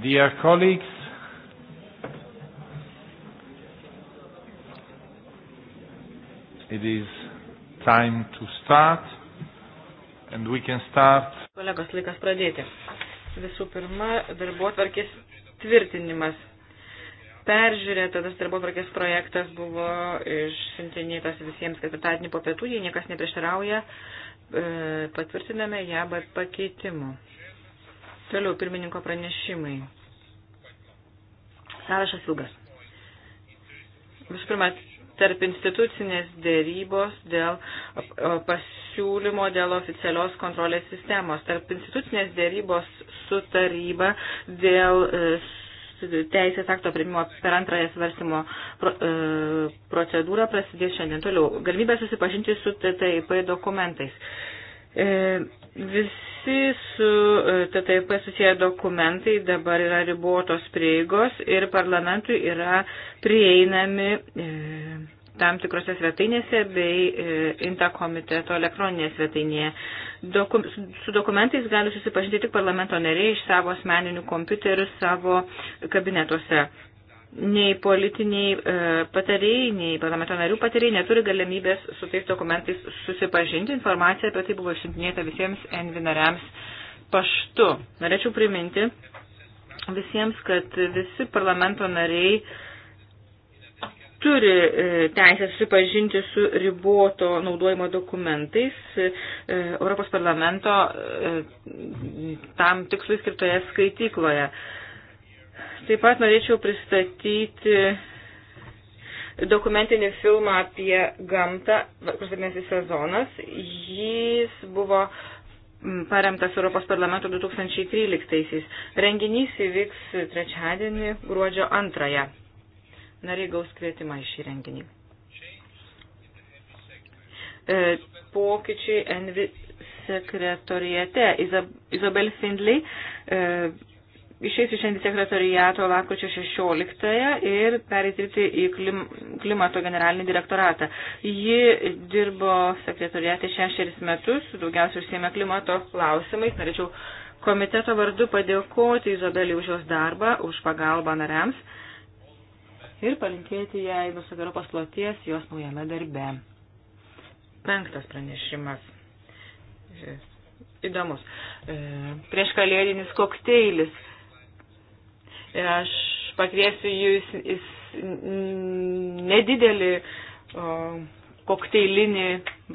Dear colleagues, it is time to start and we can start. Kolegos, laikas pradėti. Visų pirma, darbuotvarkės tvirtinimas. Peržiūrėtas darbuotvarkės projektas buvo išsintinėtas visiems ketvirtadienį po pietų, jei niekas neprieštarauja, e, patvirtiname ją be pakeitimų. Toliau pirmininko pranešimai. Sąrašas ilgas. Visų pirma, tarp institucinės dėrybos dėl pasiūlymo dėl oficialios kontrolės sistemos, tarp institucinės dėrybos su taryba dėl e, teisės akto primimo per antrąją svarstymo pro, e, procedūrą prasidės šiandien toliau. Galimybė susipažinti su TTIP dokumentais. E, visi su e, TTIP susiję dokumentai dabar yra ribotos prieigos ir parlamentui yra prieinami e, tam tikrose svetainėse bei INTA komiteto elektroninėje svetainėje. Dokum, su dokumentais gali susipažinti tik parlamento nariai iš savo asmeninių kompiuterių savo kabinetuose nei politiniai e, patarėjai, nei parlamento narių patarėjai neturi galimybės su tais dokumentais susipažinti. Informacija apie tai buvo išsintinėta visiems Envi nariams paštu. Norėčiau priminti visiems, kad visi parlamento nariai turi e, teisę susipažinti su riboto naudojimo dokumentais e, Europos parlamento e, tam tikslui skirtoje skaitykloje. E, Taip pat norėčiau pristatyti dokumentinį filmą apie gamtą, kuris vadinasi sezonas. Jis buvo mm, paremtas Europos parlamento 2013-aisiais. Renginys įvyks trečiadienį gruodžio antrąją. Nariai gaus kvietimą į šį renginį. E, pokyčiai Envi sekretorijate. Izabel Findley e, išeis iš sekretariato lapkričio 16 ir pereityti į klim, klimato generalinį direktoratą. Ji dirbo sekretariate šešeris metus, daugiausiai užsiemė klimato klausimais. Norėčiau komiteto vardu padėkoti Izabelį už jos darbą, už pagalbą nariams ir palinkėti jai visokio pasloties jos naujame darbe. Penktas pranešimas įdomus. E, prieš kalėdinis kokteilis Aš pakviesiu jūs jis, nedidelį o, kokteilinį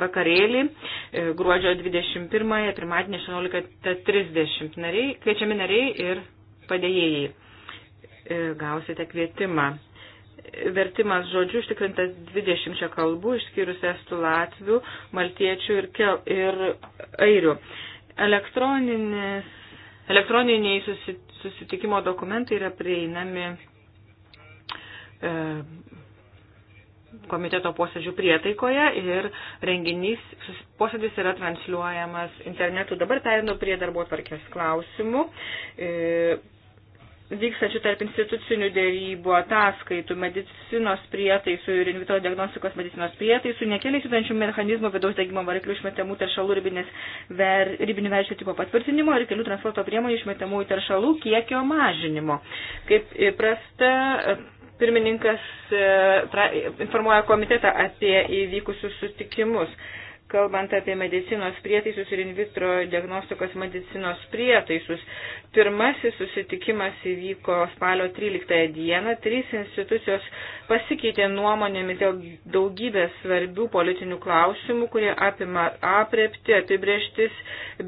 vakarėlį e, gruodžio 21-ąją, pirmatinį 16.30 nariai, kviečiami nariai ir padėjėjai. E, gausite kvietimą. Vertimas žodžių ištikrintas 20 kalbų, išskyrus estų latvių, maltiečių ir, kel, ir airių. Elektroninis Elektroniniai susitikimo dokumentai yra prieinami e, komiteto posėdžių prietaikoje ir renginys, posėdis yra transliuojamas internetu. Dabar perinu prie darbo tvarkės klausimų. E, vykstančių tarp institucinių dėrybų, ataskaitų, medicinos prietaisų ir invito diagnostikos medicinos prietaisų, nekeliai judančių mechanizmų vidaus degimo variklių išmetamų teršalų ribinės ver, ribinių verčių tipo patvirtinimo ir kelių transporto priemonių išmetamų teršalų kiekio mažinimo. Kaip įprasta, pirmininkas e, pra, informuoja komitetą apie įvykusius sutikimus. Kalbant apie medicinos prietaisus ir in vitro diagnostikos medicinos prietaisus, pirmasis susitikimas įvyko spalio 13 dieną. Trys institucijos pasikeitė nuomonėmis dėl daugybės svarbių politinių klausimų, kurie apima aprepti, apibrieštis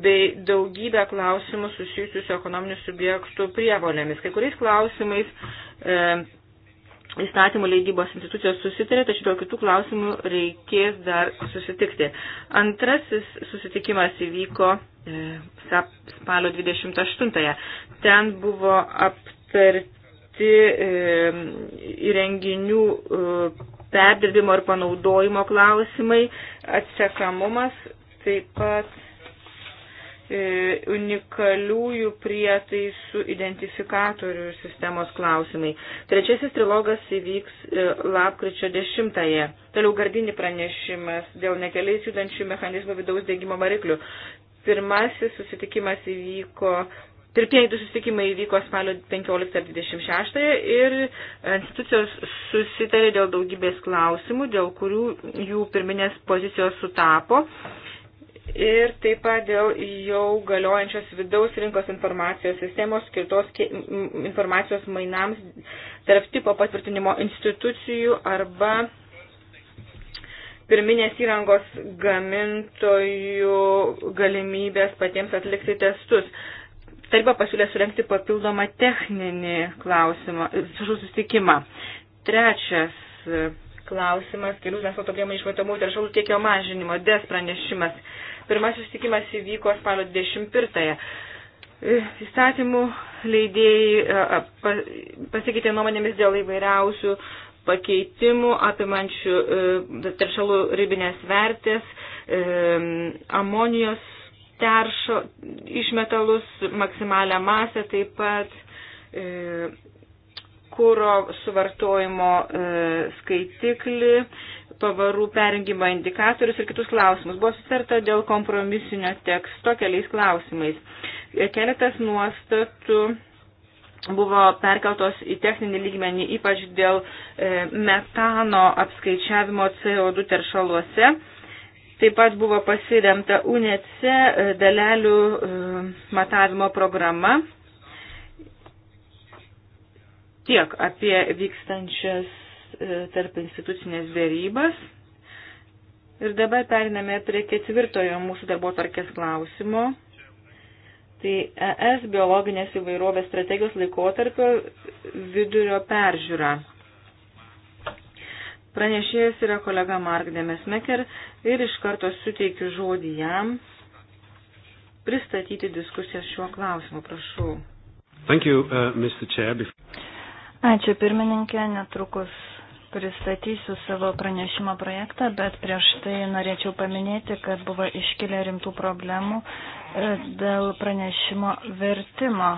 bei daugybę klausimų susijusių su ekonominių subjektų prievolėmis. Kai kuriais klausimais. E, įstatymų leidybos institucijos susitarė, tačiau dėl kitų klausimų reikės dar susitikti. Antrasis susitikimas įvyko e, spalio 28-ąją. Ten buvo aptarti e, įrenginių e, perdirbimo ir panaudojimo klausimai, atsekamumas, taip pat E, unikaliųjų prietaisų identifikatorių sistemos klausimai. Trečiasis trilogas įvyks e, lapkričio 10-ąją. Toliau gardinį pranešimas dėl nekeliais judančių mechanizmų vidaus dėgymo variklių. Pirmasis susitikimas įvyko. Pirmieji du susitikimai įvyko spalio 15-26 ir institucijos susitarė dėl daugybės klausimų, dėl kurių jų pirminės pozicijos sutapo ir taip pat dėl jau galiojančios vidaus rinkos informacijos sistemos skirtos informacijos mainams tarp tipo patvirtinimo institucijų arba pirminės įrangos gamintojų galimybės patiems atlikti testus. Taryba pasiūlė surenkti papildomą techninį klausimą, susitikimą. Trečias e, klausimas, kelių transporto priemonių išmetamų teršalų tiekio mažinimo, des pranešimas. Pirmasis sustikimas įvyko spalio 21-ąją. E, įstatymų leidėjai e, pasikeitė nuomonėmis dėl įvairiausių pakeitimų apimančių e, teršalų ribinės vertės, amonijos teršo išmetalus, maksimalę masę taip pat, kūro suvartojimo skaitiklį, pavarų perengimo indikatorius ir kitus klausimus. Buvo sutarta dėl kompromisinio teksto keliais klausimais. Keletas nuostatų buvo perkeltos į techninį lygmenį, ypač dėl e, metano apskaičiavimo CO2 teršaluose. Taip pat buvo pasiremta UNECE e, dalelių e, matavimo programa. Tiek apie vykstančias E, tarp institucinės dėrybas. Ir dabar periname prie ketvirtojo mūsų darbo tarkės klausimo. Tai ES biologinės įvairovės strategijos laikotarpio vidurio peržiūra. Pranešėjas yra kolega Mark Demesmeker ir iš karto suteikiu žodį jam pristatyti diskusiją šiuo klausimu. Prašau. Thank you, uh, Mr. Chair. Ačiū pirmininkė, netrukus pristatysiu savo pranešimo projektą, bet prieš tai norėčiau paminėti, kad buvo iškilę rimtų problemų e, dėl pranešimo vertimo.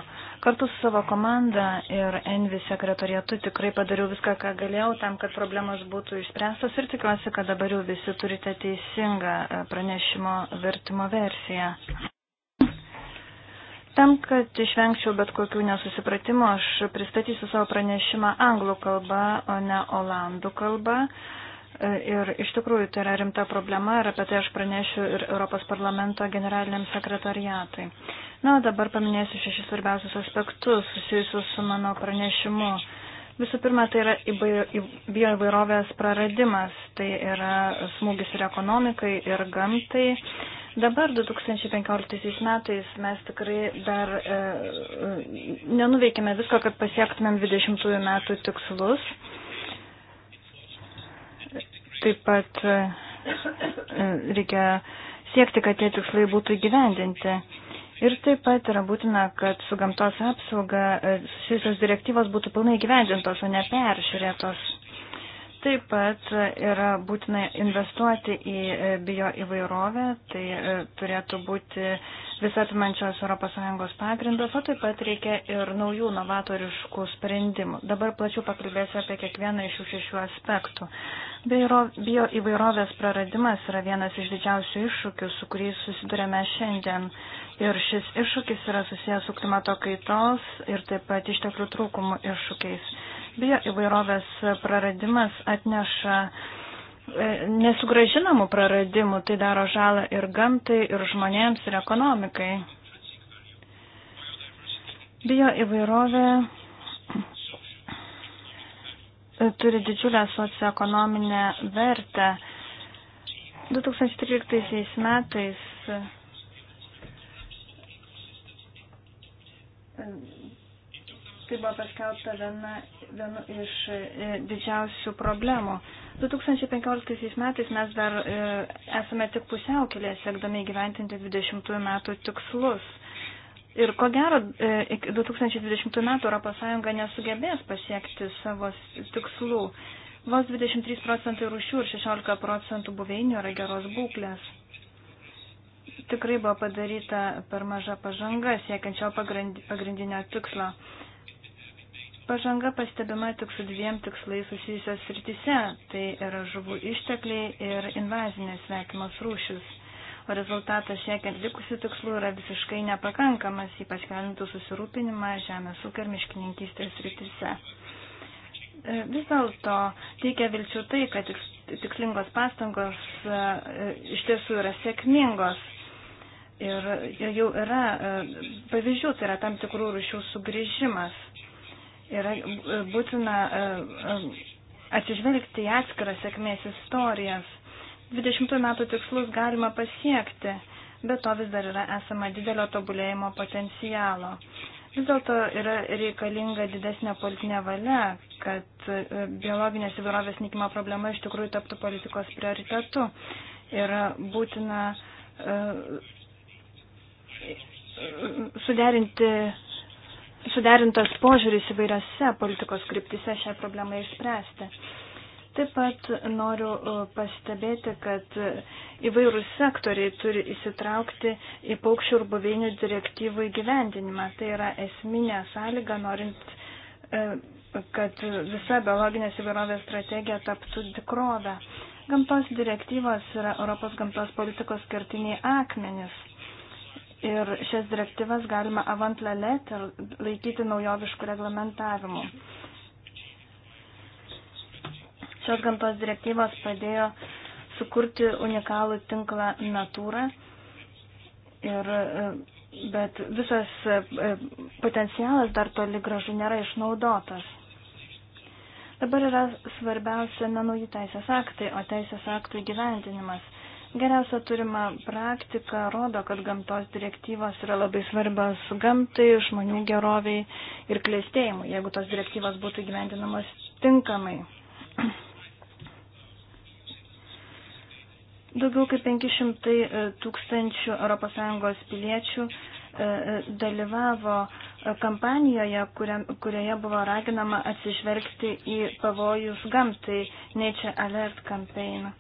Kartu su savo komanda ir Envi sekretorietu tikrai padariau viską, ką galėjau, tam, kad problemos būtų išspręstos ir tikiuosi, kad dabar jau visi turite teisingą e, pranešimo vertimo versiją. Tam, kad išvengčiau bet kokių nesusipratimų, aš pristatysiu savo pranešimą anglų kalba, o ne olandų kalba. E, ir iš tikrųjų tai yra rimta problema ir apie tai aš pranešiu ir Europos parlamento generaliniam sekretariatui. Na, o dabar paminėsiu šešis svarbiausius aspektus susijusius su mano pranešimu. Visų pirma, tai yra bioįvairovės praradimas, tai yra smūgis ir ekonomikai, ir gamtai. Dabar 2015 metais mes tikrai dar e, nenuveikėme visko, kad pasiektumėm 20 metų tikslus. Taip pat e, e, reikia siekti, kad tie tikslai būtų gyvendinti. Ir taip pat yra būtina, kad su gamtos apsauga e, susijusios direktyvos būtų pilnai gyvendintos, o ne peržiūrėtos. Taip pat yra būtina investuoti į e, bio įvairovę, tai e, turėtų būti visatmančios ES pagrindas, o taip pat reikia ir naujų novatoriškų sprendimų. Dabar plačiau pakalbėsiu apie kiekvieną iš šių šešių aspektų. Bio įvairovės praradimas yra vienas iš didžiausių iššūkių, su kuriais susidurėme šiandien. Ir šis iššūkis yra susijęs su klimato kaitos ir taip pat išteklių trūkumų iššūkiais. Bio įvairovės praradimas atneša e, nesugražinamų praradimų, tai daro žalą ir gamtai, ir žmonėms, ir ekonomikai. Bio įvairovė e, turi didžiulę socioekonominę vertę. 2013 metais tai buvo paskelbta viena, vienu iš e, didžiausių problemų. 2015 metais mes dar e, esame tik pusiaukelėje, siekdami įgyventinti 20 metų tikslus. Ir ko gero, e, iki 2020 metų ES nesugebės pasiekti savo tikslų. Vos 23 procentai rūšių ir 16 procentų buveinių yra geros būklės. Tikrai buvo padaryta per maža pažanga siekiančio pagrindinio tikslo. Pažanga pastebima tik su dviem tikslais susijusios srityse - tai yra žuvų ištekliai ir invazinės svetimas rūšis. O rezultatas siekiant likusių tikslų yra visiškai nepakankamas, ypač kelintų susirūpinimą žemės ūkio ir miškininkystės srityse. E, vis dėlto teikia vilčių tai, kad tikslingos pastangos e, iš tiesų yra sėkmingos. Ir jau yra e, pavyzdžių, tai yra tam tikrų rušių sugrįžimas. Yra e, būtina e, e, atsižvelgti į atskiras sėkmės istorijas. 20 metų tikslus galima pasiekti, bet to vis dar yra esama didelio tobulėjimo potencialo. Vis dėlto yra reikalinga didesnė politinė valia, kad biologinės įvairovės nikimo problema iš tikrųjų taptų politikos prioritetu. Yra būtina suderinti suderintas požiūris įvairiose politikos kryptise šią problemą išspręsti. Taip pat noriu e, pastebėti, kad įvairūs sektoriai turi įsitraukti į paukščių ir buveinių direktyvų įgyvendinimą. Tai yra esminė sąlyga, norint, e, kad visa biologinės įvairovės strategija taptų tikrovę. Gamtos direktyvos yra Europos gamtos politikos kertiniai akmenis. Ir šias direktyvas galima avant la lettre laikyti naujoviškų reglamentavimų. Šios gamtos direktyvos padėjo sukurti unikalų tinklą Natūra, ir, bet visas e, potencialas dar toli gražu nėra išnaudotas. Dabar yra svarbiausia ne nauji teisės aktai, o teisės aktų įgyvendinimas. Geriausia turima praktika rodo, kad gamtos direktyvos yra labai svarbios gamtai, žmonių geroviai ir klėstėjimui, jeigu tos direktyvos būtų gyvendinamos tinkamai. Daugiau kaip 500 e, tūkstančių ES piliečių e, e, dalyvavo kampanijoje, kurioje buvo raginama atsižvelgti į pavojus gamtai Nature Alert Campaign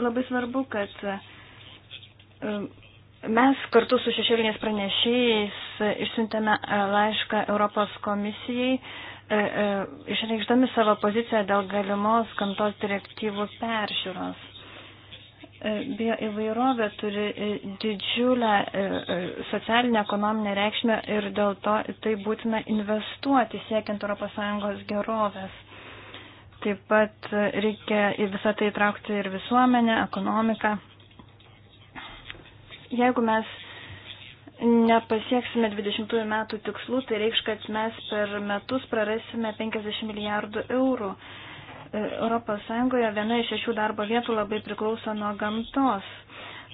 labai svarbu, kad um, mes kartu su šešėlinės pranešėjais išsiuntėme e, laišką Europos komisijai, e, e, išreikšdami savo poziciją dėl galimos gamtos direktyvų peržiūros bioįvairovė turi didžiulę socialinę, ekonominę reikšmę ir dėl to tai būtina investuoti siekiant ES gerovės. Taip pat reikia į visą tai traukti ir visuomenę, ekonomiką. Jeigu mes nepasieksime 20 metų tikslų, tai reikš, kad mes per metus prarasime 50 milijardų eurų. Europos Sąjungoje viena iš šešių darbo vietų labai priklauso nuo gamtos.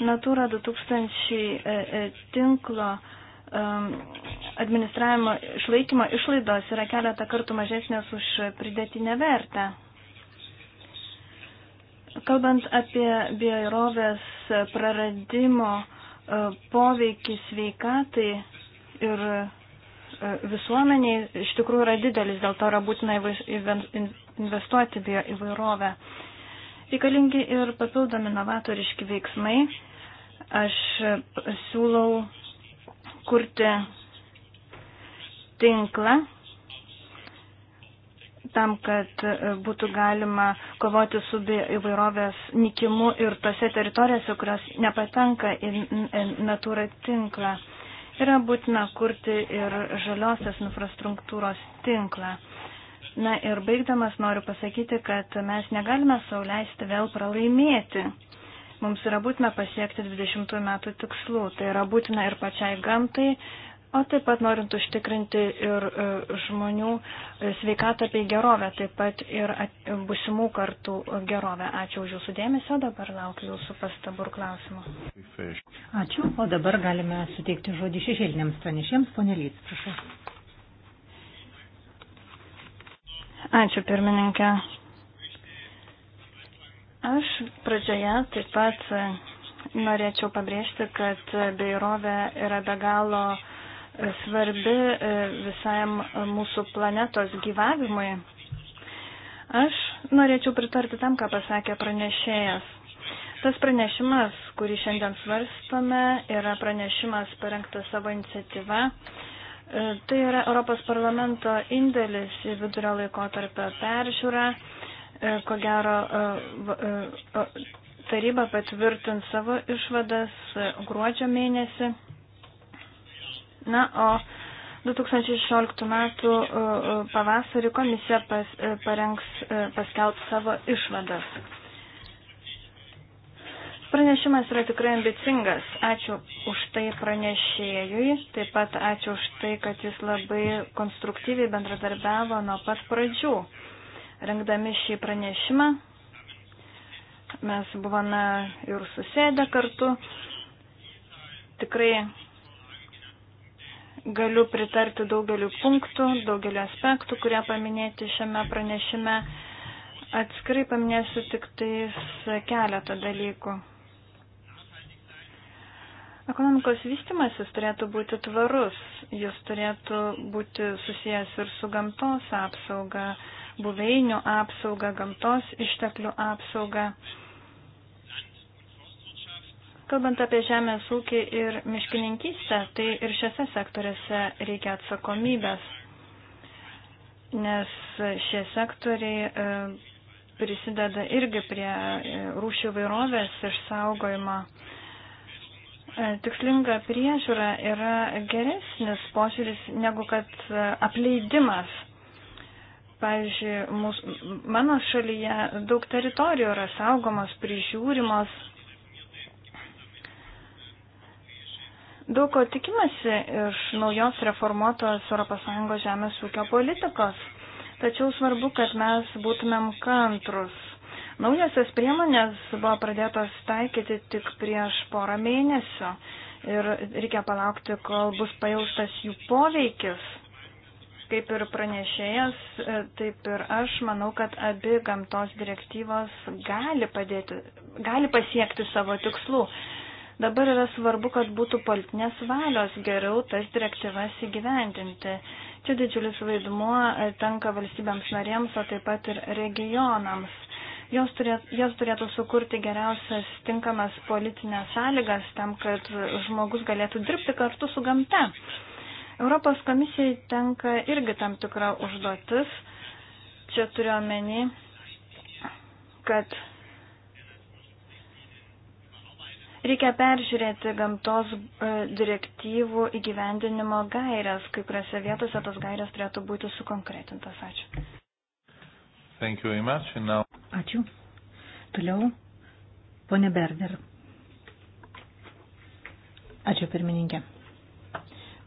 Natūra 2000 e, e, tinklo Um, administravimo išlaikymo išlaidos yra keletą kartų mažesnės už pridėtinę vertę. Kalbant apie bioirovės praradimo uh, poveikį sveikatai ir uh, visuomeniai, iš tikrųjų yra didelis, dėl to yra būtina investuoti bioįvairovę. Reikalingi ir papildomi novatoriški veiksmai. Aš uh, siūlau kurti tinklą tam, kad e, būtų galima kovoti su įvairovės nikimu ir tose teritorijose, kurios nepatenka į natūrą tinklą. Yra būtina kurti ir žaliosios infrastruktūros tinklą. Na ir baigdamas noriu pasakyti, kad mes negalime sauliaisti vėl pralaimėti. Mums yra būtina pasiekti 20 metų tikslų, tai yra būtina ir pačiai gamtai, o taip pat norint užtikrinti ir e, žmonių e, sveikatą bei gerovę, taip pat ir busimų kartų gerovę. Ačiū už Jūsų dėmesį, o dabar laukiu Jūsų pastabų ir klausimų. Ačiū, o dabar galime suteikti žodį šešėliniams pranešėms, ponė Lyts, prašau. Ačiū, pirmininkė. Aš pradžioje taip pat norėčiau pabrėžti, kad beirovė yra be galo svarbi visam mūsų planetos gyvavimui. Aš norėčiau pritarti tam, ką pasakė pranešėjas. Tas pranešimas, kurį šiandien svarstome, yra pranešimas parengtas savo iniciatyva. E, tai yra Europos parlamento indėlis į vidurio laikotarpio peržiūrą. E, ko gero, e, e, taryba patvirtins savo išvadas gruodžio mėnesį. Na, o 2016 metų pavasarį komisija pas, parengs paskelbti savo išvadas. Pranešimas yra tikrai ambicingas. Ačiū už tai pranešėjui, taip pat ačiū už tai, kad jis labai konstruktyviai bendradarbiavo nuo pat pradžių. Rengdami šį pranešimą mes buvome ir susėdę kartu. Tikrai galiu pritarti daugeliu punktų, daugeliu aspektų, kurie paminėti šiame pranešime. Atskrai paminėsiu tik tais keletą dalykų. Ekonomikos vystimasis turėtų būti tvarus, jis turėtų būti susijęs ir su gamtos apsauga, buveinių apsaugą, gamtos išteklių apsaugą. Kalbant apie žemės ūkį ir miškininkystę, tai ir šiose sektoriuose reikia atsakomybės, nes šie sektoriai e, prisideda irgi prie e, rūšių vairovės išsaugojimo. E, tikslinga priežiūra yra geresnis požiūris negu kad apleidimas. Pavyzdžiui, mūsų, mano šalyje daug teritorijų yra saugomos, prižiūrimos. Daug ko tikimasi iš naujos reformuotos ES žemės ūkio politikos, tačiau svarbu, kad mes būtumėm kantrus. Naujasios priemonės buvo pradėtos taikyti tik prieš porą mėnesių ir reikia palaukti, kol bus pajaustas jų poveikis. Kaip ir pranešėjas, e, taip ir aš manau, kad abi gamtos direktyvos gali, padėti, gali pasiekti savo tikslų. Dabar yra svarbu, kad būtų politinės valios geriau tas direktyvas įgyvendinti. Čia didžiulis vaidmuo e, tenka valstybėms narėms, o taip pat ir regionams jos turėtų, jos turėtų sukurti geriausias tinkamas politinės sąlygas tam, kad žmogus galėtų dirbti kartu su gamta. Europos komisijai tenka irgi tam tikra užduotis. Čia turiuomenį, kad reikia peržiūrėti gamtos e, direktyvų įgyvendinimo gairias. Kai kuriuose vietose tos gairias turėtų būti sukonkretintas. Ačiū. Thank you very much. And now... Ačiū. Toliau, ponė Berder. Ačiū pirmininkė.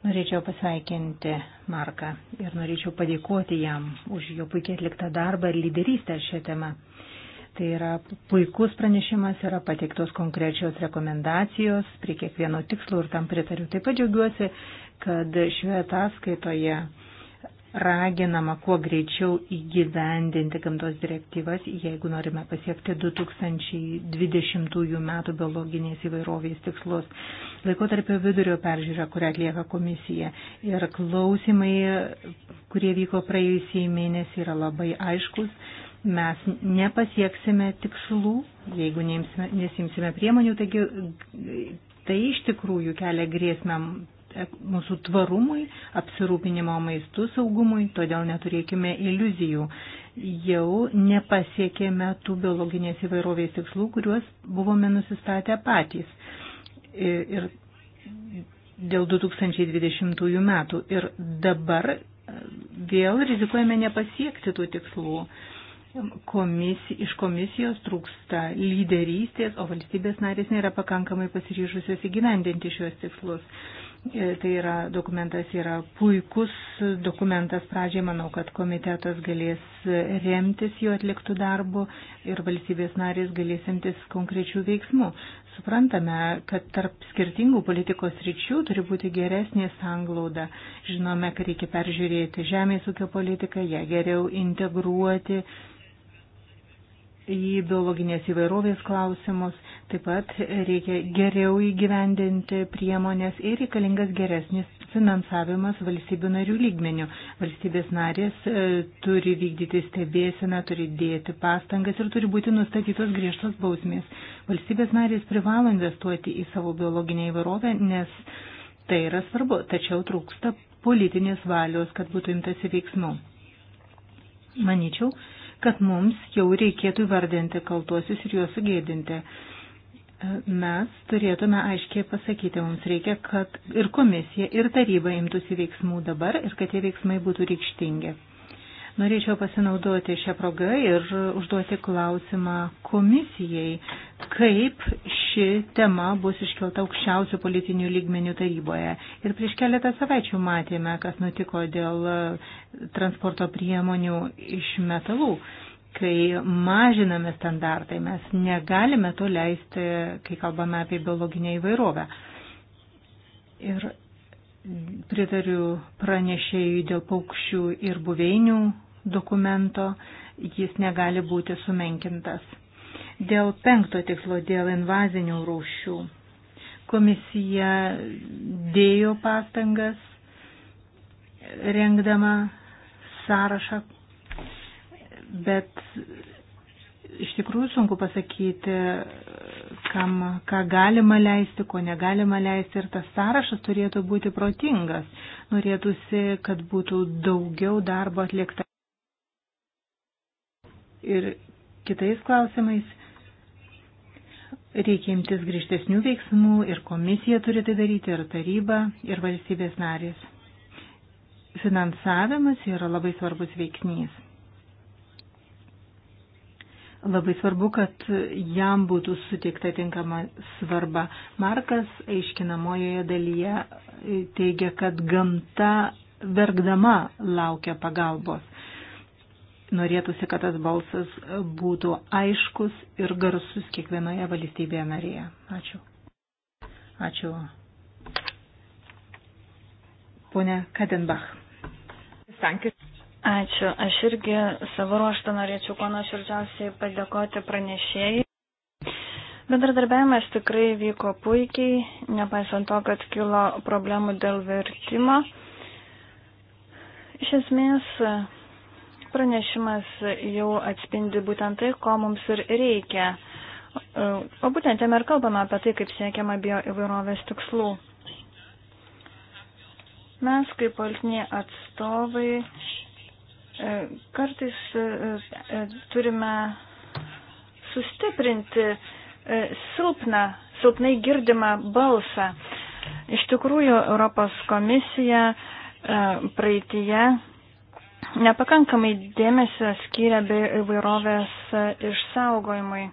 Norėčiau pasveikinti Marką ir norėčiau padėkoti jam už jo puikiai atliktą darbą ir lyderystę šią temą. Tai yra puikus pranešimas, yra pateiktos konkrečios rekomendacijos prie kiekvieno tikslo ir tam pritariu. Taip pat džiaugiuosi, kad šioje ataskaitoje raginama kuo greičiau įgyvendinti gamtos direktyvas, jeigu norime pasiekti 2020 metų biologinės įvairovės tikslus. Laikotarpio vidurio peržiūra, kurią atlieka komisija ir klausimai, kurie vyko praėjusį mėnesį, yra labai aiškus. Mes nepasieksime tikslų, jeigu nesimsime priemonių, taigi tai iš tikrųjų kelia grėsmę mūsų tvarumui, apsirūpinimo maistų saugumui, todėl neturėkime iliuzijų. Jau nepasiekėme tų biologinės įvairovės tikslų, kuriuos buvome nusistatę patys. Ir dėl 2020 metų. Ir dabar e, vėl rizikuojame nepasiekti tų tikslų. Komisi, iš komisijos trūksta lyderystės, o valstybės narės nėra pakankamai pasiryžusios įgyvendinti šios tikslus. E, tai yra, dokumentas yra puikus dokumentas. Pradžiai manau, kad komitetas galės remtis jo atliktų darbų ir valstybės narės galės imtis konkrečių veiksmų. Suprantame, kad tarp skirtingų politikos ryčių turi būti geresnė sanglauda. Žinome, kad reikia peržiūrėti žemės ūkio politiką, ją geriau integruoti į biologinės įvairovės klausimus, taip pat reikia geriau įgyvendinti priemonės ir reikalingas geresnis finansavimas valstybių narių lygmenių. Valstybės narės e, turi vykdyti stebėseną, turi dėti pastangas ir turi būti nustatytos griežtos bausmės. Valstybės narės privalo investuoti į savo biologinę įvairovę, nes tai yra svarbu, tačiau trūksta politinės valios, kad būtų imtasi veiksmų. Maničiau, kad mums jau reikėtų įvardinti kaltuosius ir juos sugėdinti. Mes turėtume aiškiai pasakyti, mums reikia, kad ir komisija, ir taryba imtųsi veiksmų dabar ir kad tie veiksmai būtų reikštingi. Norėčiau pasinaudoti šią progą ir užduoti klausimą komisijai, kaip ši tema bus iškelta aukščiausių politinių lygmenių taryboje. Ir prieš keletą savaičių matėme, kas nutiko dėl transporto priemonių iš metalų kai mažinami standartai, mes negalime to leisti, kai kalbame apie biologinę įvairovę. Ir Pritariu pranešėjui dėl paukščių ir buveinių dokumento, jis negali būti sumenkintas. Dėl penkto tikslo, dėl invazinių rūšių, komisija dėjo pastangas rengdama sąrašą, bet iš tikrųjų sunku pasakyti, kam, ką galima leisti, ko negalima leisti ir tas sąrašas turėtų būti protingas. Norėtųsi, kad būtų daugiau darbo atlikta. Ir kitais klausimais reikia imtis grįžtesnių veiksmų ir komisija turi tai daryti, ir taryba, ir valstybės narės. Finansavimas yra labai svarbus veiksnys. Labai svarbu, kad jam būtų suteikta tinkama svarba. Markas aiškinamojoje dalyje e, teigia, kad gamta verkdama laukia pagalbos. Norėtųsi, kad tas balsas būtų aiškus ir garsus kiekvienoje valstybėje narėje. Ačiū. Ačiū. Pone Kadenbach. Sankis. Ačiū. Aš irgi savo ruoštą norėčiau kuo nuoširdžiausiai padėkoti pranešėjai. Bendradarbiavimas tikrai vyko puikiai, nepaisant to, kad kilo problemų dėl vertimo. Iš esmės, pranešimas jau atspindi būtent tai, ko mums ir reikia. O būtent jame ir kalbame apie tai, kaip siekiama bioįvairovės tikslų. Mes kaip politiniai atstovai E, kartais e, e, turime sustiprinti silpną, silpnai girdimą balsą. Iš tikrųjų, Europos komisija praeitie nepakankamai dėmesio skiria bei įvairovės išsaugojimui.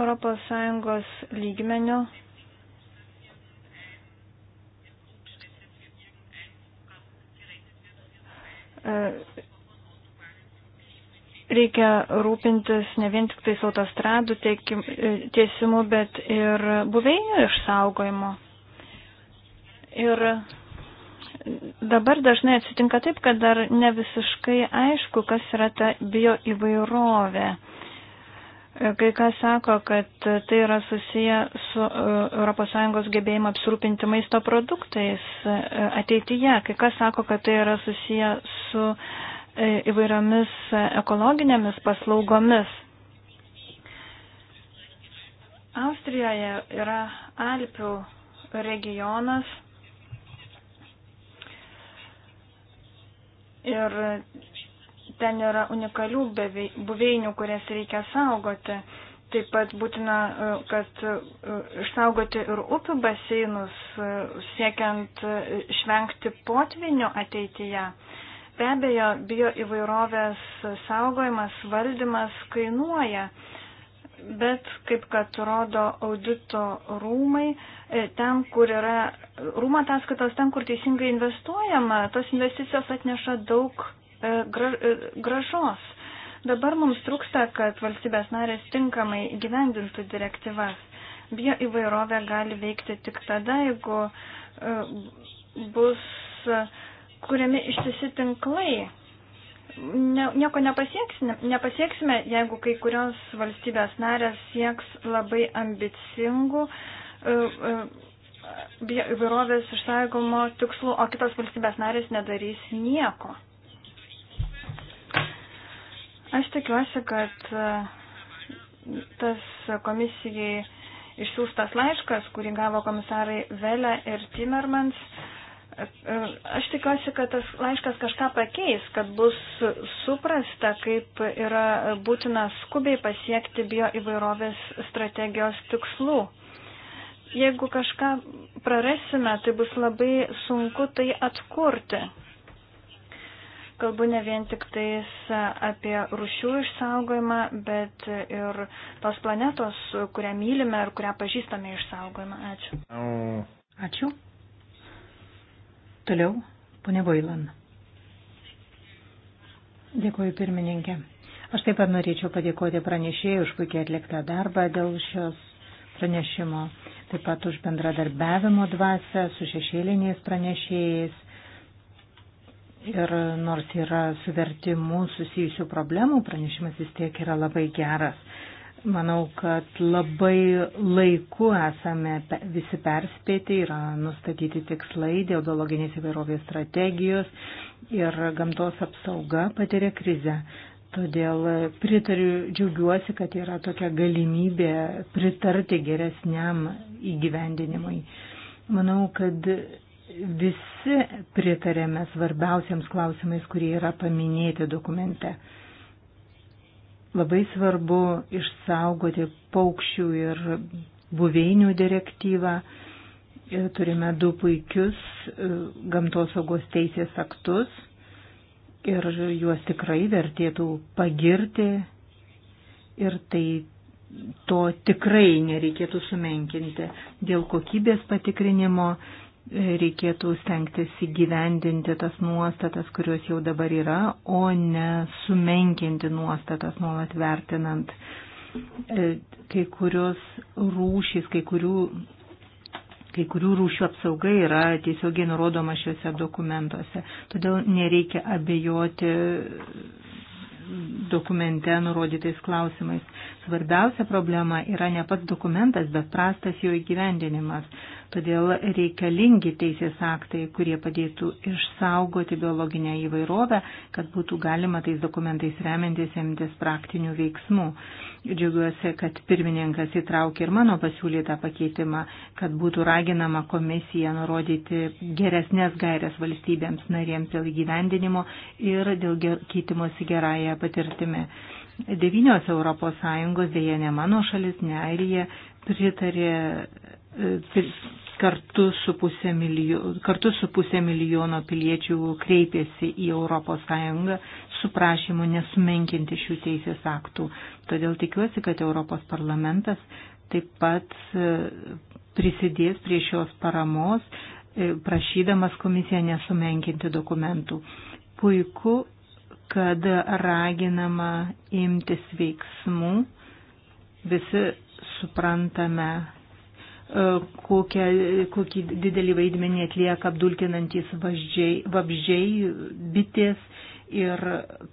ES lygmenių E, reikia rūpintis ne vien tik tais autostradų e, tiesimu, bet ir buveinių išsaugojimo. Ir dabar dažnai atsitinka taip, kad dar ne visiškai aišku, kas yra ta bio įvairovė. Uh, Kai kas sako, kad tai yra susiję su ES gebėjimu apsirūpinti maisto produktais e, ateityje. Kai kas sako, kad tai yra susiję su e, įvairiomis e, ekologinėmis paslaugomis. Austrijoje yra Alpių regionas ir ten yra unikalių buveinių, kurias reikia saugoti. Taip pat būtina, e, kad e, išsaugoti ir upių baseinus, e, siekiant išvengti potvinių ateityje. Be abejo, bio įvairovės saugojimas, valdymas kainuoja, bet kaip kad rodo audito rūmai, ten, kur yra rūmų ataskaitos, ten, kur teisingai investuojama, tos investicijos atneša daug E, e, gražos. Dabar mums trūksta, kad valstybės narės tinkamai gyvendintų direktyvas. Bio įvairovė gali veikti tik tada, jeigu e, bus kuriami ištisi tinklai. Ne, nieko nepasieksime, nepasieksime, jeigu kai kurios valstybės narės sieks labai ambicingų įvairovės išsaigomo tikslų, o kitos valstybės narės nedarys nieko. Aš tikiuosi, kad e, tas komisijai išsiųstas laiškas, kurį gavo komisarai Velė ir Timmermans, e, e, aš tikiuosi, kad tas laiškas kažką pakeis, kad bus suprasta, kaip yra būtina skubiai pasiekti bio įvairovės strategijos tikslų. Jeigu kažką prarasime, tai bus labai sunku tai atkurti. Kalbu ne vien tik tais apie rušių išsaugojimą, bet ir tos planetos, kurią mylime ir kurią pažįstame išsaugojimą. Ačiū. Ačiū. Toliau, ponė Vailan. Dėkuoju pirmininkė. Aš taip pat norėčiau padėkoti pranešėjai už puikiai atliktą darbą dėl šios pranešimo, taip pat už bendradarbiavimo dvasę su šešėliniais pranešėjais Ir nors yra su vertimu susijusių problemų, pranešimas vis tiek yra labai geras. Manau, kad labai laiku esame visi perspėti, yra nustatyti tikslai dėl biologinės įvairovės strategijos ir gamtos apsauga patiria krizę. Todėl pritariu, džiaugiuosi, kad yra tokia galimybė pritarti geresniam įgyvendinimui. Manau, kad visi pritarėme svarbiausiams klausimais, kurie yra paminėti dokumente. Labai svarbu išsaugoti paukščių ir buveinių direktyvą. Turime du puikius e, gamtosaugos teisės aktus ir juos tikrai vertėtų pagirti ir tai to tikrai nereikėtų sumenkinti. Dėl kokybės patikrinimo reikėtų stengtis įgyvendinti tas nuostatas, kurios jau dabar yra, o ne sumenkinti nuostatas nuolat vertinant e, kai kurios rūšys, kai kurių, kai kurių rūšių apsauga yra tiesiogiai nurodoma šiuose dokumentuose. Todėl nereikia abejoti dokumente nurodytais klausimais svarbiausia problema yra ne pats dokumentas, bet prastas jo įgyvendinimas. Todėl reikalingi teisės aktai, kurie padėtų išsaugoti biologinę įvairovę, kad būtų galima tais dokumentais remiantis imtis praktinių veiksmų. Džiaugiuosi, kad pirmininkas įtraukė ir mano pasiūlytą pakeitimą, kad būtų raginama komisija nurodyti geresnės gairias valstybėms narėms dėl įgyvendinimo ir dėl keitimosi gerąją patirtimį devynios Europos Sąjungos, dėja ne mano šalis, ne Airija, pritarė e, kartu su pusė milijono, kartu su pusė milijono piliečių kreipėsi į Europos Sąjungą su prašymu nesumenkinti šių teisės aktų. Todėl tikiuosi, kad Europos parlamentas taip pat e, prisidės prie šios paramos, e, prašydamas komisiją nesumenkinti dokumentų. Puiku, kad raginama imtis veiksmų. Visi suprantame, e, kokią, kokį didelį vaidmenį atlieka apdulkinantis važiai, vabžiai, bitės ir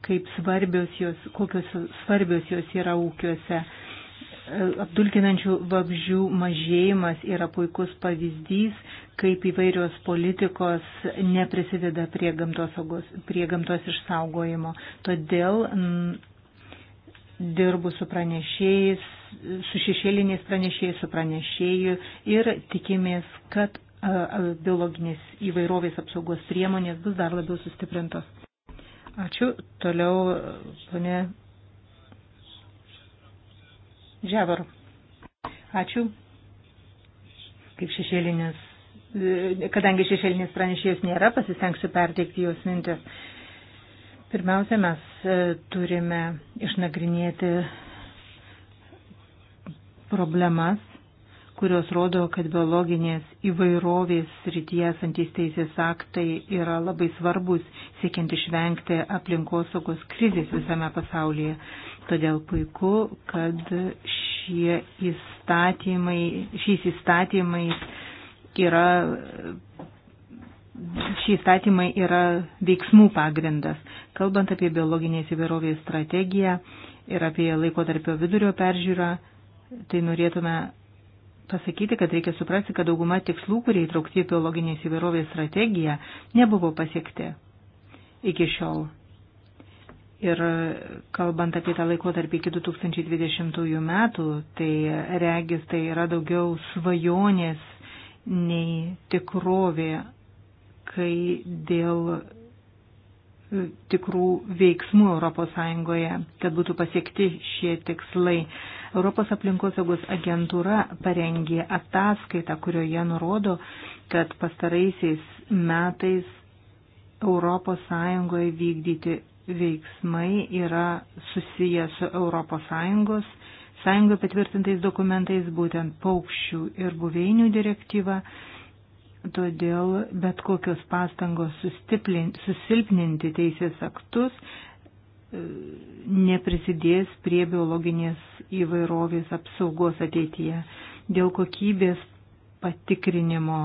kaip svarbios jos, kokios svarbios jos yra ūkiuose. Apdulkinančių vabžių mažėjimas yra puikus pavyzdys, kaip įvairios politikos neprisideda prie gamtos, saugos, prie gamtos išsaugojimo. Todėl m, mm, dirbu su pranešėjais, su šešėliniais pranešėjais, su pranešėju ir tikimės, kad a, biologinės įvairovės apsaugos priemonės bus dar labiau sustiprintos. Ačiū. Toliau, ponė Džiavor. Ačiū. Kaip šešėlinis, kadangi šešėlinis pranešėjas nėra, pasistengsiu perteikti jos mintis. Pirmiausia, mes e, turime išnagrinėti problemas, kurios rodo, kad biologinės įvairovės rytyje santys teisės aktai yra labai svarbus, siekiant išvengti aplinkosaugos krizės visame pasaulyje. Todėl puiku, kad šie įstatymai, šiais įstatymais yra šį įstatymą yra veiksmų pagrindas. Kalbant apie biologinės įvairovės strategiją ir apie laikotarpio vidurio peržiūrą, tai norėtume pasakyti, kad reikia suprasti, kad dauguma tikslų, kurie įtraukti į biologinės įvairovės strategiją, nebuvo pasiekti iki šiol. Ir e, kalbant apie tą laikotarpį iki 2020 metų, tai regis tai yra daugiau svajonės nei tikrovė, kai dėl e, tikrų veiksmų ES, kad būtų pasiekti šie tikslai. Europos aplinkosaugos agentūra parengė ataskaitą, kurioje nurodo, kad pastaraisiais metais ES vykdyti veiksmai yra susiję su ES sąjungoje patvirtintais dokumentais, būtent paukščių ir buveinių direktyva. Todėl bet kokios pastangos susilpninti teisės aktus e, neprisidės prie biologinės įvairovės apsaugos ateityje. Dėl kokybės patikrinimo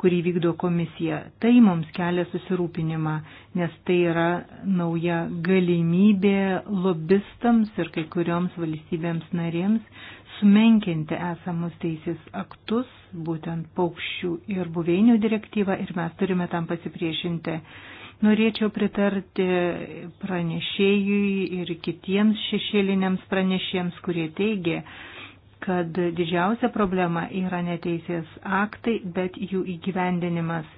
kurį vykdo komisija. Tai mums kelia susirūpinimą, nes tai yra nauja galimybė lobistams ir kai kurioms valstybėms narėms sumenkinti esamus teisės aktus, būtent paukščių ir buveinių direktyvą ir mes turime tam pasipriešinti. Norėčiau pritarti pranešėjui ir kitiems šešėliniams pranešėjams, kurie teigia, kad didžiausia problema yra neteisės aktai, bet jų įgyvendinimas.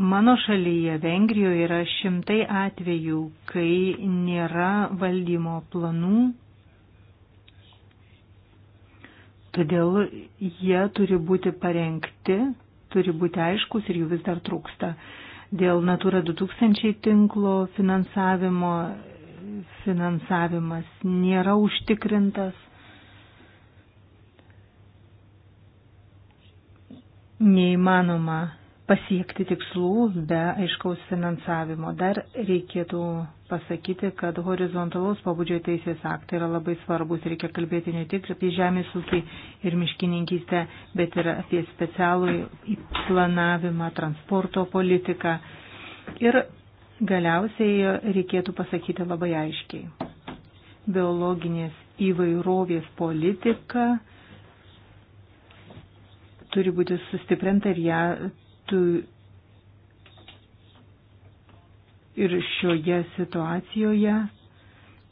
Mano šalyje, Vengrijoje, yra šimtai atvejų, kai nėra valdymo planų, todėl jie turi būti parengti, turi būti aiškus ir jų vis dar trūksta. Dėl Natura 2000 tinklo finansavimo finansavimas nėra užtikrintas, neįmanoma pasiekti tikslų be aiškaus finansavimo. Dar reikėtų pasakyti, kad horizontalaus pabudžio teisės aktai yra labai svarbus. Reikia kalbėti ne tik apie žemės ūkį ir miškininkystę, bet ir apie specialų planavimą, transporto politiką. Ir galiausiai reikėtų pasakyti labai aiškiai. Biologinės įvairovės politika turi būti sustiprinta ir ją tu. Ir šioje situacijoje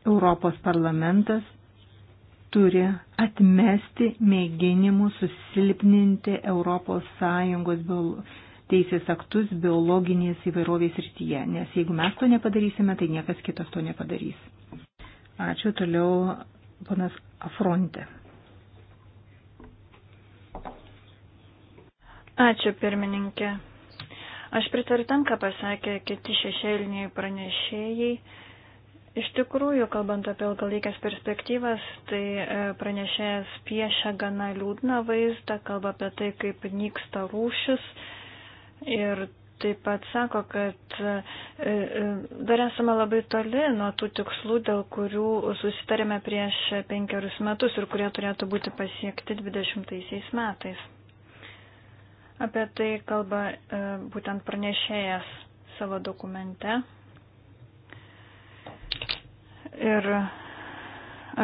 Europos parlamentas turi atmesti mėginimų susilpninti ES teisės aktus biologinės įvairovės rytyje, nes jeigu mes to nepadarysime, tai niekas kitas to nepadarys. Ačiū toliau, ponas Afronte. Ačiū pirmininkė. Aš pritariu tam, ką pasakė kiti šešėliniai pranešėjai. Iš tikrųjų, kalbant apie ilgalaikės perspektyvas, tai e, pranešėjas piešia gana liūdną vaizdą, kalba apie tai, kaip nyksta rūšis ir taip pat sako, kad e, e, dar esame labai toli nuo tų tikslų, dėl kurių susitarėme prieš penkerius metus ir kurie turėtų būti pasiekti 20 metais. Apie tai kalba e, būtent pranešėjas savo dokumente. Ir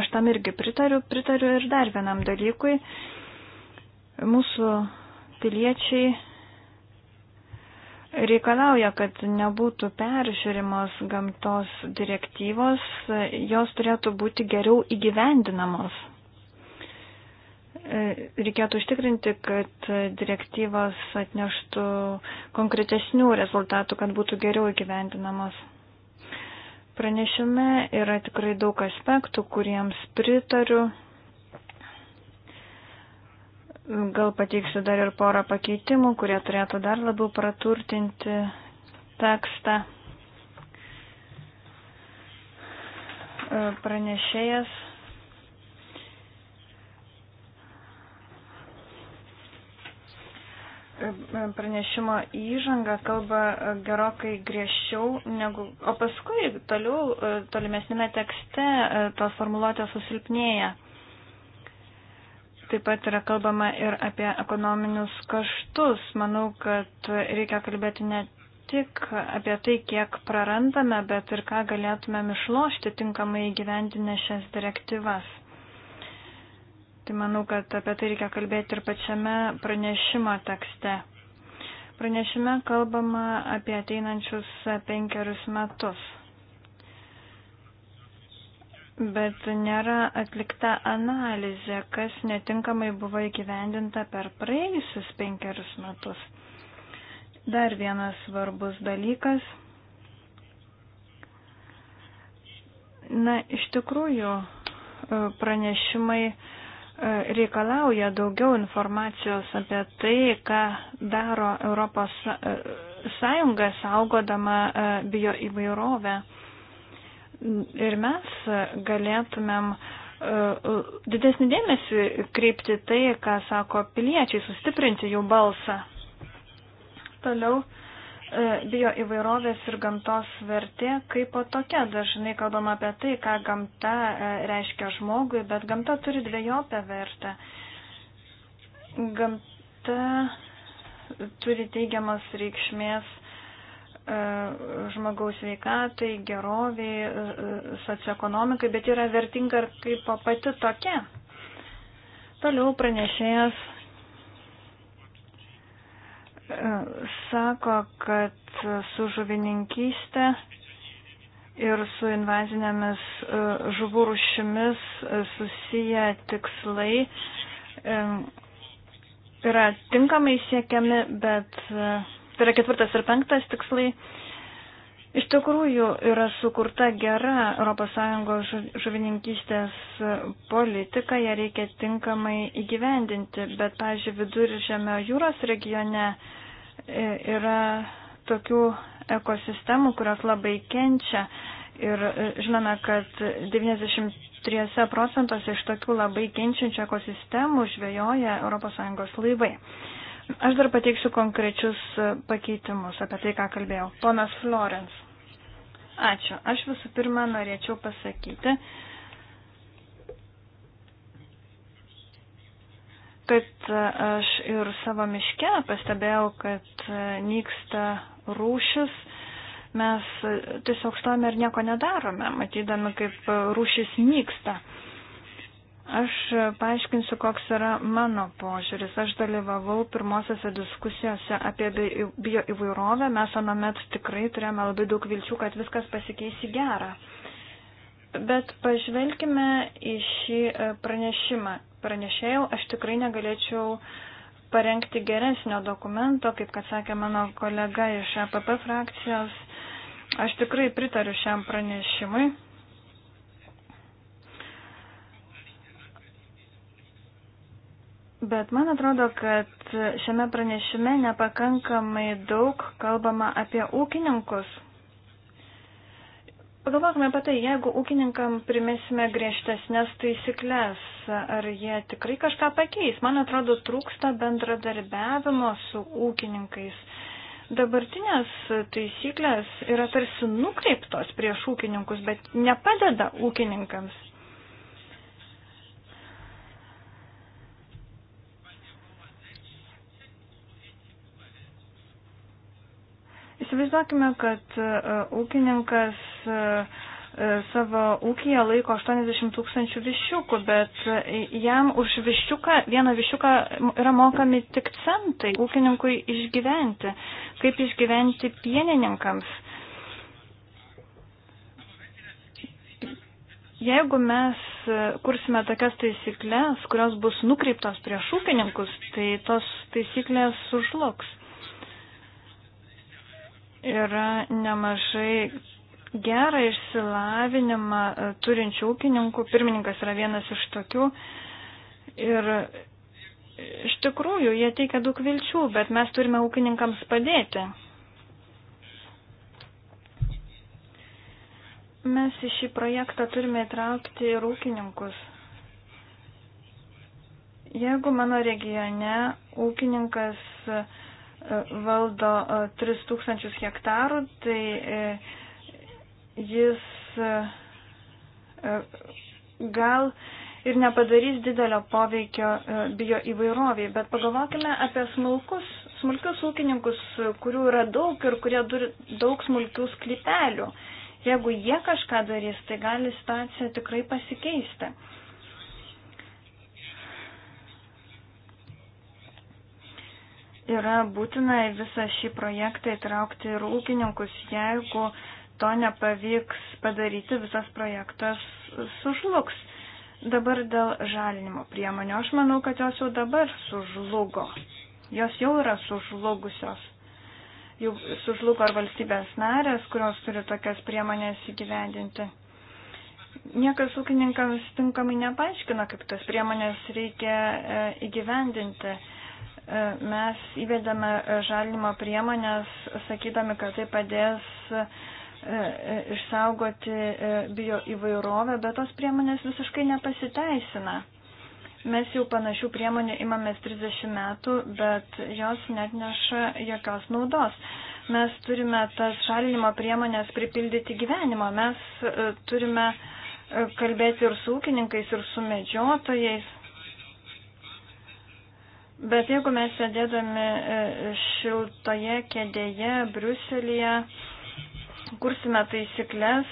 aš tam irgi pritariu, pritariu ir dar vienam dalykui. Mūsų piliečiai reikalauja, kad nebūtų peržiūrimos gamtos direktyvos, jos turėtų būti geriau įgyvendinamos. E, reikėtų užtikrinti, kad direktyvos atneštų konkretesnių rezultatų, kad būtų geriau įgyvendinamos. Pranešime yra tikrai daug aspektų, kuriems pritariu. Gal pateiksiu dar ir porą pakeitimų, kurie turėtų dar labiau praturtinti tekstą. E, pranešėjas pranešimo įžanga kalba gerokai griežčiau, negu, o paskui toliau, tolimesnėme tekste e, tos formuluotės susilpnėja. Taip pat yra kalbama ir apie ekonominius kaštus. Manau, kad reikia kalbėti ne tik apie tai, kiek prarandame, bet ir ką galėtumėm išlošti tinkamai gyventinę šias direktyvas. Tai manau, kad apie tai reikia kalbėti ir pačiame pranešimo tekste. Pranešime kalbama apie ateinančius penkerius metus. Bet nėra atlikta analizė, kas netinkamai buvo įgyvendinta per praėjusius penkerius metus. Dar vienas svarbus dalykas. Na, iš tikrųjų, pranešimai reikalauja daugiau informacijos apie tai, ką daro Europos e, Sąjunga saugodama e, bio įvairovę. Ir mes galėtumėm e, didesnį dėmesį kreipti tai, ką sako piliečiai, sustiprinti jų balsą. Toliau E, bio įvairovės ir gamtos vertė kaip po tokia. Dažnai kalbam apie tai, ką gamta e, reiškia žmogui, bet gamta turi dviejopę vertę. Gamta turi teigiamas reikšmės e, žmogaus veikatai, geroviai, socioekonomikai, bet yra vertinga ir kaip pati tokia. Toliau pranešėjas sako, kad su žuvininkystė ir su invazinėmis e, žuvų rušimis e, susiję tikslai e, yra tinkamai siekiami, bet tai yra ketvirtas ir penktas tikslai. Iš tikrųjų yra sukurta gera ES žuvininkystės politika, ją reikia tinkamai įgyvendinti, bet, pažiūrėjau, viduržėmio jūros regione E, yra tokių ekosistemų, kurios labai kenčia ir e, žinome, kad 93 procentuose iš tokių labai kenčiančių ekosistemų žvejoja ES laivai. Aš dar pateiksiu konkrečius e, pakeitimus apie tai, ką kalbėjau. Ponas Florence. Ačiū. Aš visų pirma norėčiau pasakyti, Taip, aš ir savo miške pastebėjau, kad e, nyksta rūšis. Mes e, tiesiog stovime ir nieko nedarome, matydami, kaip e, rūšis nyksta. Aš paaiškinsiu, koks yra mano požiūris. Aš dalyvavau pirmosiose diskusijose apie bioįvairovę. Mes anomet tikrai turėjome labai daug vilčių, kad viskas pasikeis į gerą. Bet pažvelkime į šį pranešimą pranešėjau, aš tikrai negalėčiau parengti geresnio dokumento, kaip kad sakė mano kolega iš APP frakcijos. Aš tikrai pritariu šiam pranešimui. Bet man atrodo, kad šiame pranešime nepakankamai daug kalbama apie ūkininkus, Pagalvokime apie tai, jeigu ūkininkam primėsime griežtesnės taisyklės, ar jie tikrai kažką pakeis. Man atrodo, trūksta bendradarbiavimo su ūkininkais. Dabartinės taisyklės yra tarsi nukreiptos prieš ūkininkus, bet nepadeda ūkininkams. Įsivaizduokime, kad e, ūkininkas E, e, savo ūkiją laiko 80 tūkstančių viščiukų, bet jam už viščiuką, vieną viščiuką yra mokami tik centai ūkininkui išgyventi. Kaip išgyventi pienininkams? Jeigu mes kursime tokias taisyklės, kurios bus nukreiptos prieš ūkininkus, tai tos taisyklės sužlugs. Yra nemažai gerą išsilavinimą e, turinčių ūkininkų. Pirmininkas yra vienas iš tokių. Ir iš tikrųjų jie teikia daug vilčių, bet mes turime ūkininkams padėti. Mes į šį projektą turime įtraukti ir ūkininkus. Jeigu mano regione ūkininkas e, valdo 3000 e, hektarų, tai jis e, e, gal ir nepadarys didelio poveikio e, bio įvairoviai, bet pagalvokime apie smulkus, smulkius ūkininkus, kurių yra daug ir kurie turi daug smulkių sklypelių. Jeigu jie kažką darys, tai gali situacija tikrai pasikeisti. Yra būtina į visą šį projektą įtraukti ir ūkininkus, jeigu uh, to nepavyks padaryti, visas projektas sužlugs. Dabar dėl žalinimo priemonių. Aš manau, kad jos jau dabar sužlugo. Jos jau yra sužlugusios. Jau sužlugo ar valstybės narės, kurios turi tokias priemonės įgyvendinti. Niekas ūkininkams tinkamai nepaaiškina, kaip tas priemonės reikia e, įgyvendinti e, mes įvedame žalinimo priemonės, sakydami, kad tai padės E, e, išsaugoti e, bio įvairovę, bet tos priemonės visiškai nepasiteisina. Mes jau panašių priemonių imamės 30 metų, bet jos net neša jokios naudos. Mes turime tas šalinimo priemonės pripildyti gyvenimo. Mes turime kalbėti ir su ūkininkais, ir su medžiotojais. Bet jeigu mes sėdėdami šiltoje kėdėje Briuselėje, kursime taisyklės,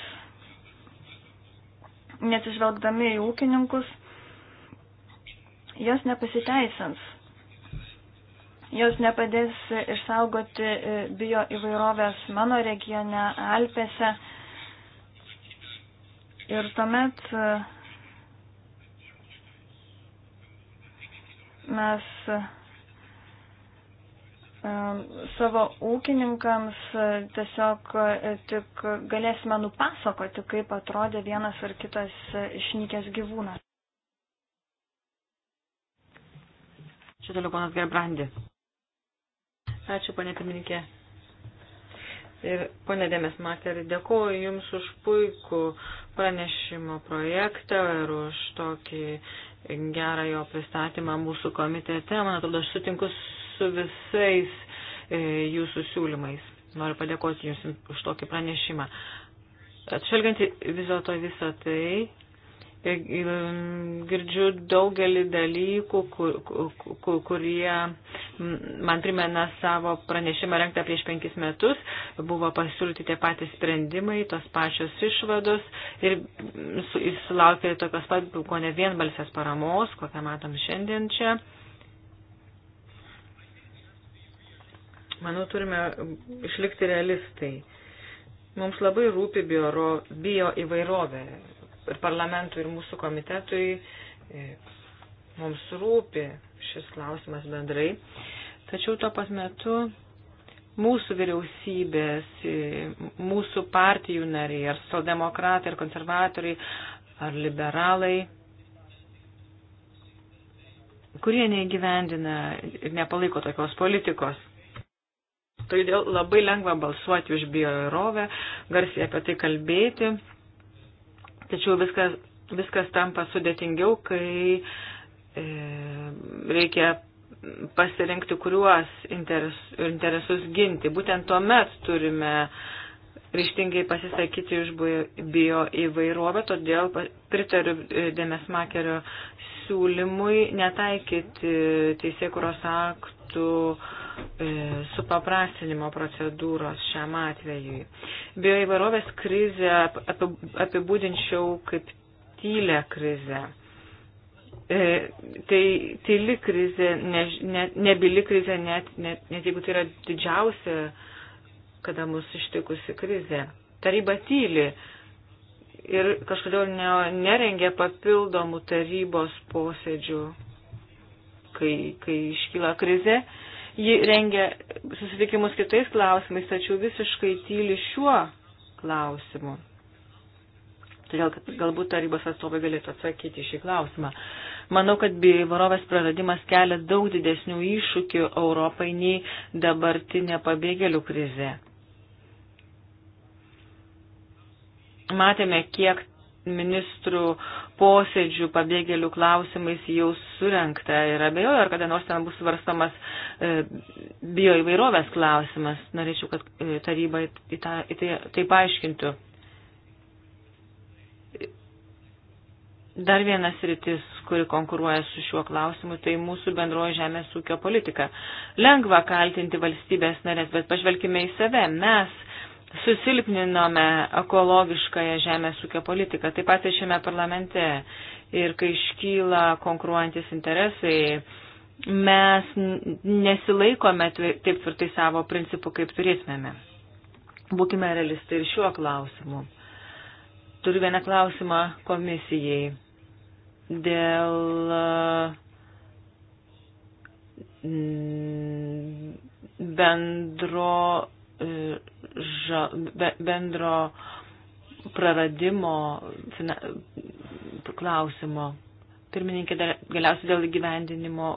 nesižvelgdami į ūkininkus, jos nepasiteisins. Jos nepadės išsaugoti bio įvairovės mano regione, Alpėse. Ir tuomet e, mes savo ūkininkams e, tiesiog e, tik galėsime nupasakoti, kaip atrodė vienas ar kitas e, išnykęs gyvūnas. Čia toliau ponas Gerbrandi. Ačiū, ponė pirmininkė. Ir ponė Dėmes Materį, dėkuoju Jums už puikų pranešimo projektą ir už tokį gerą jo pristatymą mūsų komitete. Man atrodo, aš sutinku su visais e, jūsų siūlymais. Noriu padėkoti jums už tokį pranešimą. Atšvelgiant vis dėlto visą tai, e, mm, girdžiu daugelį dalykų, kur, kur, kurie mm, man primena savo pranešimą renktą prieš penkis metus. Buvo pasiūlyti tie patys sprendimai, tos pačios išvados ir mm, sulaukė tokios pat, ko ne vienbalsės paramos, kokią matom šiandien čia. Manau, turime išlikti realistai. Mums labai rūpi bioro, bio įvairovė ir parlamentui, ir mūsų komitetui. E, mums rūpi šis klausimas bendrai. Tačiau tuo pat metu mūsų vyriausybės, e, mūsų partijų nariai, ar socialdemokratai, ar konservatoriai, ar liberalai, kurie neįgyvendina ir nepalaiko tokios politikos. Todėl labai lengva balsuoti už bioįrovę, garsiai apie tai kalbėti. Tačiau viskas, viskas tampa sudėtingiau, kai e, reikia pasirinkti, kuriuos interes, interesus ginti. Būtent tuo met turime ryštingai pasisakyti už bio įvairovę, todėl pritariu e, Demesmakerio siūlymui netaikyti teisėkuros aktų E, supaprastinimo procedūros šiam atvejui. Bioįvairovės krizę apibūdinčiau kaip tylę krizę. E, tai tyli krizė, ne, ne, nebili krizė, net, net, net jeigu tai yra didžiausia, kada mus ištikusi krizė. Taryba tyli ir kažkodėl ne, nerengė papildomų tarybos posėdžių, kai, kai iškyla krizė. E, Ji rengia susitikimus kitais klausimais, tačiau visiškai tyli šiuo klausimu. Todėl, kad galbūt tarybos atstovai galėtų atsakyti šį klausimą. Manau, kad bioįvarovės praradimas kelia daug didesnių iššūkių Europai nei dabartinė pabėgėlių krize. Matėme, kiek ministrų posėdžių pabėgėlių klausimais jau surenkta ir abejoju, ar kada nors ten bus svarstamas e, bioįvairovės klausimas. Norėčiau, kad e, taryba į, tą, į tai, tai paaiškintų. Dar vienas rytis, kuri konkuruoja su šiuo klausimu, tai mūsų bendroji žemės ūkio politika. Lengva kaltinti valstybės narės, bet pažvelkime į save. Mes susilpninome ekologiškąją žemės ūkio politiką, taip pat ir šiame parlamente. Ir kai iškyla konkuruojantis interesai, mes nesilaikome taip tvirtai savo principų, kaip turėtumėme. Būkime realistai ir šiuo klausimu. Turiu vieną klausimą komisijai dėl bendro e, ža, be, bendro praradimo fina, klausimo. Pirmininkė dar, galiausiai dėl įgyvendinimo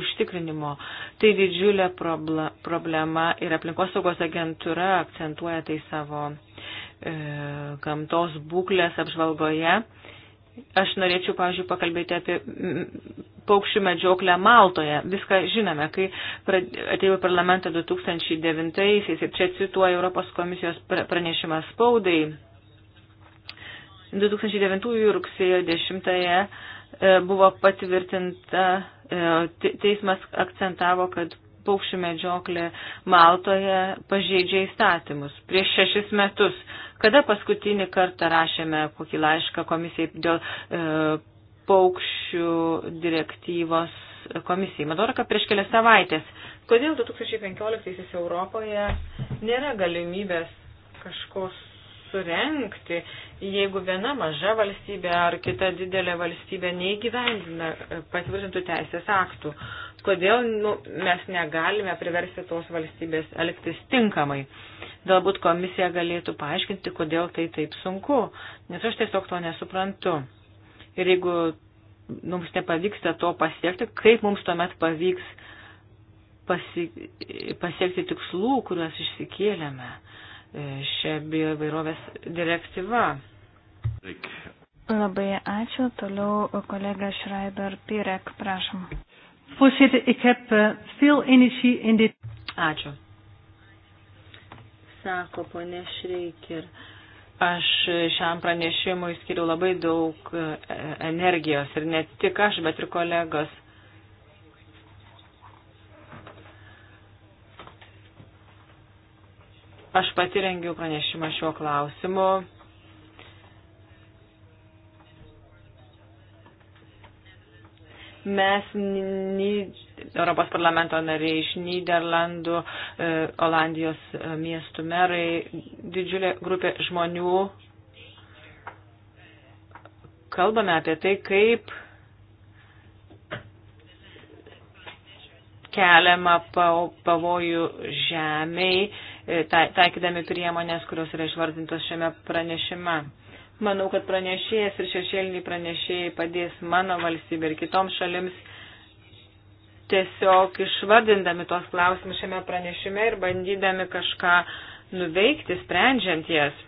užtikrinimo. Tai didžiulė probla, problema ir aplinkosaugos agentūra akcentuoja tai savo e, gamtos būklės apžvalgoje. E, Aš norėčiau, pavyzdžiui, pakalbėti apie mm, paukščių medžioklę Maltoje. Viską žinome, kai atėjau į parlamentą 2009-aisiais ir čia cituoju Europos komisijos pranešimą spaudai. 2009 rugsėjo 10 e, buvo patvirtinta, e, teismas akcentavo, kad paukščių medžioklė Maltoje pažeidžia įstatymus. Prieš šešis metus, kada paskutinį kartą rašėme kokį laišką komisijai dėl e, paukščių direktyvos komisijai. Madora, kad prieš kelias savaitės. Kodėl 2015 Europoje nėra galimybės kažkos surenkti, jeigu viena maža valstybė ar kita didelė valstybė neįgyvendina e, patvirtintų teisės aktų. Kodėl nu, mes negalime priversti tos valstybės elgtis tinkamai? Galbūt komisija galėtų paaiškinti, kodėl tai taip sunku, nes aš tiesiog to nesuprantu. Ir jeigu mums nepavyksta to pasiekti, kaip mums tuomet pavyks pasi, pasiekti tikslų, kuriuos išsikėlėme? Uh, E, šią bioįvairovės direktyvą. Labai ačiū. Toliau kolega Šraiber Pirek, prašom. Voorzitter, ik heb uh, veel energie in dit. Ačiū. Sako ponė Šreikir. Aš šiam pranešimui skiriu labai daug e, e, energijos ir ne tik aš, bet ir kolegos. Aš pati rengiau pranešimą šiuo klausimu. Mes, Europos parlamento nariai iš Niderlandų, e, Olandijos e, miestų merai, didžiulė grupė žmonių, kalbame apie tai, kaip keliama pavojų žemiai E, tai, taikydami priemonės, kurios yra išvardintos šiame pranešime. Manau, kad pranešėjas ir šešėliniai pranešėjai padės mano valstybė ir kitoms šalims tiesiog išvardindami tos klausimus šiame pranešime ir bandydami kažką nuveikti, sprendžiant jas.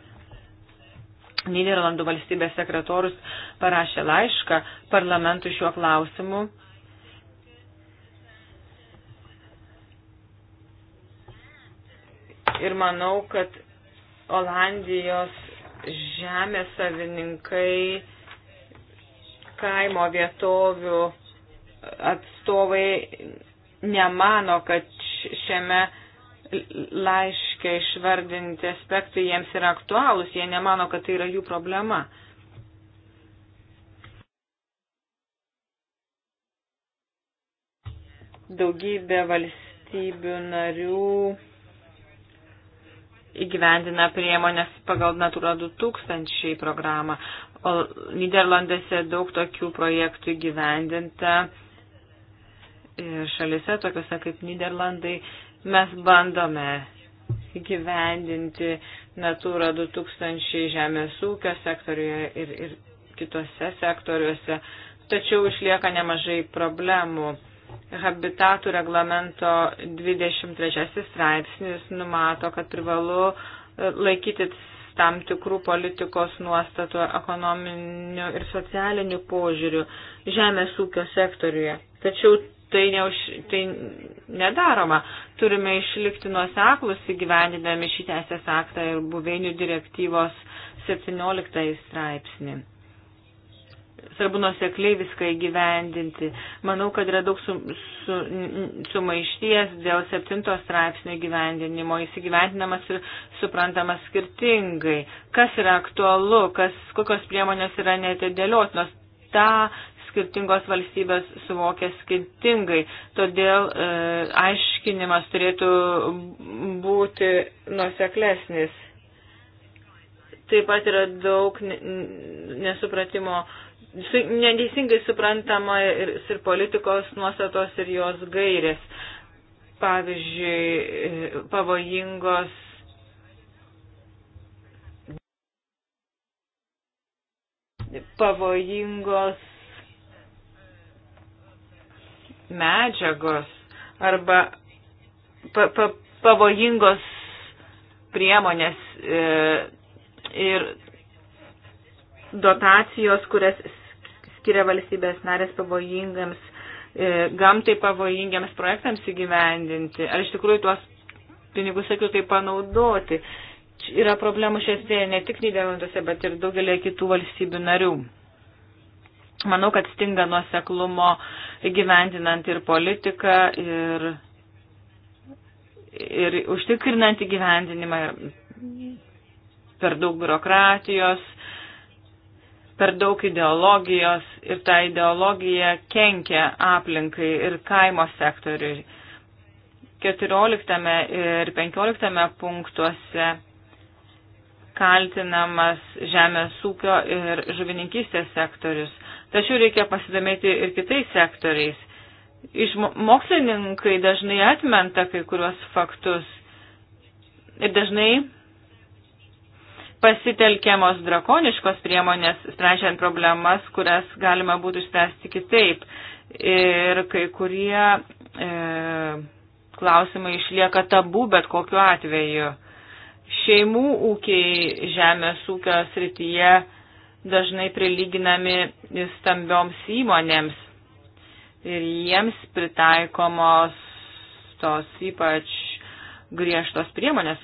Niderlandų valstybės sekretorius parašė laišką parlamentui šiuo klausimu ir manau, kad Olandijos žemės savininkai, kaimo vietovių atstovai nemano, kad šiame laiške išvardinti aspektai jiems yra aktualūs, jie nemano, kad tai yra jų problema. Daugybė valstybių narių įgyvendina priemonės pagal Natura 2000 programą. O Niderlandėse daug tokių projektų įgyvendinta. Ir e, šalise, tokiuose kaip Niderlandai, mes bandome įgyvendinti Natura 2000 žemės ūkio sektoriuje ir, ir kitose sektoriuose, tačiau išlieka nemažai problemų habitatų reglamento 23 straipsnis numato, kad privalu e, laikytis tam tikrų politikos nuostatų ekonominių ir socialinių požiūrių žemės ūkio sektoriuje. Tačiau tai, neuž, tai nedaroma. Turime išlikti nuoseklus įgyvendinami šį teisės aktą ir buveinių direktyvos 17 straipsnį svarbu nusekliai viską įgyvendinti. Manau, kad yra daug su, su, sumaišties dėl septinto straipsnio įgyvendinimo. Jis įgyvendinamas ir suprantamas skirtingai. Kas yra aktualu, kas, kokios priemonės yra netidėliotinos. Ta skirtingos valstybės suvokia skirtingai. Todėl e, aiškinimas turėtų būti nuseklesnis. Taip pat yra daug nesupratimo su, neteisingai suprantama ir, ir politikos nuostatos ir jos gairės. Pavyzdžiui, e, pavojingos. pavojingos medžiagos arba pa, pa, pavojingos priemonės e, ir dotacijos, kurias skiria valstybės narės pavojingams, e, gamtai pavojingiams projektams įgyvendinti. Ar iš tikrųjų tuos pinigus, sakiau, tai panaudoti. Yra problemų šiandien ne tik Niderlanduose, bet ir daugelį kitų valstybių narių. Manau, kad stinga nuoseklumo gyvendinant ir politiką, ir, ir užtikrinant įgyvendinimą, ir per daug biurokratijos, per daug ideologijos ir ta ideologija kenkia aplinkai ir kaimo sektoriui. 14 ir 15 punktuose kaltinamas žemės ūkio ir žuvininkystės sektorius. Tačiau reikia pasidomėti ir kitais sektoriais. Iš mokslininkai dažnai atmenta kai kuriuos faktus ir dažnai pasitelkiamos drakoniškos priemonės, sprendžiant problemas, kurias galima būtų išspręsti kitaip. Ir kai kurie e, klausimai išlieka tabu, bet kokiu atveju. Šeimų ūkiai žemės ūkio srityje dažnai prilyginami stambioms įmonėms ir jiems pritaikomos tos ypač griežtos priemonės,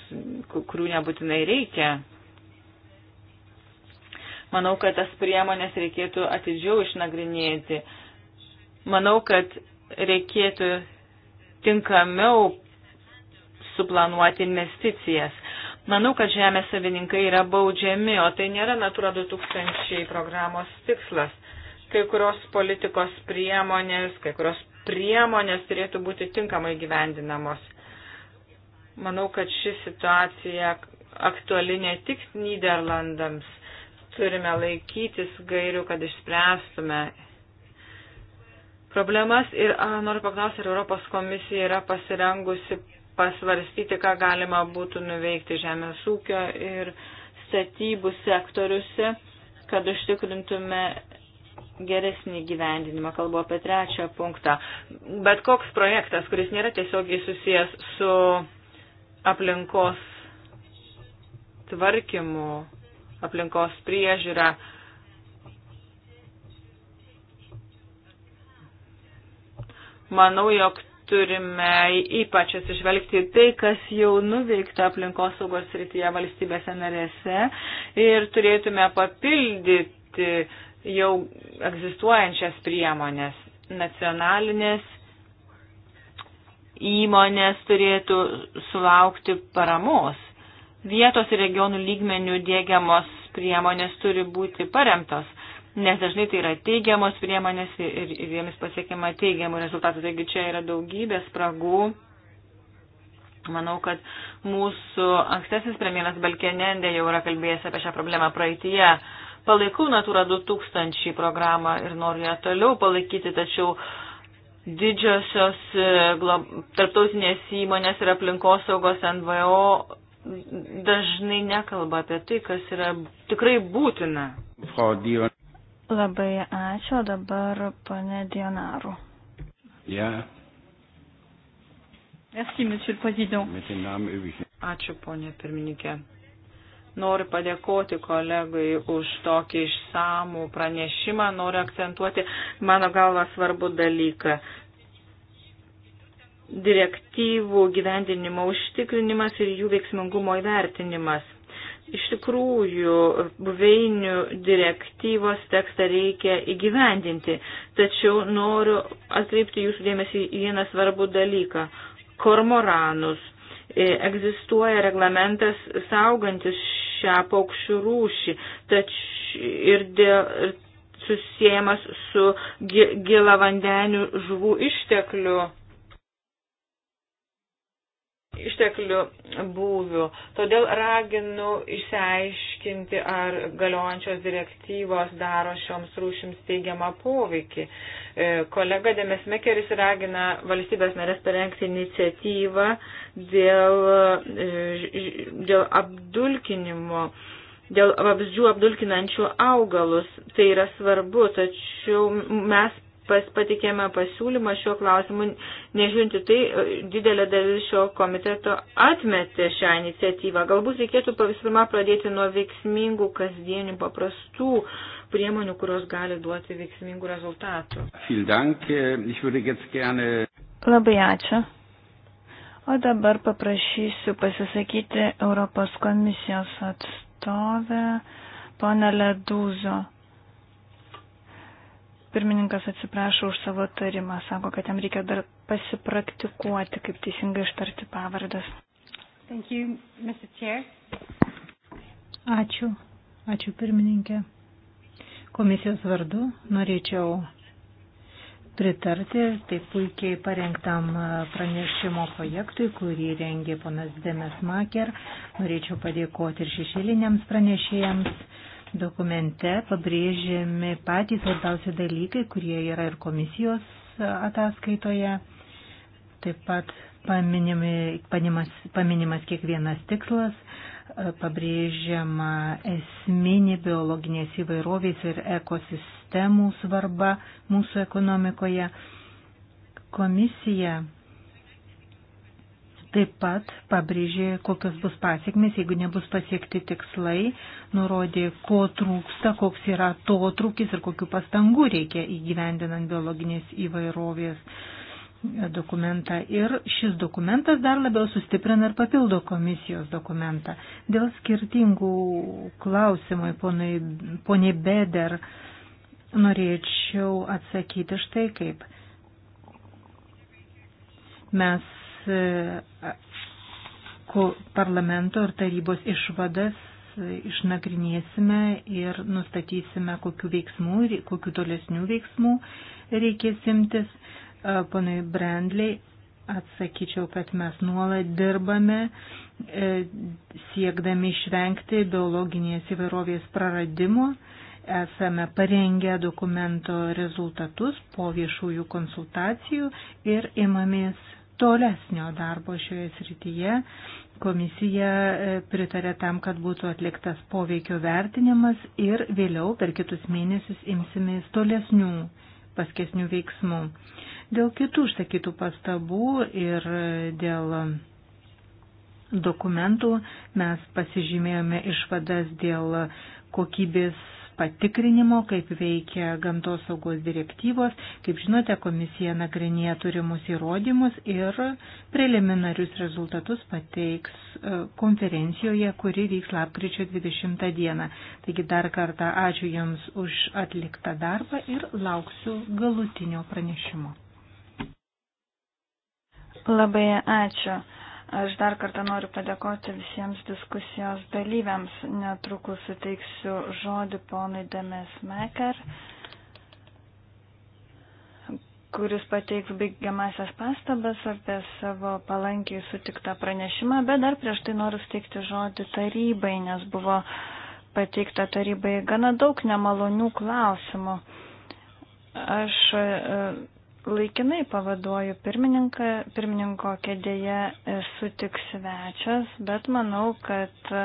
kurių nebūtinai reikia. Manau, kad tas priemonės reikėtų atidžiau išnagrinėti. Manau, kad reikėtų tinkamiau suplanuoti investicijas. Manau, kad žemės savininkai yra baudžiami, o tai nėra Natura 2000 programos tikslas. Kai kurios politikos priemonės, kai kurios priemonės turėtų būti tinkamai gyvendinamos. Manau, kad ši situacija aktuali ne tik Niderlandams, turime laikytis gairių, kad išspręstume problemas. Ir a, noriu paklausti, ar Europos komisija yra pasirengusi pasvarstyti, ką galima būtų nuveikti žemės ūkio ir statybų sektoriuose, kad užtikrintume geresnį gyvendinimą. Kalbu apie trečią punktą. Bet koks projektas, kuris nėra tiesiogiai susijęs su aplinkos tvarkymu aplinkos priežiūrą. Manau, jog turime ypač atsižvelgti tai, kas jau nuveikta aplinkosaugos srityje valstybėse narėse ir turėtume papildyti jau egzistuojančias priemonės. Nacionalinės įmonės turėtų sulaukti paramos vietos ir regionų lygmenių dėgiamos priemonės turi būti paremtos, nes dažnai tai yra teigiamos priemonės ir, ir jomis pasiekima teigiamų rezultatų. Taigi čia yra daugybė spragų. Manau, kad mūsų ankstesnis premjeras Balkenendė jau yra kalbėjęs apie šią problemą praeitie. Palaikau Natura 2000 programą ir noriu ją toliau palaikyti, tačiau didžiosios e, tarptautinės įmonės ir aplinkosaugos NVO dažnai nekalba apie tai, kas yra tikrai būtina. Labai ačiū, dabar pane Dionaru. Ja. Merci, monsieur le président. Ačiū, ponė pirmininkė. Noriu padėkoti kolegai už tokį išsamų pranešimą, noriu akcentuoti mano galva svarbų dalyką direktyvų gyvendinimo užtikrinimas ir jų veiksmingumo įvertinimas. Iš tikrųjų, buveinių direktyvos tekstą reikia įgyvendinti, tačiau noriu atkreipti jūsų dėmesį į vieną svarbų dalyką - kormoranus. E, egzistuoja reglamentas saugantis šią paukščių rūšį, tačiau ir dėl susijęs su gilavandenių žuvų išteklių išteklių būvių. Todėl raginu išsiaiškinti, ar galiojančios direktyvos daro šioms rūšims teigiamą poveikį. E, kolega Demesmekeris ragina valstybės narės parengti iniciatyvą dėl, e, dėl apdulkinimo. Dėl vabzdžių apdulkinančių augalus tai yra svarbu, tačiau mes pas, patikėme pasiūlymą šiuo klausimu, nežiūrinti tai, e, didelė dalis šio komiteto atmetė šią iniciatyvą. Galbūt reikėtų visų pirma pradėti nuo veiksmingų, kasdienių, paprastų priemonių, kurios gali duoti veiksmingų rezultatų. Labai ačiū. O dabar paprašysiu pasisakyti Europos komisijos atstovę, ponę Ledūzo. Pirmininkas atsiprašo už savo tarimą, sako, kad jam reikia dar pasipraktikuoti, kaip teisingai ištarti pavardas. Thank you, Mr. Chair. Ačiū, ačiū pirmininkė. Komisijos vardu norėčiau pritarti taip puikiai parengtam e, pranešimo projektui, kurį rengė ponas Demes Maker. Norėčiau padėkoti ir šešėliniams pranešėjams Dokumente pabrėžiami patys svarbiausi dalykai, kurie yra ir komisijos ataskaitoje. Taip pat paminimas, paminimas kiekvienas tikslas, pabrėžiama esminė biologinės įvairovės ir ekosistemų svarba mūsų ekonomikoje. Komisija Taip pat pabrėžė, kokios bus pasiekmes, jeigu nebus pasiekti tikslai, nurodė, ko trūksta, koks yra to trūkis ir kokiu pastangu reikia įgyvendinant biologinės įvairovės dokumentą. Ir šis dokumentas dar labiau sustiprina ir papildo komisijos dokumentą. Dėl skirtingų klausimų, poniai Beder, norėčiau atsakyti štai kaip. Mes parlamento ir tarybos išvadas išnagrinėsime ir nustatysime, kokiu veiksmu ir kokiu tolesnių veiksmų reikės imtis. Ponai Brandley, atsakyčiau, kad mes nuolat dirbame e, siekdami išvengti biologinės įvairovės praradimo. Esame parengę dokumento rezultatus po viešųjų konsultacijų ir imamės tolesnio darbo šioje srityje. Komisija e, pritarė tam, kad būtų atliktas poveikio vertinimas ir vėliau per kitus mėnesius imsimės tolesnių paskesnių veiksmų. Dėl kitų užsakytų pastabų ir e, dėl dokumentų mes pasižymėjome išvadas dėl kokybės patikrinimo, kaip veikia gamtos saugos direktyvos. Kaip žinote, komisija nagrinėja turimus įrodymus ir preliminarius rezultatus pateiks e, konferencijoje, kuri vyks lapkričio 20 dieną. Taigi dar kartą ačiū Jums už atliktą darbą ir lauksiu galutinio pranešimo. Labai ačiū. Aš dar kartą noriu padėkoti visiems diskusijos dalyviams. Netrukus suteiksiu žodį ponui Demes Meker, kuris pateiks baigiamasias pastabas apie savo palankiai sutiktą pranešimą, bet dar prieš tai noriu suteikti žodį tarybai, nes buvo pateikta tarybai gana daug nemalonių klausimų. Aš Laikinai pavaduoju pirmininką, pirmininko kėdėje esu tik svečias, bet manau, kad e,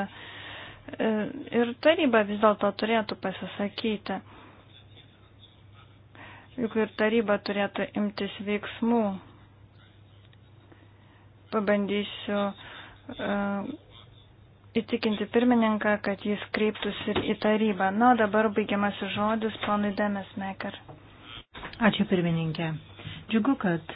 ir taryba vis dėlto turėtų pasisakyti. Juk ir taryba turėtų imtis veiksmų. Pabandysiu uh, įtikinti pirmininką, kad jis kreiptųsi ir į tarybą. Na, dabar baigiamasi žodis ponui Demes Meker. Ačiū pirmininkė. Džiugu, kad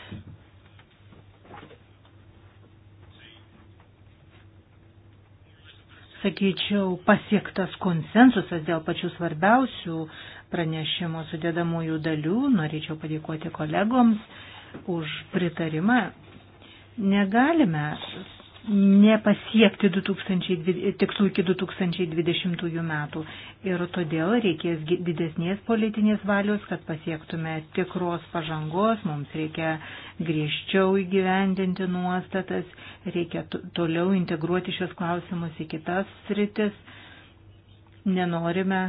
sakyčiau, pasiektas konsensusas dėl pačių svarbiausių pranešimo sudėdamųjų dalių. Norėčiau padėkoti kolegoms už pritarimą. Negalime nepasiekti 2000, tikslų iki 2020 metų. Ir todėl reikės didesnės politinės valios, kad pasiektume tikros pažangos, mums reikia griežčiau įgyvendinti nuostatas, reikia toliau integruoti šios klausimus į kitas sritis. Nenorime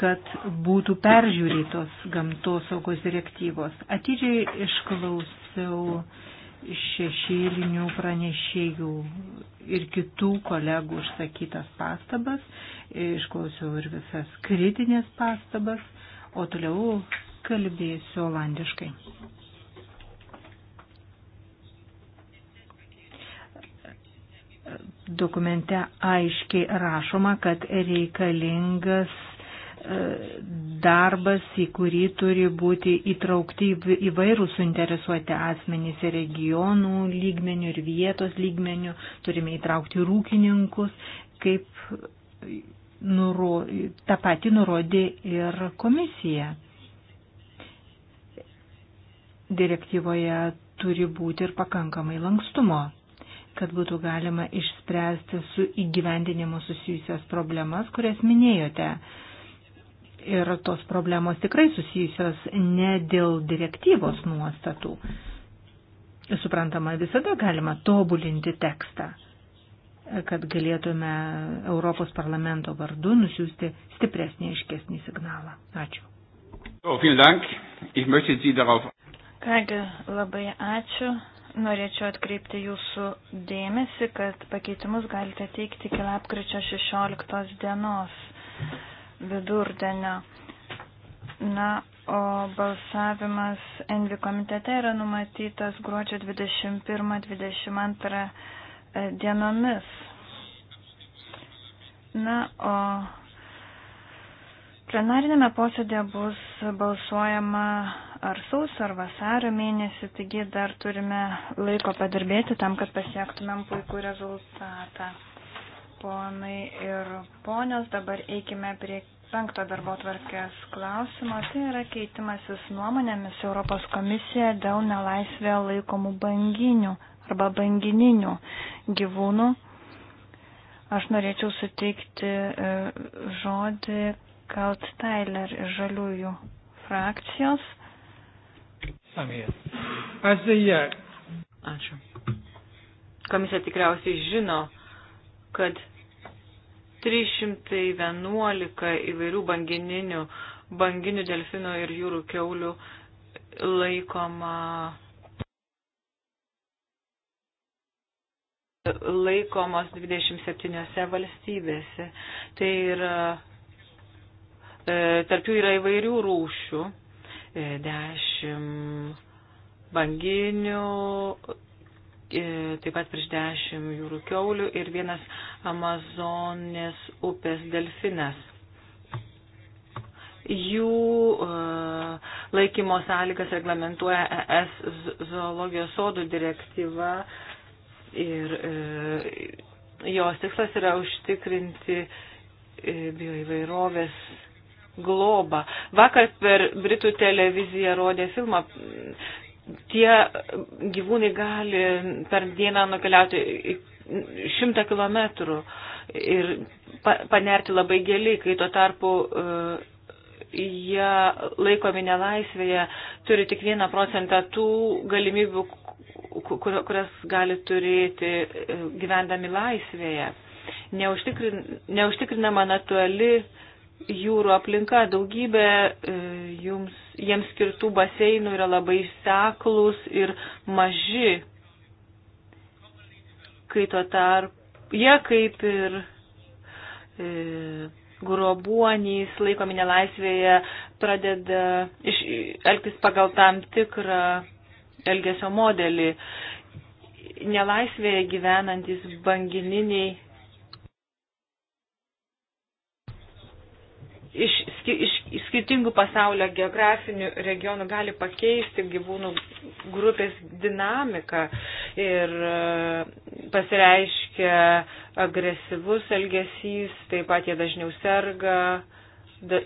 kad būtų peržiūrėtos gamtos saugos direktyvos. Atidžiai išklausiau uh, šešėlinių pranešėjų ir kitų kolegų užsakytas pastabas, išklausiau ir visas kritinės pastabas, o toliau kalbėsiu olandiškai. Dokumente aiškiai rašoma, kad reikalingas darbas, į kurį turi būti įtraukti įvairių suinteresuoti asmenys ir regionų lygmenių ir vietos lygmenių, turime įtraukti ir ūkininkus, kaip nuro, tą patį nurodė ir komisija. Direktyvoje turi būti ir pakankamai lankstumo kad būtų galima išspręsti su įgyvendinimu susijusias problemas, kurias minėjote. Uh, Ir tos problemos tikrai susijusios ne dėl direktyvos nuostatų. Suprantama, visada galima tobulinti tekstą, kad galėtume Europos parlamento vardu nusiųsti stipresnį aiškesnį signalą. Ačiū. Oh, so, Kągi, labai ačiū. Norėčiau atkreipti jūsų dėmesį, kad pakeitimus galite teikti iki lapkričio 16 dienos vidurdienio. Na, o balsavimas Envi komitete yra numatytas gruodžio 21-22 e, dienomis. Na, o plenarinėme posėdėje bus balsuojama ar sausio, ar vasario mėnesį, taigi dar turime laiko padirbėti tam, kad pasiektumėm puikų rezultatą ponai ir ponios. Dabar eikime prie penkto darbo tvarkės klausimo. Tai yra keitimasis nuomonėmis Europos komisija dėl nelaisvėje laikomų banginių arba bangininių gyvūnų. Aš norėčiau suteikti e, žodį Kalt Tyler iš žaliųjų frakcijos. Ačiū. Komisija tikriausiai žino, kad 311 įvairių bangininių, banginių delfinų ir jūrų keulių laikoma laikomos 27 valstybėse. Tai yra, e, tarp jų yra įvairių rūšių, 10 e, banginių, E, taip pat prieš dešimt jūrų keulių ir vienas Amazonės upės delfinas. Jų e, laikymo sąlygas reglamentuoja ES zoologijos sodų direktyva ir e, jos tikslas yra užtikrinti bioįvairovės globą. Vakar per Britų televiziją rodė filmą tie gyvūnai gali per dieną nukeliauti šimtą kilometrų ir panerti labai giliai, kai tuo tarpu e, jie laikomi nelaisvėje, turi tik vieną procentą tų galimybių, kurias gali turėti e, gyvendami laisvėje. Neužtikrin, neužtikrinama natūrali jūrų aplinka, daugybė e, jums jiems skirtų baseinų yra labai seklus ir maži, kai tuo tarp jie kaip ir e, grobuonys laikomi nelaisvėje pradeda iš, elgtis pagal tam tikrą elgesio modelį. Nelaisvėje gyvenantis bangininiai iš, iš skirtingų pasaulio geografinių regionų gali pakeisti gyvūnų grupės dinamiką ir e, pasireiškia agresyvus elgesys, taip pat jie dažniau serga, da,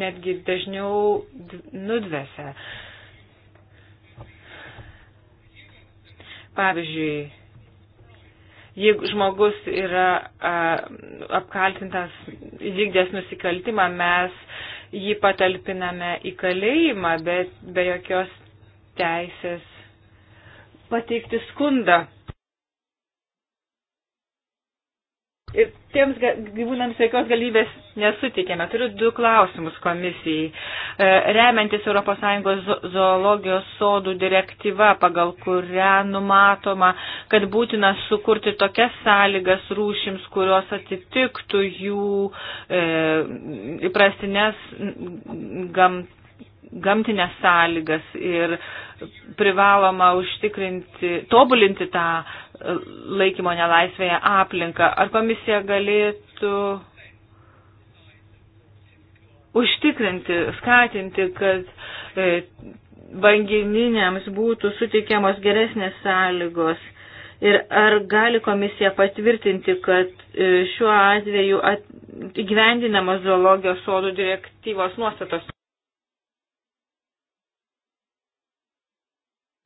netgi dažniau nudvėse. Pavyzdžiui, jeigu žmogus yra a, apkaltintas įvykdęs nusikaltimą, mes jį patalpiname į kalėjimą, bet be jokios teisės pateikti skundą ir tiems gyvūnams jokios galybės nesutikėme. Turiu du klausimus komisijai. E, remiantis ES zoologijos sodų direktyva, pagal kurią numatoma, kad būtina sukurti tokias sąlygas rūšims, kurios atitiktų jų e, įprastinės gam, gamtinės sąlygas ir privaloma užtikrinti, tobulinti tą laikymo nelaisvėje aplinką. Ar komisija galėtų užtikrinti, skatinti, kad banginiams e, būtų suteikiamos geresnės sąlygos? Ir ar gali komisija patvirtinti, kad e, šiuo atveju įgyvendinamos zoologijos sodų direktyvos nuostatos?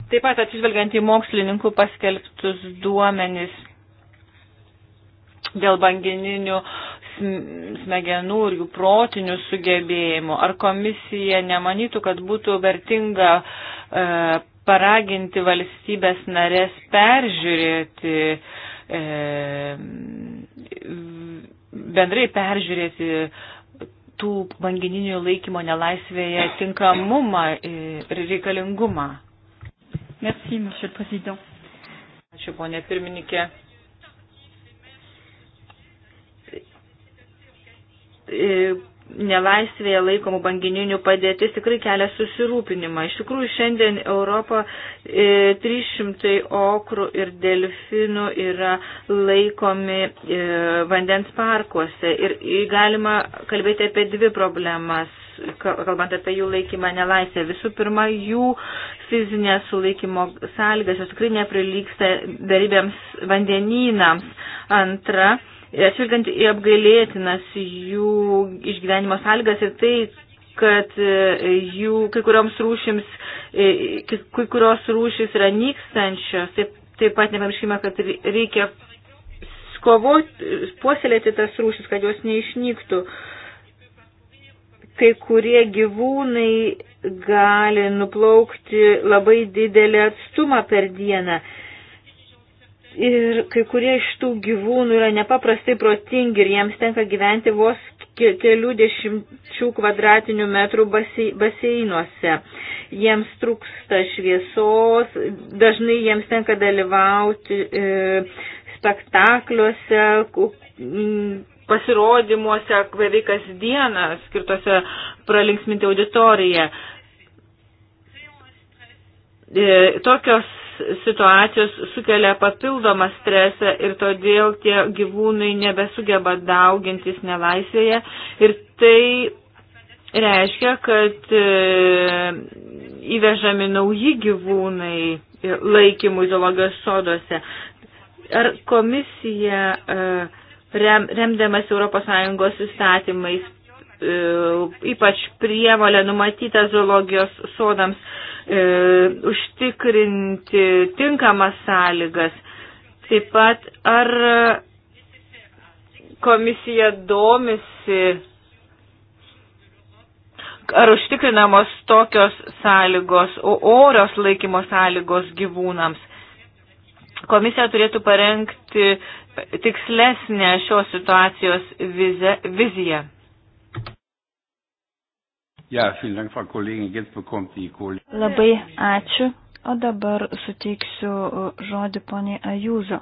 Taip pat atsižvelgiant į mokslininkų paskelbtus duomenis dėl bangininių smegenų ir jų protinių sugebėjimų, ar komisija nemanytų, kad būtų vertinga e, paraginti valstybės narės peržiūrėti, e, bendrai peržiūrėti tų bangininių laikymo nelaisvėje tinkamumą ir reikalingumą? Merci, Monsieur le Président. Ačiū, ponė pirmininkė. E, nelaisvėje laikomų banginių padėtis tikrai kelia susirūpinimą. Iš tikrųjų, šiandien Europo 300 e, okrų ir delfinų yra laikomi e, vandens parkuose ir galima kalbėti apie dvi problemas kalbant apie jų laikymą nelaisvę. Visų pirma, jų fizinės sulaikymo sąlygas jos tikrai neprilyksta darybėms vandenynams. Antra, atsižvelgiant į apgailėtinas jų išgyvenimo sąlygas ir tai, kad e, jų kai kurioms rūšims, e, kai kurios rūšis yra nykstančios. Taip, taip pat nepamirškime, kad reikia kovoti, puoselėti tas rūšis, kad jos neišnyktų. Uh, kai kurie gyvūnai gali nuplaukti labai didelį atstumą per dieną. Ir kai kurie iš tų gyvūnų yra nepaprastai protingi ir jiems tenka gyventi vos kelių dešimčių kvadratinių metrų baseinuose. Jiems trūksta šviesos, dažnai jiems tenka dalyvauti e, spektakliuose, pasirodymuose beveik kasdieną skirtose pralinksminti auditoriją. E, tokios situacijos sukelia papildomą stresą ir todėl tie gyvūnai nebesugeba daugintis nelaisvėje ir tai reiškia, kad e, įvežami nauji gyvūnai laikymų zoologijos soduose. Ar komisija uh, rem, remdamas ES įstatymais, e, ypač prievalę numatytą zoologijos sodams e, užtikrinti tinkamas sąlygas. Taip pat ar komisija domisi, ar užtikrinamos tokios sąlygos, orios laikymo sąlygos gyvūnams. Komisija turėtų parengti tikslesnę šios situacijos vizę, viziją. Ja, Dank, Frau Kollegin. Jetzt bekommt die Kollegin. Labai ačiū. O dabar suteiksiu žodį poniai Ajūzo.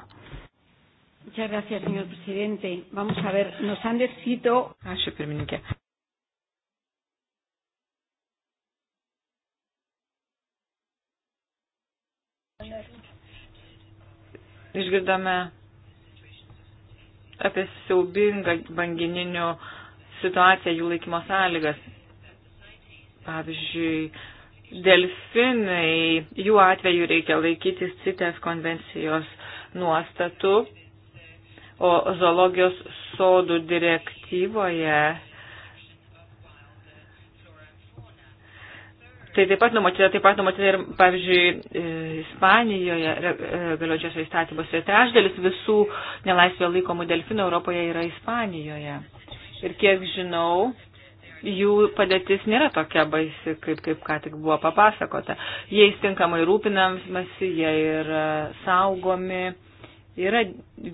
Muchas gracias, señor presidente. Vamos a ver, nos han descrito. Ačiū, pirmininkė. Išgirdome apie siaubingą bangininių situaciją, jų laikymo sąlygas. Pavyzdžiui, delfinai, jų atveju reikia laikytis CITES konvencijos nuostatų, o zoologijos sodų direktyvoje Tai taip pat numatyta, taip pat numatyta ir, pavyzdžiui, e, Ispanijoje e, galiojančiose įstatymuose. Trečdalis visų nelaisvė laikomų delfinų Europoje yra Ispanijoje. Ir kiek žinau, jų padėtis nėra tokia baisi, kaip, kaip ką tik buvo papasakota. Jais tinkamai rūpinamasi, jie yra e, saugomi, yra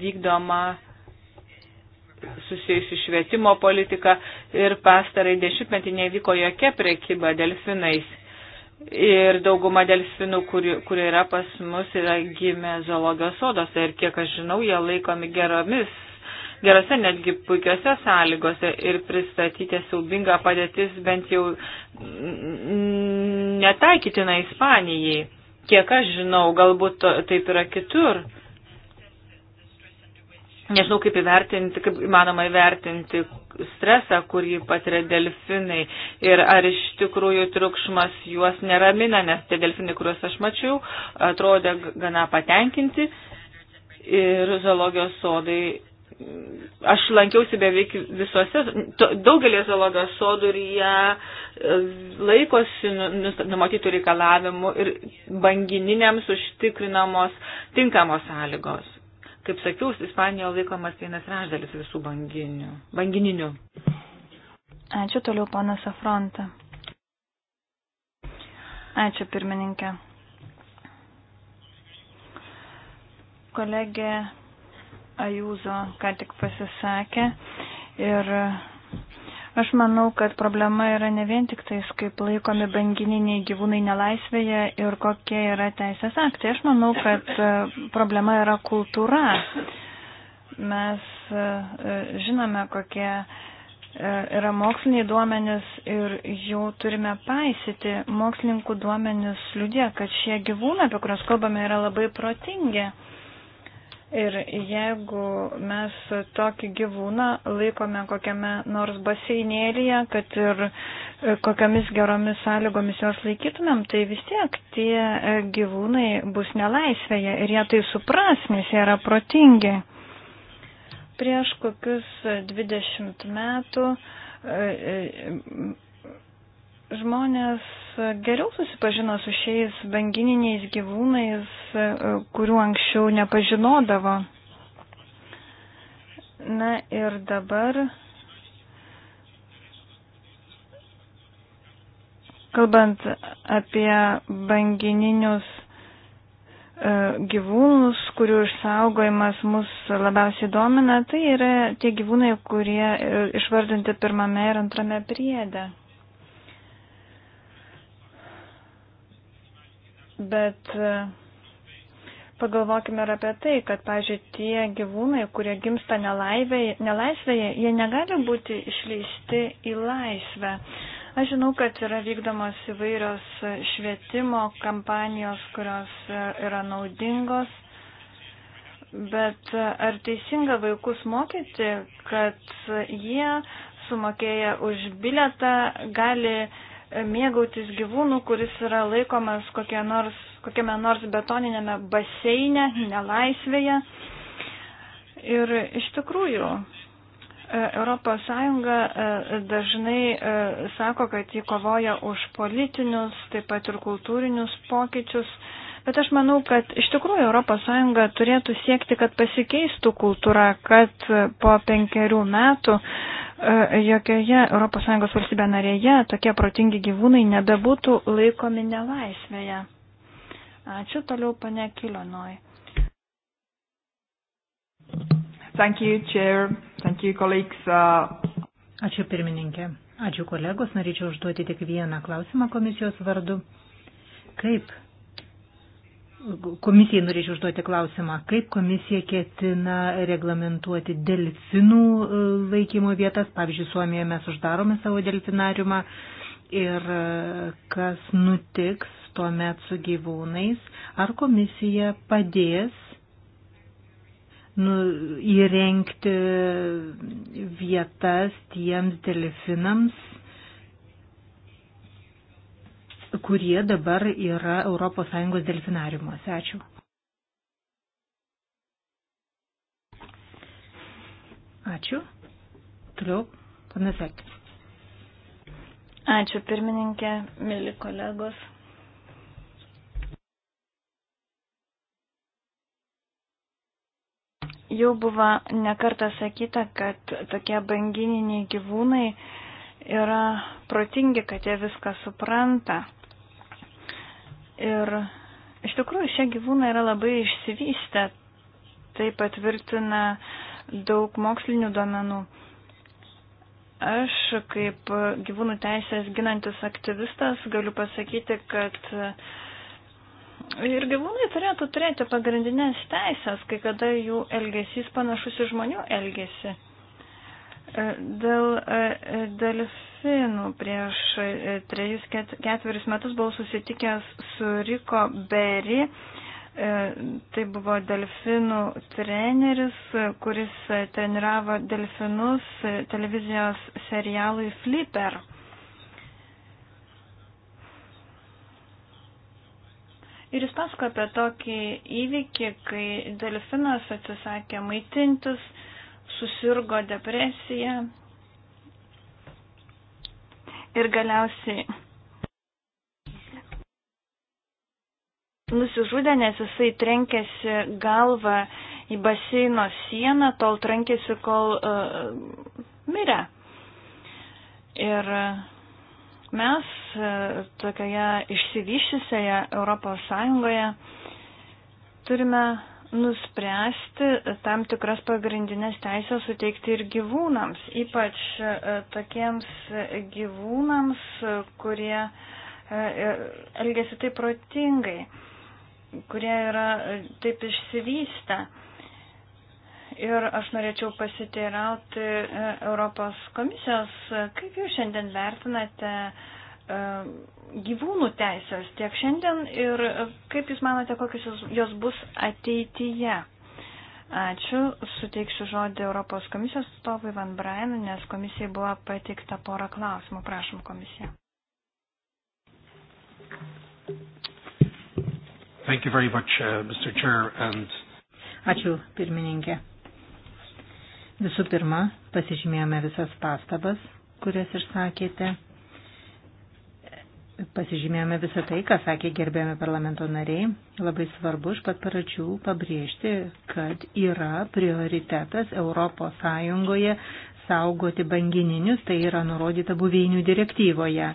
vykdoma susijusi švietimo politika ir pastarai dešimtmetį nevyko jokia prekyba delfinais Ir dauguma delfinų, kurie, kurie yra pas mus, yra gimę zoologijos sodose ir kiek aš žinau, jie laikomi geromis, gerose netgi puikiose sąlygose ir pristatyti siaubingą padėtis bent jau netaikytina Ispanijai. Kiek aš žinau, galbūt taip yra kitur. Nežinau, kaip įvertinti, kaip įmanoma įvertinti stresą, kurį patiria delfinai ir ar iš tikrųjų triukšmas juos neramina, nes tie delfinai, kuriuos aš mačiau, atrodė gana patenkinti ir zoologijos sodai aš lankiausi beveik visose, daugelį zoologijos sodų ir jie e, laikosi nu, nu, numatytų reikalavimų ir banginiams užtikrinamos tinkamos sąlygos. Kaip sakiau, Ispanijoje laikomas vienas raždalis visų banginių. bangininių. Ačiū toliau, panas Afronta. Ačiū, pirmininkė. Kolegė Ajūzo ką tik pasisakė ir Aš manau, kad problema yra ne vien tik tais, kaip laikomi bangininiai gyvūnai nelaisvėje ir kokie yra teisės aktai. Aš manau, kad e, problema yra kultūra. Mes e, e, žinome, kokie yra moksliniai duomenys ir jų turime paisyti. Mokslininkų duomenys liudė, kad šie gyvūnai, apie kuriuos kalbame, yra labai protingi. Ir jeigu mes tokį gyvūną laikome kokiame nors baseinėlėje, kad ir e, kokiamis geromis sąlygomis jos laikytumėm, tai vis tiek tie e, gyvūnai bus nelaisvėje ir jie tai supras, nes jie yra protingi. Prieš kokius 20 metų e, žmonės geriau susipažino su šiais bangininiais gyvūnais, e, kurių anksčiau nepažinodavo. Na ir dabar, kalbant apie bangininius e, gyvūnus, kurių išsaugojimas mus labiausiai domina, tai yra tie gyvūnai, kurie e, išvardinti pirmame ir antrame priede. bet e, pagalvokime ir apie tai, kad, pažiūrėjau, tie gyvūnai, kurie gimsta nelaivėje, nelaisvėje, jie negali būti išleisti į laisvę. Aš žinau, kad yra vykdomos įvairios švietimo kampanijos, kurios e, yra naudingos, bet e, ar teisinga vaikus mokyti, kad jie sumokėję už biletą gali mėgautis gyvūnų, kuris yra laikomas kokie nors, kokiame nors betoninėme baseine, nelaisvėje. Ir iš tikrųjų, ES e, dažnai e, sako, kad jį kovoja už politinius, taip pat ir kultūrinius pokyčius. Bet aš manau, kad iš tikrųjų ES turėtų siekti, kad pasikeistų kultūra, kad po penkerių metų e, jokioje ES valstybė narėje tokie protingi gyvūnai nebebūtų laikomi nelaisvėje. Ačiū toliau, pane Kilonoj. Thank you, Chair. Thank you, colleagues. Uh... Ačiū pirmininkė. Ačiū kolegos. Norėčiau užduoti tik vieną klausimą komisijos vardu. Kaip Komisijai norėčiau užduoti klausimą, kaip komisija ketina reglamentuoti delfinų e, laikymo vietas, pavyzdžiui, Suomijoje mes uždarome savo delfinariumą ir e, kas nutiks tuomet su gyvūnais, ar komisija padės nu, įrengti vietas tiems delfinams kurie dabar yra ES delfinariumuose. Ačiū. Ačiū. Toliau, panas Ek. Ačiū pirmininkė, mėly kolegos. Jau buvo nekarta sakyta, kad tokie bangininiai gyvūnai yra protingi, kad jie viską supranta. Ir iš tikrųjų šie gyvūnai yra labai išsivystę, tai patvirtina daug mokslinių duomenų. Aš kaip gyvūnų teisės ginantis aktyvistas galiu pasakyti, kad ir gyvūnai turėtų turėti pagrindinės teisės, kai kada jų elgesys panašus į žmonių elgesį. Dėl e, e, delfinų prieš e, trejus ketverius metus buvau susitikęs su Riko Berry. Tai buvo delfinų treneris, kuris treniravo delfinus televizijos serialui Flipper. Ir jis pasako apie tokį įvykį, kai delfinas atsisakė maitintis susirgo depresija ir galiausiai nusižudė, nes jisai trenkėsi galvą į baseino sieną, tol trenkėsi, kol uh, mirė. Ir mes uh, tokioje išsivyščiusioje Europos Sąjungoje turime nuspręsti tam tikras pagrindinės teisės suteikti ir gyvūnams, ypač e, tokiems gyvūnams, kurie e, e, elgesi taip protingai, kurie yra taip išsivystę. Ir aš norėčiau pasiteirauti Europos komisijos, kaip jūs šiandien vertinate uh, E, gyvūnų teisės tiek šiandien ir kaip Jūs manote, kokios jos bus ateityje? Ačiū. Suteiksiu žodį Europos komisijos atstovui Van Brain, nes komisijai buvo pateikta pora klausimų. Prašom komisiją. Thank you very much, uh, Mr. Chair, and... Ačiū, pirmininkė. Visų pirma, pasižymėjome visas pastabas, kurias išsakėte. Pasižymėjome visą tai, ką sakė gerbėjami parlamento nariai. Labai svarbu iš pat paračių pabrėžti, kad yra prioritetas ES saugoti bangininius, tai yra nurodyta buveinių direktyvoje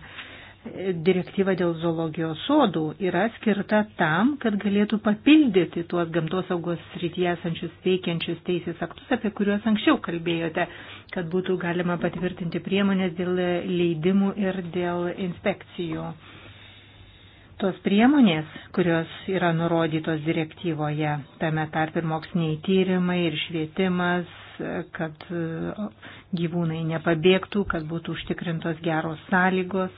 direktyva dėl zoologijos sodų yra skirta tam, kad galėtų papildyti tuos gamtosaugos srityje esančius veikiančius teisės aktus, apie kuriuos anksčiau kalbėjote, kad būtų galima patvirtinti priemonės dėl leidimų ir dėl inspekcijų. Tos priemonės, kurios yra nurodytos direktyvoje, tame tarp ir moksliniai tyrimai, ir švietimas, kad gyvūnai nepabėgtų, kad būtų užtikrintos geros sąlygos,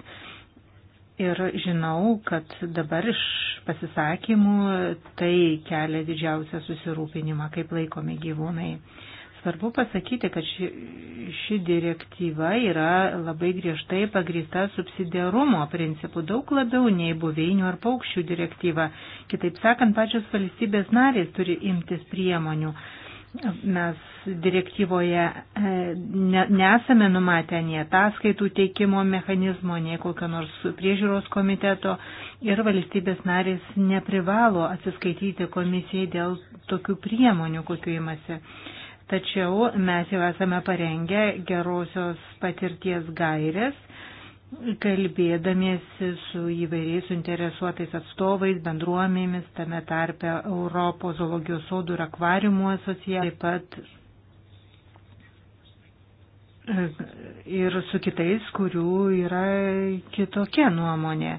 Ir žinau, kad dabar iš pasisakymų tai kelia didžiausią susirūpinimą, kaip laikomi gyvūnai. Svarbu pasakyti, kad ši, ši direktyva yra labai griežtai pagrįsta subsidiarumo principu, daug labiau nei buveinių ar paukščių direktyva. Kitaip sakant, pačios valstybės narės turi imtis priemonių. Mes direktyvoje e, nesame numatę nei ataskaitų teikimo mechanizmo, nei kokio nors priežiūros komiteto ir valstybės narės neprivalo atsiskaityti komisijai dėl tokių priemonių, kokiu imasi. Tačiau mes jau esame parengę gerosios patirties gairės kalbėdamiesi su įvairiais suinteresuotais atstovais, bendruomėmis, tame tarpe Europos zoologijos sodų ir akvariumų asociacija, taip pat ir su kitais, kurių yra kitokia nuomonė,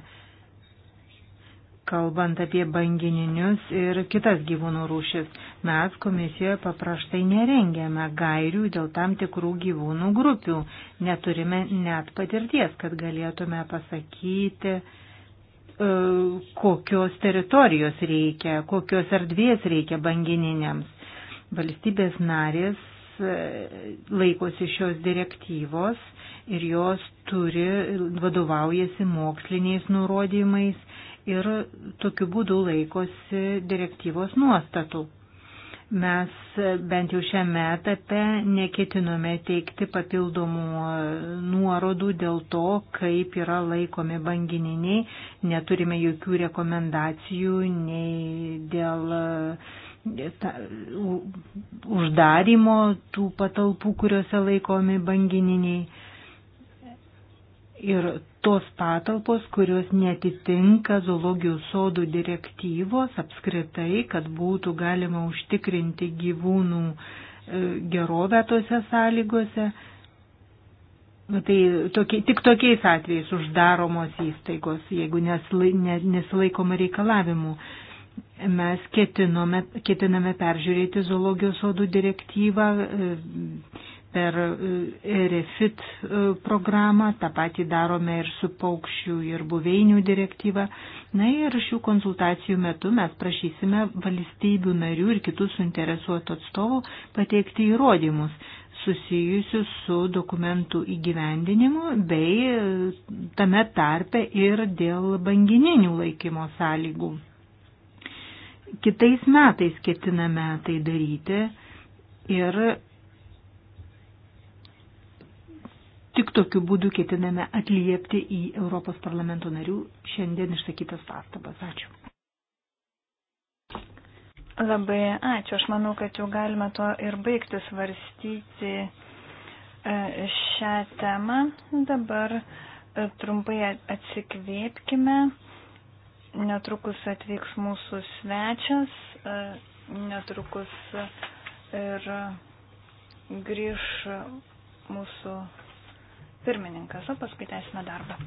kalbant apie bangininius ir kitas gyvūnų rūšis. Mes komisijoje paprastai nerengėme gairių dėl tam tikrų gyvūnų grupių, neturime net patirties, kad galėtume pasakyti, e, kokios teritorijos reikia, kokios erdvės reikia bangininiams. Valstybės narės laikosi šios direktyvos ir jos turi, vadovaujasi moksliniais nurodymais ir tokiu būdu laikosi direktyvos nuostatų. Mes bent jau šiame etape neketinome teikti papildomų nuorodų dėl to, kaip yra laikomi bangininiai, neturime jokių rekomendacijų nei dėl uh, ta, uždarimo tų patalpų, kuriuose laikomi bangininiai. Ir tos patalpos, kurios netitinka zoologijos sodų direktyvos apskritai, kad būtų galima užtikrinti gyvūnų e, gerovę tose sąlygose, Tai tokie, tik tokiais atvejais uždaromos įstaigos, jeigu nesilaikoma reikalavimų. Mes ketinome, ketiname peržiūrėti zoologijos sodų direktyvą e, per e, REFIT e, programą, tą patį darome ir su paukščių ir buveinių direktyva. Na ir šių konsultacijų metu mes prašysime valstybių narių ir kitų suinteresuotų atstovų pateikti įrodymus susijusius su dokumentų įgyvendinimu bei tame tarpe ir dėl bangininių laikymo sąlygų kitais metais ketiname tai daryti ir tik tokiu būdu ketiname atliepti į Europos parlamento narių šiandien išsakytas pastabas. Ačiū. Labai ačiū. Aš manau, kad jau galime to ir baigti svarstyti e, šią temą. Dabar e, trumpai atsikvėpkime. Netrukus atvyks mūsų svečias, e, netrukus ir grįž mūsų pirmininkas, o paskui tęsime darbą.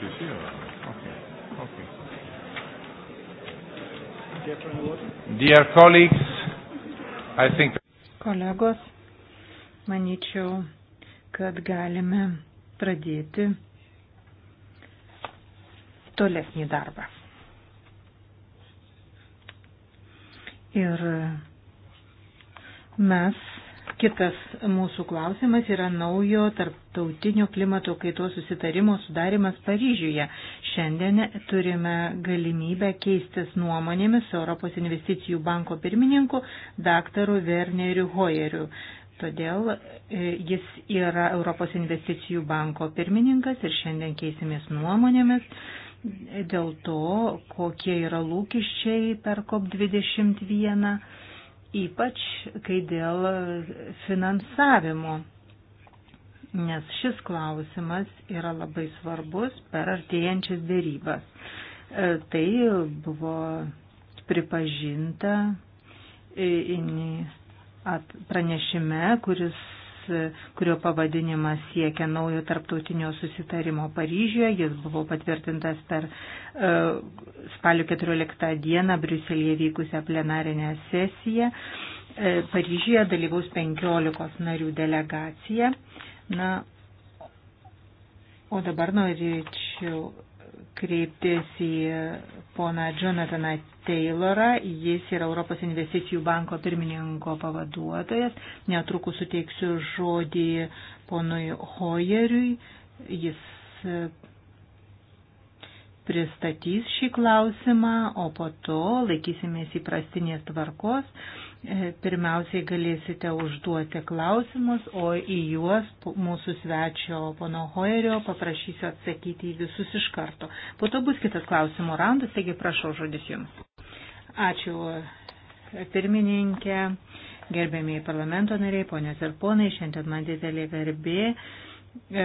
she's here. Okay. Okay. Dear colleagues, I think. Kolegos, manyčiau, kad galime pradėti tolesnį darbą. Ir mes Kitas mūsų klausimas yra naujo tarptautinio klimato kaitos susitarimo sudarimas Paryžiuje. Šiandien turime galimybę keistis nuomonėmis Europos investicijų banko pirmininku daktaru Werneriu Hoyeriu. Todėl e, jis yra Europos investicijų banko pirmininkas ir šiandien keisimės nuomonėmis dėl to, kokie yra lūkiščiai per COP21 ypač kai dėl finansavimo, nes šis klausimas yra labai svarbus per artėjančias dėrybas. E, tai buvo pripažinta e, pranešime, kuris kurio pavadinimas siekia naujo tarptautinio susitarimo Paryžiuje. Jis buvo patvirtintas per e, spalio 14 dieną Briuselėje vykusią plenarinę sesiją. E, Paryžiuje dalyvaus 15 narių delegacija. Na, o dabar norėčiau kreiptis į poną Jonathaną Taylorą. Jis yra Europos investicijų banko pirmininko pavaduotojas. Netrukus suteiksiu žodį ponui Hoyeriui. Jis e, pristatys šį klausimą, o po to laikysimės įprastinės tvarkos. E, pirmiausiai galėsite užduoti klausimus, o į juos mūsų svečio pono Hoerio paprašysiu atsakyti į visus iš karto. Po to bus kitas klausimų raundas, taigi prašau žodis jums. Ačiū pirmininkė, gerbėmiai parlamento nariai, ponės ir ponai, šiandien man didelė garbė. E,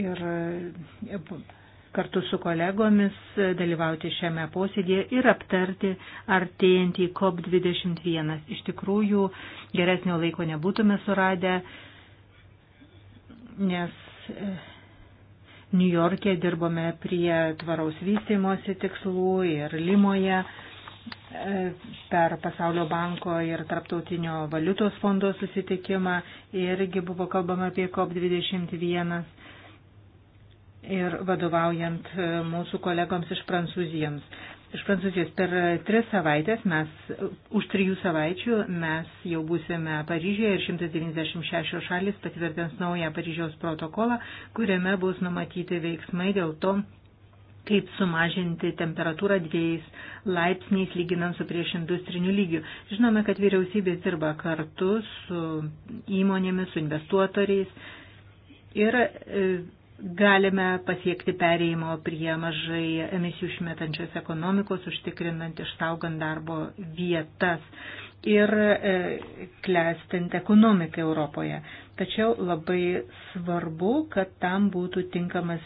ir e, kartu su kolegomis dalyvauti šiame posėdėje ir aptarti artėjantį COP21. Iš tikrųjų, geresnio laiko nebūtume suradę, nes e, New York'e dirbome prie tvaraus vystimosi tikslų ir Limoje e, per Pasaulio banko ir Tarptautinio valiutos fondo susitikimą irgi buvo kalbama apie COP21 ir vadovaujant e, mūsų kolegoms iš Prancūzijams iš Prancūzijos. Per e, tris savaitės mes, e, už trijų savaičių mes jau būsime Paryžėje ir 196 šalis patvirtins naują Paryžiaus protokolą, kuriame bus numatyti veiksmai dėl to, kaip sumažinti temperatūrą dviejais laipsniais lyginant su prieš industriniu lygiu. Žinome, kad vyriausybės dirba kartu su įmonėmis, su investuotoriais ir e, galime pasiekti pereimo prie mažai emisijų išmetančios ekonomikos, užtikrinant išsaugant darbo vietas ir e, klestinti ekonomiką Europoje. Tačiau labai svarbu, kad tam būtų tinkamas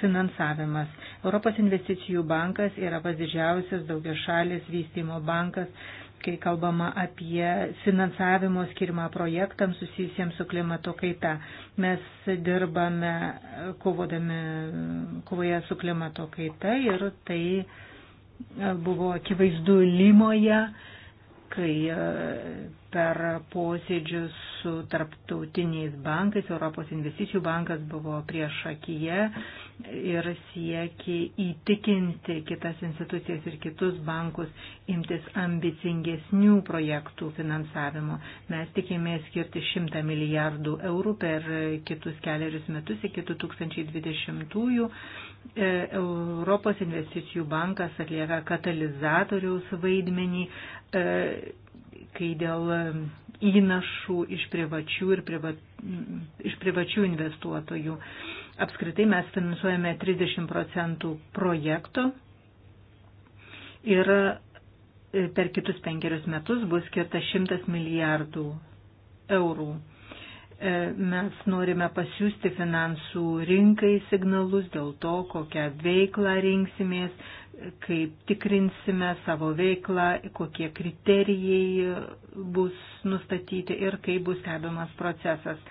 finansavimas. Europos investicijų bankas yra pats didžiausias daugiašalės vystymo bankas kai kalbama apie finansavimo skirimą projektams susijusiems su klimato kaita. Mes dirbame kovodami, kovoje su klimato kaita ir tai e, buvo akivaizdu Limoje, kai e, per posėdžius su tarptautiniais bankais, Europos investicijų bankas buvo prieš akiją ir siekė įtikinti kitas institucijas ir kitus bankus imtis ambicingesnių projektų finansavimo. Mes tikimės skirti 100 milijardų eurų per kitus keliarius metus iki 2020-ųjų. E, Europos investicijų bankas atlieka katalizatoriaus vaidmenį, e, kai dėl įnašų iš privačių, ir priva, iš privačių investuotojų Apskritai mes finansuojame 30 procentų projektų ir e, per kitus penkerius metus bus skirta 100 milijardų eurų. E, mes norime pasiūsti finansų rinkai signalus dėl to, kokią veiklą rinksimės, kaip tikrinsime savo veiklą, kokie kriterijai bus nustatyti ir kaip bus stebimas procesas.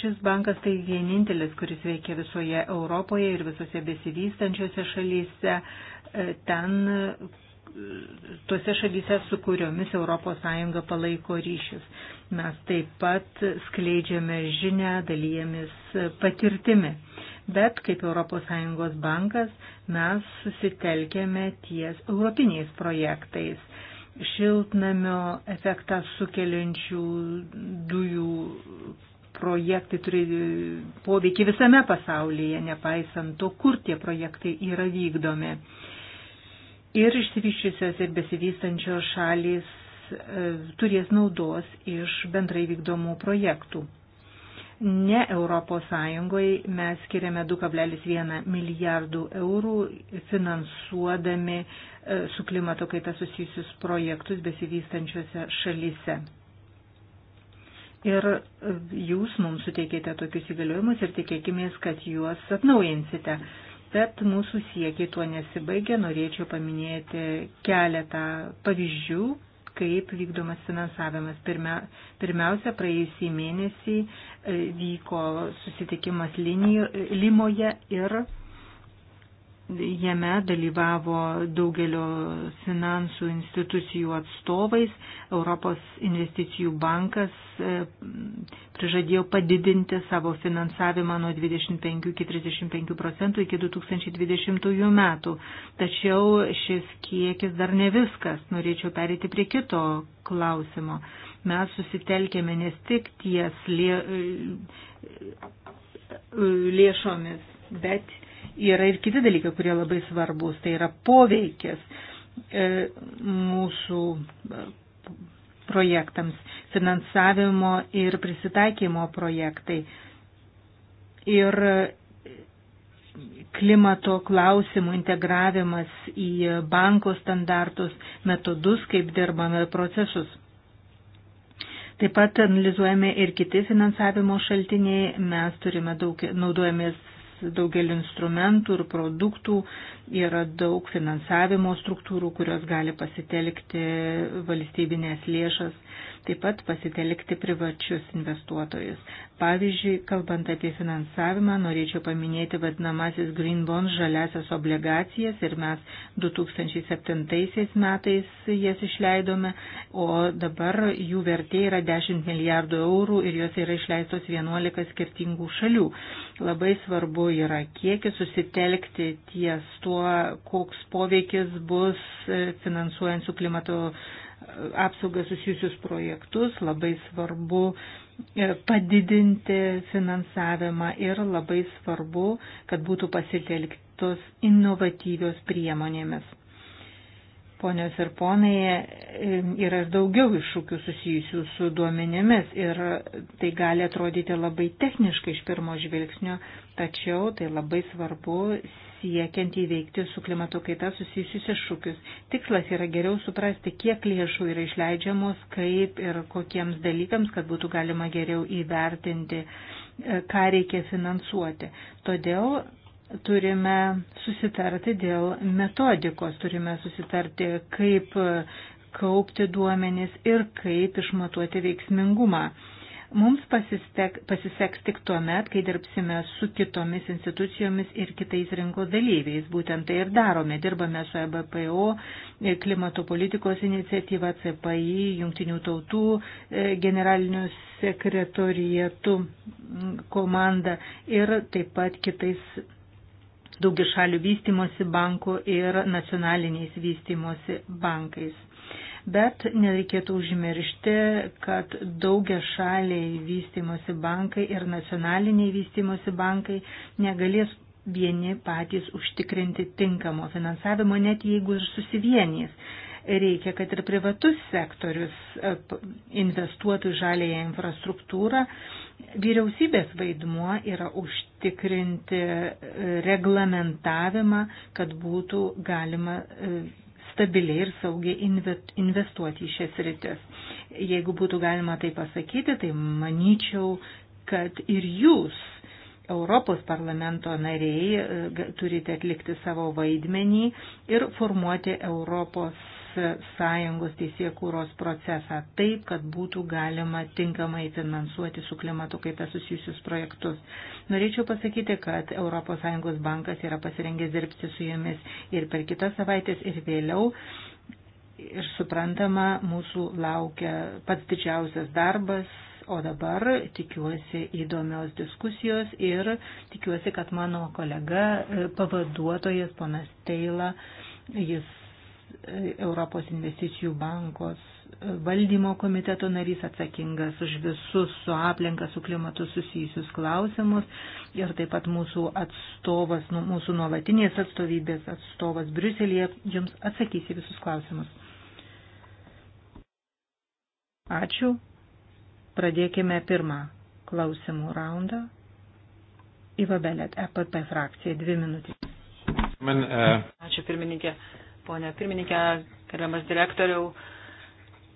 Šis bankas tai vienintelis, kuris veikia visoje Europoje ir visose besivystančiose šalyse, e, ten, e, tuose šalyse, su kuriomis ES palaiko ryšius. Mes taip pat skleidžiame žinę, dalyjamis patirtimi. Bet kaip ES bankas mes susitelkėme ties europiniais projektais šiltnamio efektą sukeliančių dujų projektai turi poveikį visame pasaulyje, nepaisant to, kur tie projektai yra vykdomi. Ir išsivyščiusios ir besivystančios šalis e, turės naudos iš bendrai vykdomų projektų. Ne Europos Sąjungoje mes skiriame 2,1 milijardų eurų finansuodami e, su klimato kaita susijusius projektus besivystančiose šalise. Ir jūs mums suteikėte tokius įgaliojimus ir tikėkimės, kad juos atnaujinsite. Bet mūsų siekiai tuo nesibaigia. Norėčiau paminėti keletą pavyzdžių, kaip vykdomas finansavimas. Pirmia, pirmiausia, praėjusį mėnesį e, vyko susitikimas linijo, Limoje ir Jame dalyvavo daugelio finansų institucijų atstovais. Europos investicijų bankas e, prižadėjo padidinti savo finansavimą nuo 25 iki 35 procentų iki 2020 metų. Tačiau šis kiekis dar ne viskas. Norėčiau perėti prie kito klausimo. Mes susitelkėme nes tik ties lė... lėšomis, bet yra ir kiti dalykai, kurie labai svarbus, tai yra poveikis e, mūsų e, projektams, finansavimo ir prisitaikymo projektai. Ir klimato klausimų integravimas į banko standartus, metodus, kaip dirbame procesus. Taip pat analizuojame ir kiti finansavimo šaltiniai. Mes turime daug, naudojamės daugelį instrumentų ir produktų, yra daug finansavimo struktūrų, kurios gali pasitelkti valstybinės lėšas taip pat pasitelkti privačius investuotojus. Pavyzdžiui, kalbant apie finansavimą, norėčiau paminėti vadinamasis Green Bond žaliasias obligacijas ir mes 2007 metais jas išleidome, o dabar jų vertė yra 10 milijardų eurų ir jos yra išleistos 11 skirtingų šalių. Labai svarbu yra kiekis susitelkti ties tuo, koks poveikis bus finansuojant su klimato apsaugą susijusius projektus, labai svarbu e, padidinti finansavimą ir labai svarbu, kad būtų pasitelktos inovatyvios priemonėmis. Ponios ir ponai, e, yra ir daugiau iššūkių susijusių su duomenėmis ir tai gali atrodyti labai techniškai iš pirmo žvilgsnio, tačiau tai labai svarbu siekiant įveikti su klimato kaita susijusius iššūkius. Tikslas yra geriau suprasti, kiek lėšų yra išleidžiamos, kaip ir kokiems dalykams, kad būtų galima geriau įvertinti, e, ką reikia finansuoti. Todėl turime susitarti dėl metodikos, turime susitarti, kaip e, kaupti duomenis ir kaip išmatuoti veiksmingumą Mums pasistek, pasiseks tik tuo met, kai dirbsime su kitomis institucijomis ir kitais rinkos dalyviais. Būtent tai ir darome. Dirbame su EBPO, e, klimato politikos iniciatyva, CPI, Jungtinių tautų e, generaliniu sekretorijatu komanda ir taip pat kitais daugišalių vystimosi bankų ir nacionaliniais vystimosi bankais. Bet nereikėtų užmiršti, kad daugia šaliai vystimosi bankai ir nacionaliniai vystimosi bankai negalės vieni patys užtikrinti tinkamo finansavimo, net jeigu ir susivienys. Reikia, kad ir privatus sektorius e, investuotų žalėje infrastruktūrą. Vyriausybės vaidmuo yra užtikrinti e, reglamentavimą, kad būtų galima e, stabiliai ir saugiai investuoti į šias rytis. Jeigu būtų galima tai pasakyti, tai manyčiau, kad ir jūs, Europos parlamento nariai, e, turite atlikti savo vaidmenį ir formuoti Europos sąjungos teisėkūros procesą taip, kad būtų galima tinkamai finansuoti su klimatu kaita susijusius projektus. Norėčiau pasakyti, kad ES bankas yra pasirengęs dirbti su jumis ir per kitas savaitės ir vėliau. Ir suprantama, mūsų laukia pats didžiausias darbas, o dabar tikiuosi įdomios diskusijos ir tikiuosi, kad mano kolega e, pavaduotojas, ponas Teila, jis Europos investicijų bankos valdymo komiteto narys atsakingas už visus su aplinka, su klimatu susijusius klausimus ir taip pat mūsų atstovas, nu, mūsų nuolatinės atstovybės atstovas Briuselėje jums atsakys į visus klausimus. Ačiū. Pradėkime pirmą klausimų raundą. Įvabelėt EPP frakcija, dvi minutės. Man, uh... Ačiū pirmininkė. Uh ponė pirmininkė, gerbiamas direktoriau.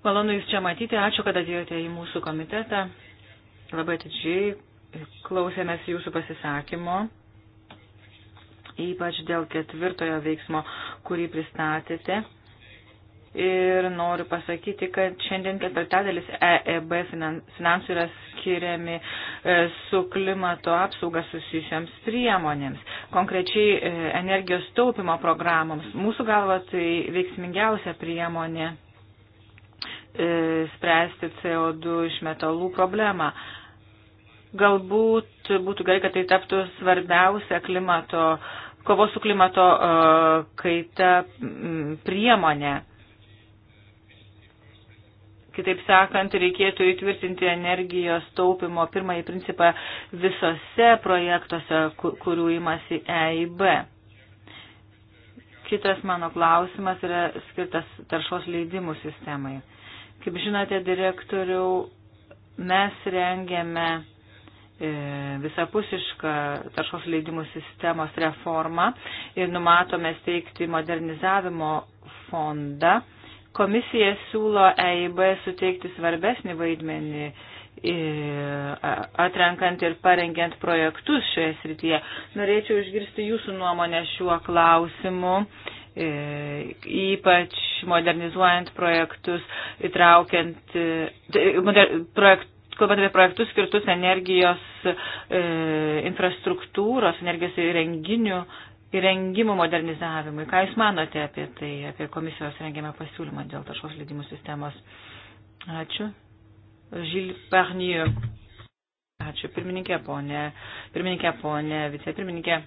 Malonu Jūs čia matyti, ačiū, kad atėjote į mūsų komitetą. Labai atidžiai klausėmės Jūsų pasisakymo, ypač dėl ketvirtojo veiksmo, kurį pristatėte Ir noriu pasakyti, kad šiandien ketvirtadalis EEB finansų yra skiriami e, su klimato apsauga susijusiams priemonėms, konkrečiai e, energijos taupimo programoms. Mūsų galva tai veiksmingiausia priemonė e, spręsti CO2 iš metalų problemą. Galbūt būtų gerai, kad tai taptų svarbiausia klimato, kovos su klimato kaita priemonė Kitaip sakant, reikėtų įtvirtinti energijos taupimo pirmąjį principą visose projektuose, kurių imasi EIB. Kitas mano klausimas yra skirtas taršos leidimų sistemai. Kaip žinote, direktoriau, mes rengiame e, visapusišką taršos leidimų sistemos reformą ir numatome steigti modernizavimo fondą Komisija siūlo EIB suteikti svarbesnį vaidmenį atrenkant ir parengiant projektus šioje srityje. Norėčiau išgirsti jūsų nuomonę šiuo klausimu, ypač modernizuojant projektus, įtraukiant, moder, projekt, kalbant apie projektus skirtus energijos infrastruktūros, energijos įrenginių įrengimų modernizavimui. Ką Jūs manote apie tai, apie komisijos rengiamą pasiūlymą dėl taršos leidimų sistemos? Ačiū. Žil Parnieu. Ačiū. Pirmininkė ponė, pirmininkė ponė, vicepirmininkė.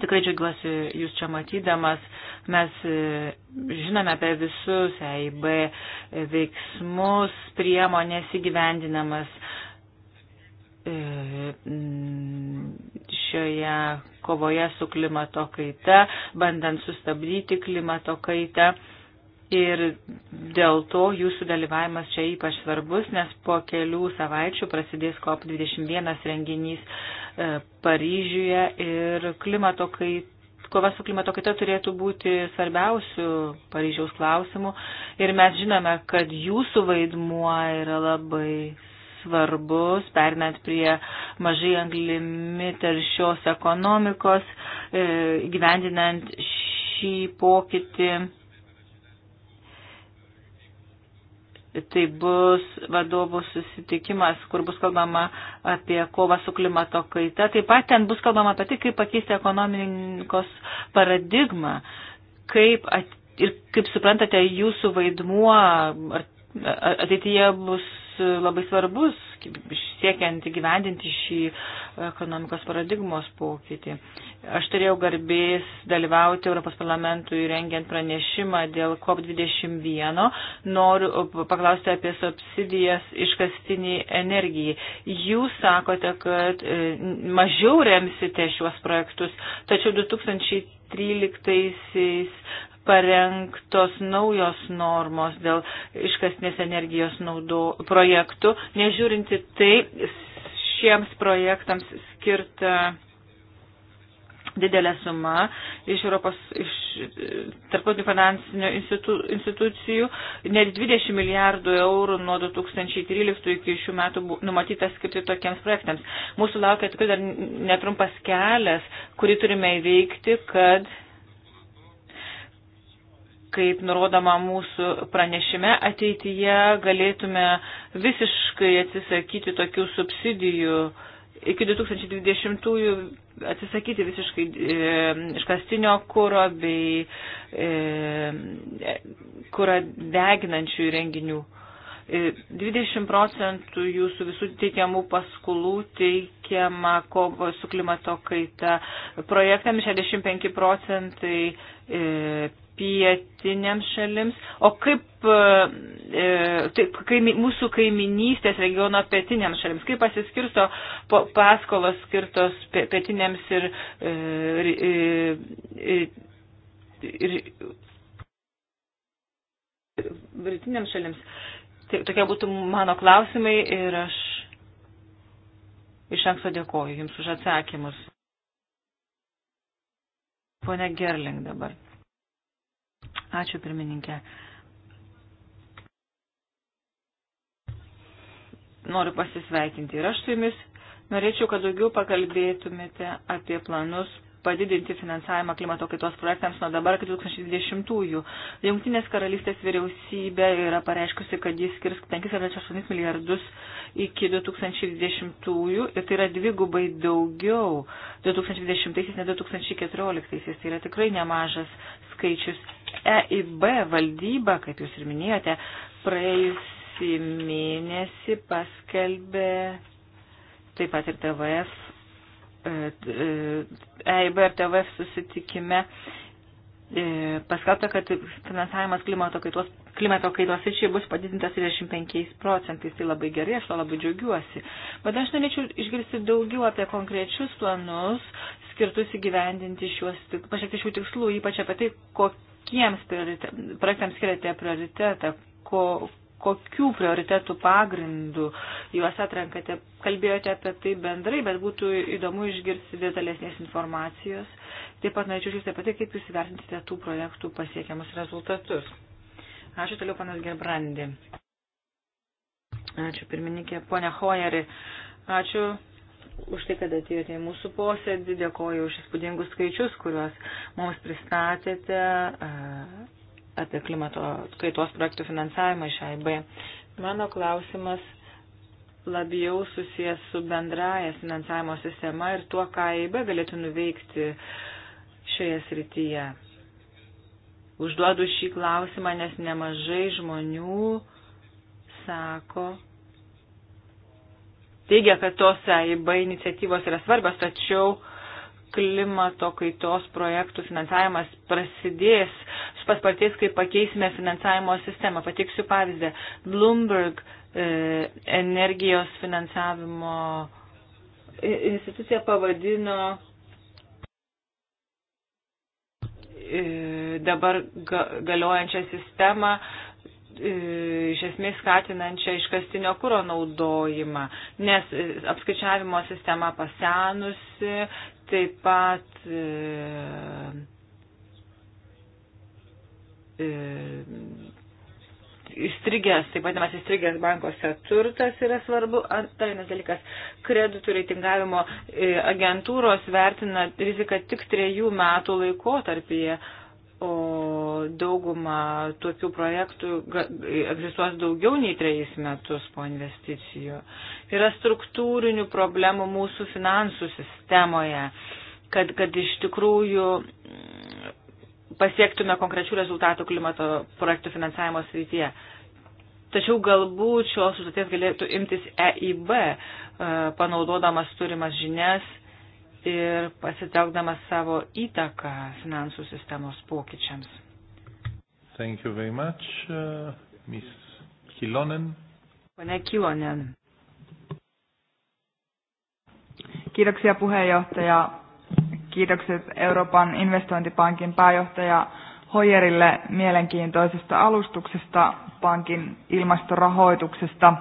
Tikrai džiaugiuosi Jūs čia matydamas. Mes e, žinome apie visus EIB veiksmus, priemonės įgyvendinamas e, šioje kovoje su klimato kaita, bandant sustabdyti klimato kaitą. Ir dėl to jūsų dalyvavimas čia ypač svarbus, nes po kelių savaičių prasidės COP21 renginys e, Paryžiuje ir klimato kaita kova su klimato kaita turėtų būti svarbiausių Paryžiaus klausimų ir mes žinome, kad jūsų vaidmuo yra labai svarbus, pernant prie mažai anglimi taršios ekonomikos, e, gyvendinant šį pokytį. Tai bus vadovų susitikimas, kur bus kalbama apie kovą su klimato kaita. Taip pat ten bus kalbama apie tai, kaip pakeisti ekonomikos paradigmą, kaip at, ir kaip suprantate, jūsų vaidmuo ateityje bus labai svarbus, siekiant įgyvendinti šį ekonomikos paradigmos pokytį. Aš turėjau garbės dalyvauti Europos parlamentui rengiant pranešimą dėl COP21. Noriu paklausti apie subsidijas iškastiniai energijai. Jūs sakote, kad e, mažiau remsite šiuos projektus, tačiau 2000 13-aisiais parengtos naujos normos dėl iškasnės energijos naudo projektų. Nežiūrinti tai, šiems projektams skirta didelė suma iš Europos, iš tarptautinių finansinių institu, institucijų, net 20 milijardų eurų nuo 2013 iki šių metų numatyta skirti tokiems projektams. Mūsų laukia tikrai dar netrumpas kelias, kurį turime įveikti, kad kaip nurodoma mūsų pranešime, ateityje galėtume visiškai atsisakyti tokių subsidijų uh, iki 2020-ųjų atsisakyti visiškai e, iškastinio kūro bei e, kūro deginančių įrenginių. 20 e, procentų jūsų visų teikiamų paskolų teikiama kovo su klimato kaita projektams, 65 procentai e, pietinėms šalims, o kaip e, e, tai, kaimi, mūsų kaiminystės regiono pietinėms šalims, kaip pasiskirsto paskolos skirtos pietinėms ir, e, e, ir, ir, ir, ir rytinėms šalims. Tai, tokie būtų mano klausimai ir aš iš anksto dėkoju Jums už atsakymus. Pone Gerling dabar. Ačiū pirmininkė. Noriu pasisveikinti ir aš su jumis. Norėčiau, kad daugiau pakalbėtumėte apie planus padidinti finansavimą klimato kaitos projektams nuo dabar iki 2020-ųjų. Jungtinės karalystės vyriausybė yra pareiškusi, kad jis skirs 5,8 milijardus iki 2020-ųjų ir tai yra dvigubai daugiau 2020-aisiais, ne 2014-aisiais. Tai yra tikrai nemažas skaičius. EIB valdyba, kaip jūs ir minėjote, praėjusį mėnesį paskelbė taip pat ir TVF EIB e, e ir TVF susitikime e, paskelbta, kad finansavimas klimato kaitos, klimato kaitos ryčiai bus padidintas 35 procentais. Tai labai gerai, aš to labai džiaugiuosi. Bet aš norėčiau išgirsti daugiau apie konkrečius planus, skirtus įgyvendinti šiuos, pasiekti šių tikslų, ypač apie tai, kokiems projektams skiriate prioritetą, ko, kokių prioritetų pagrindų juos atrenkate. Kalbėjote apie tai bendrai, bet būtų įdomu išgirsti detalesnės informacijos. Taip pat norėčiau išgirsti apie tai, kaip jūs vertinsite tų projektų pasiekiamus rezultatus. Ačiū toliau, panas Gerbrandi. Ačiū pirmininkė, ponia Hojeri. Ačiū už tai, kad atėjote į mūsų posėdį. Dėkoju už įspūdingus skaičius, kuriuos mums pristatėte. Uh, apie klimato kaitos projektų finansavimą iš AIB. Mano klausimas labiau susijęs su bendraja finansavimo sistema ir tuo, ką AIB e galėtų nuveikti šioje srityje. Užduodu šį klausimą, nes nemažai žmonių sako, teigia, kad tos AIB e iniciatyvos yra svarbios, tačiau klimato kaitos projektų finansavimas prasidės paspartės, kai pakeisime finansavimo sistemą. Pateiksiu pavyzdį. Bloomberg e, energijos finansavimo institucija pavadino e, dabar ga, galiojančią sistemą e, iš esmės skatinančią iškastinio kūro naudojimą, nes e, apskaičiavimo sistema pasenusi, taip pat e, E, įstrigęs, taip vadinamas įstrigęs bankose turtas yra svarbu. Dar vienas dalykas, kreditų reitingavimo e, agentūros vertina riziką tik trejų metų laikotarpyje, o dauguma tokių projektų egzistuos daugiau nei trejus metus po investicijų. Yra struktūrinių problemų mūsų finansų sistemoje, kad, kad iš tikrųjų pasiektume konkrečių rezultatų klimato projektų finansavimo srityje. Tačiau galbūt šios užduoties galėtų imtis EIB, e, panaudodamas turimas žinias ir pasitelkdamas savo įtaką finansų sistemos pokyčiams. Thank you very much, uh, Ms. Kilonen. Pane Kilonen. Kiitoksia puheenjohtaja. Kiitokset Euroopan investointipankin pääjohtaja Hoyerille mielenkiintoisesta alustuksesta pankin ilmastorahoituksesta.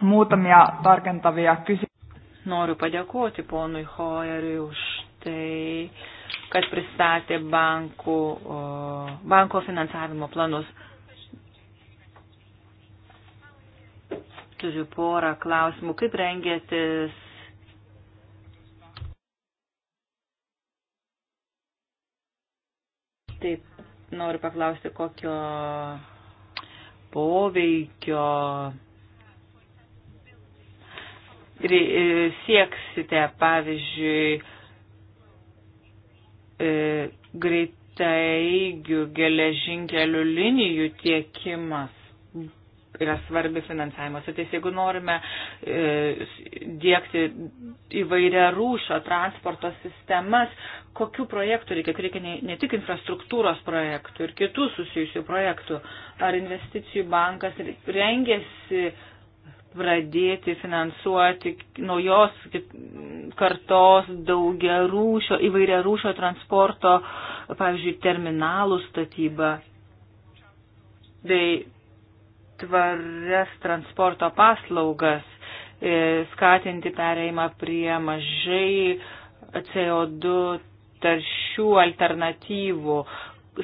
Muutamia tarkentavia kysymyksiä. Noriu padėkoti ponui Hoyeriui už tai, kad pristatė bankų, banko finansavimo planus. Turiu porą klausimų. Kaip rengėtis Taip noriu paklausti, kokio poveikio e, sieksite, pavyzdžiui, e, greitaigių geležinkelių linijų tiekimas yra svarbi finansavimo sritis. Jeigu norime e, dėkti įvairia rūšio transporto sistemas, kokių projektų reikia, reikia ne, ne tik infrastruktūros projektų ir kitų susijusių projektų, ar investicijų bankas rengėsi pradėti finansuoti naujos kartos daugia rūšio, įvairia rūšio transporto, pavyzdžiui, terminalų statybą bei tvarias transporto paslaugas, e, skatinti pereimą prie mažai CO2 taršių alternatyvų,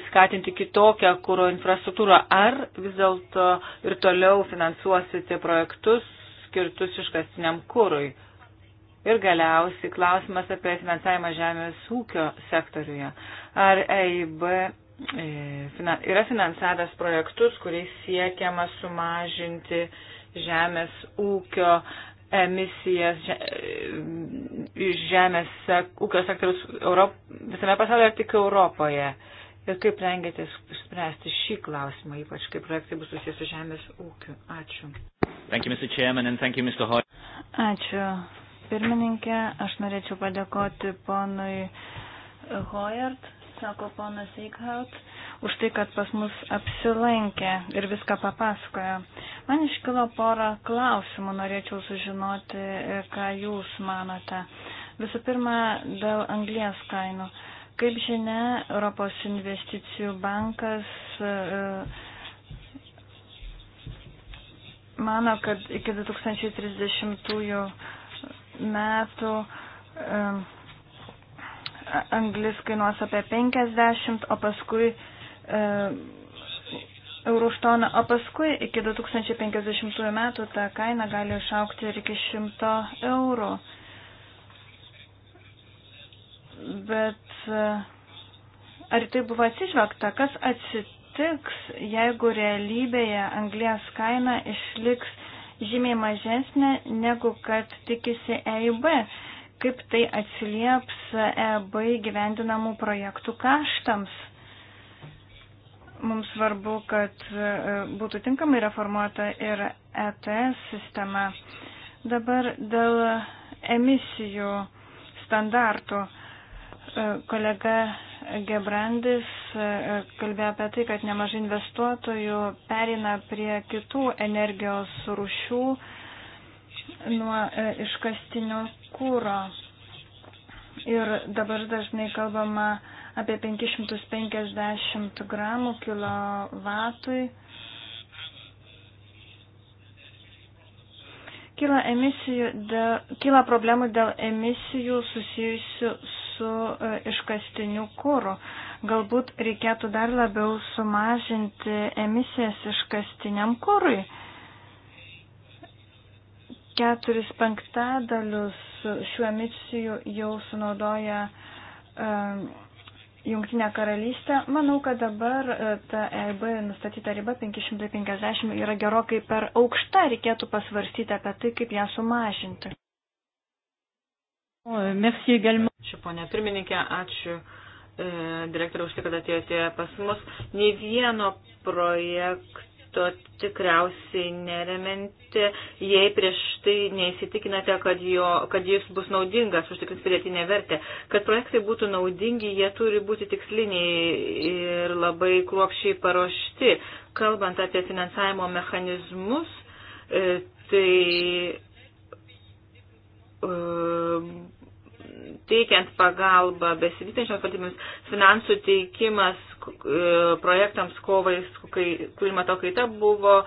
skatinti kitokią kūro infrastruktūrą. Ar vis dėlto ir toliau finansuosite projektus skirtus iškastiniam kūrui? Ir galiausiai klausimas apie finansavimą žemės ūkio sektoriuje. Ar EIB E, yra finansavęs projektus, kuriais siekiama sumažinti žemės ūkio emisijas e, iš žemės ūkio sektoriaus Europ, visame pasaulyje ir tik Europoje. Ir kaip rengėtės spręsti šį klausimą, ypač kaip projektai bus susijęs su žemės ūkiu. Ačiū. Thank you, Mr. Chairman, and thank you, Mr. Hoy. Ačiū. Pirmininkė, aš norėčiau padėkoti ponui Hoyert sako ponas Eichhaut, už tai, kad pas mus apsilankė ir viską papasakojo. Man iškilo porą klausimų, norėčiau sužinoti, ką jūs manote. Visų pirma, dėl anglės kainų. Kaip žinia, Europos investicijų bankas e, mano, kad iki 2030 metų e, anglis kainuos apie 50, o paskui e, eurų už toną, o paskui iki 2050 metų ta kaina gali išaukti ir iki 100 eurų. Bet e, ar tai buvo atsižvelgta, kas atsitiks, jeigu realybėje anglės kaina išliks žymiai mažesnė negu kad tikisi EIB? kaip tai atsilieps EB gyvendinamų projektų kaštams. Mums svarbu, kad e, būtų tinkamai reformuota ir ETS sistema. Dabar dėl emisijų standartų e, kolega Gebrandis e, kalbėjo apie tai, kad nemažai investuotojų perina prie kitų energijos rušių nuo iškastinio kūro. Ir dabar dažnai kalbama apie 550 gramų kilovatui. Kyla, emisijų dėl, kyla problemų dėl emisijų susijusių su e, iškastiniu kūru. Galbūt reikėtų dar labiau sumažinti emisijas iškastiniam kūrui. E, keturis penktadalius šių emisijų jau sunaudoja um, Jungtinė karalystė. Manau, kad dabar e, ta EIB nustatyta riba 550 yra gerokai per aukšta, reikėtų pasvarstyti apie tai, kaip ją sumažinti. Merci également. Ačiū, ponė pirmininkė, ačiū e, direktoriaus, tai, kad atėjote pas mus. Ne vieno projekto to tikriausiai nerementi, jei prieš tai neįsitikinate, kad, jo, kad jis bus naudingas, užtikrins pridėtinę vertę. Kad projektai būtų naudingi, jie turi būti tiksliniai ir labai kruopšiai paruošti. Kalbant apie finansavimo mechanizmus, e, tai e, teikiant pagalbą besivystančioms valstybėms, finansų teikimas e, projektams kovai su kai, klimato kaita buvo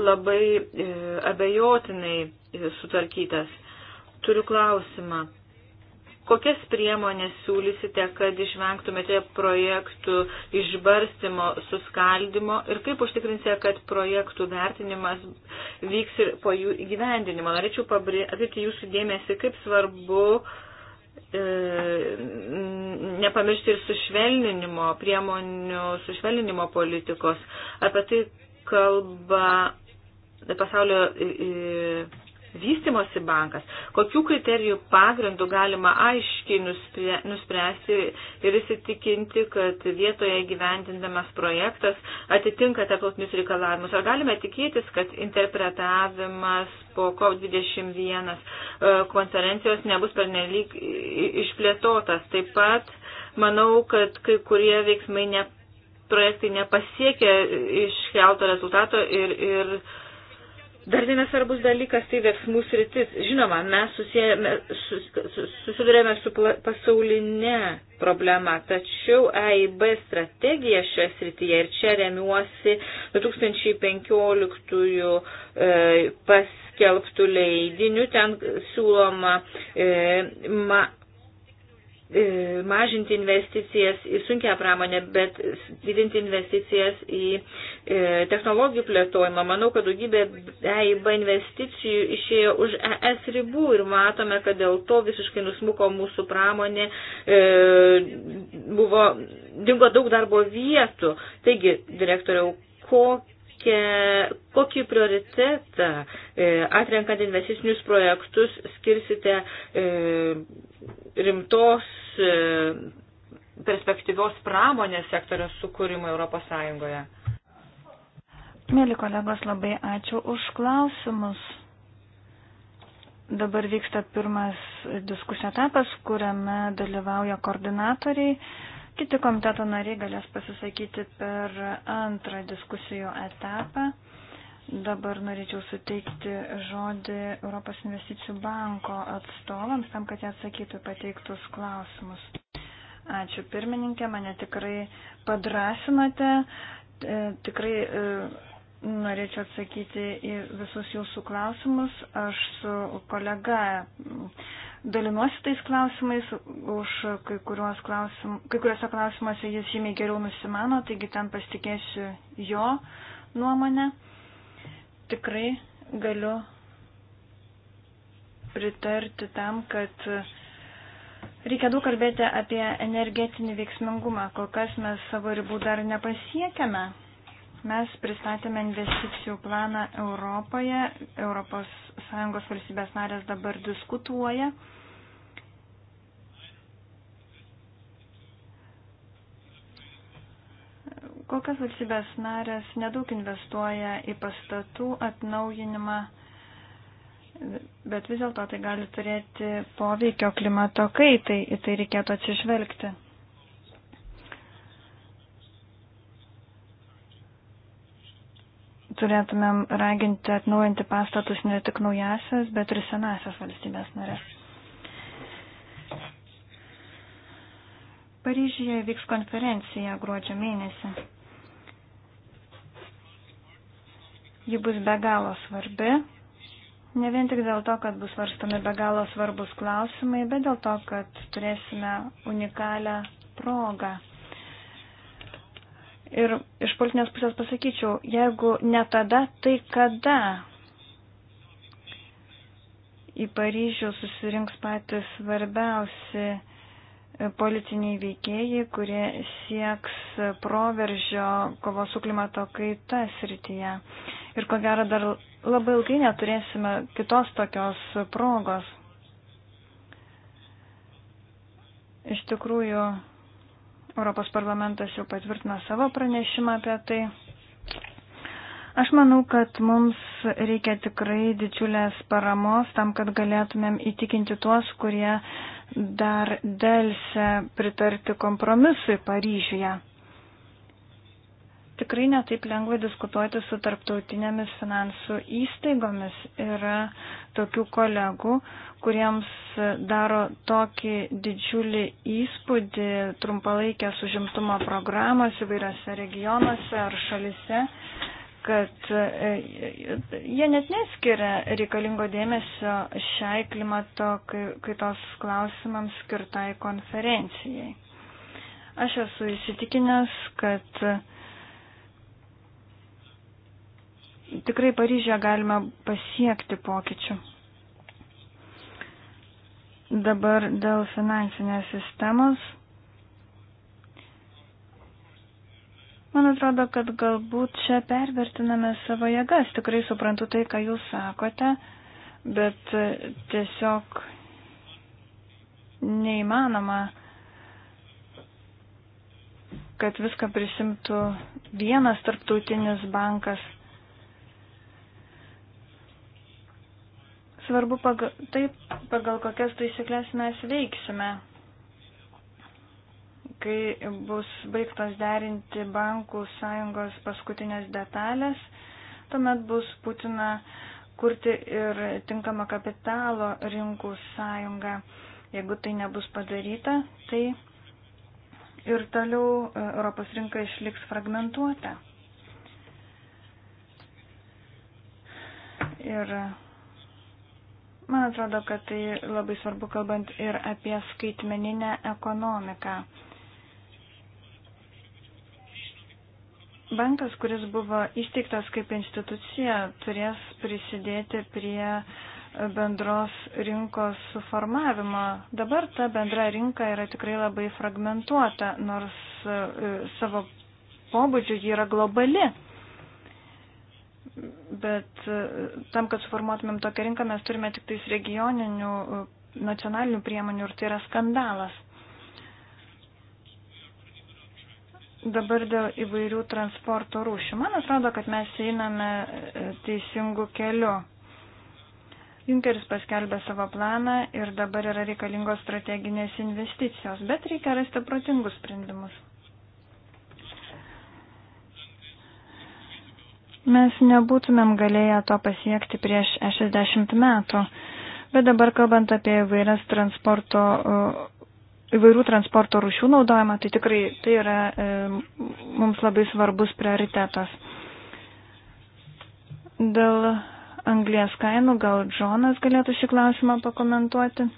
labai e, abejotinai e, sutvarkytas. Turiu klausimą. Kokias priemonės siūlysite, kad išvengtumėte projektų išbarstimo, suskaldimo ir kaip užtikrinsite, kad projektų vertinimas vyks ir po jų įgyvendinimo? Norėčiau atkreipti jūsų dėmesį, kaip svarbu uh, E, nepamiršti ir sušvelninimo priemonių, sušvelninimo politikos. Apie tai kalba pasaulio e, e, vystimosi bankas, kokių kriterijų pagrindų galima aiškiai nuspre, nuspręsti ir įsitikinti, kad vietoje gyvendindamas projektas atitinka tarptautinius reikalavimus. Ar galime tikėtis, kad interpretavimas po COP21 e, konferencijos nebus pernelyg išplėtotas? Taip pat manau, kad kai kurie veiksmai ne, projektai nepasiekia iškelto rezultato ir, ir Dar vienas svarbus dalykas tai veiksmų sritis. Žinoma, mes susijame, sus, susidurėme su pla, pasaulinė problema, tačiau EIB strategija šioje srityje ir čia remiuosi 2015 e, paskelbtų leidinių, ten siūloma e, ma, E, mažinti investicijas į sunkia pramonę, bet didinti investicijas į e, technologijų plėtojimą. Manau, kad daugybė EIB investicijų išėjo už ES ribų ir matome, kad dėl to visiškai nusmuko mūsų pramonė, e, buvo, dingo daug darbo vietų. Taigi, direktoriau, kokia reikia kokį prioritetą e, atrenkant investicinius projektus skirsite e, rimtos e, perspektyvios pramonės sektoriaus sukūrimo Europos Sąjungoje? Mėly kolegos, labai ačiū už klausimus. Dabar vyksta pirmas diskusijų etapas, kuriame dalyvauja koordinatoriai. Kiti komiteto nariai galės pasisakyti per antrą diskusijų etapą. Dabar norėčiau suteikti žodį Europos investicijų banko atstovams, tam, kad jie atsakytų pateiktus klausimus. Ačiū pirmininkė, mane tikrai padrasinote, e, tikrai e, norėčiau atsakyti į visus jūsų klausimus. Aš su kolega dalinuosi tais klausimais, už kai, klausim, kai kuriuose klausimuose jis žymiai geriau nusimano, taigi ten pasitikėsiu jo nuomonę. Tikrai galiu pritarti tam, kad reikia daug kalbėti apie energetinį veiksmingumą. Kol kas mes savo ribų dar nepasiekėme. Mes pristatėme investicijų planą Europoje, ES valstybės narės dabar diskutuoja. Kol kas valstybės narės nedaug investuoja į pastatų atnaujinimą, bet vis dėlto tai gali turėti poveikio klimato kaitai, į tai reikėtų atsižvelgti. turėtumėm raginti atnaujinti pastatus ne tik naujasias, bet ir senasias valstybės narės. Paryžyje vyks konferencija gruodžio mėnesį. Ji bus be galo svarbi, ne vien tik dėl to, kad bus svarstami be galo svarbus klausimai, bet dėl to, kad turėsime unikalią progą Ir iš politinės pusės pasakyčiau, jeigu ne tada, tai kada į Paryžių susirinks patys svarbiausi e, politiniai veikėjai, kurie sieks proveržio kovos su klimato kaita srityje. Ir ko gero dar labai ilgai neturėsime kitos tokios progos. Iš tikrųjų, Europos parlamentas jau patvirtino savo pranešimą apie tai. Aš manau, kad mums reikia tikrai didžiulės paramos tam, kad galėtumėm įtikinti tuos, kurie dar dėlse pritarti kompromisui Paryžiuje tikrai netaip lengva diskutuoti su tarptautinėmis finansų įstaigomis. Yra tokių kolegų, kuriems daro tokį didžiulį įspūdį trumpalaikės užimtumo programos įvairiose regionuose ar šalise kad e, jie net neskiria reikalingo dėmesio šiai klimato kaitos klausimams skirtai konferencijai. Aš esu įsitikinęs, kad tikrai Paryžėje galima pasiekti pokyčių. Dabar dėl finansinės sistemos. Man atrodo, kad galbūt čia pervertiname savo jėgas. Tikrai suprantu tai, ką jūs sakote, bet tiesiog neįmanoma, kad viską prisimtų vienas tarptautinis bankas. Svarbu pagal, taip, pagal kokias taisyklės mes veiksime, kai bus baigtos derinti bankų sąjungos paskutinės detalės, tuomet bus Putina kurti ir tinkamą kapitalo rinkų sąjungą. Jeigu tai nebus padaryta, tai ir toliau e, Europos rinka išliks fragmentuota. Ir Man atrodo, kad tai labai svarbu kalbant ir apie skaitmeninę ekonomiką. Bankas, kuris buvo įsteigtas kaip institucija, turės prisidėti prie bendros rinkos suformavimo. Dabar ta bendra rinka yra tikrai labai fragmentuota, nors e, savo pobūdžiu ji yra globali. Bet e, tam, kad suformuotumėm tokią rinką, mes turime tik tais regioninių, e, nacionalinių priemonių ir tai yra skandalas. Dabar dėl įvairių transporto rūšių. Man atrodo, kad mes einame e, teisingu keliu. Junkeris paskelbė savo planą ir dabar yra reikalingos strateginės investicijos, bet reikia rasti protingus sprendimus. Mes nebūtumėm galėję to pasiekti prieš 60 metų, bet dabar kalbant apie įvairias transporto, e, įvairių transporto rušių naudojimą, tai tikrai tai yra e, mums labai svarbus prioritetas. Dėl anglės kainų gal Džonas galėtų šį klausimą pakomentuoti,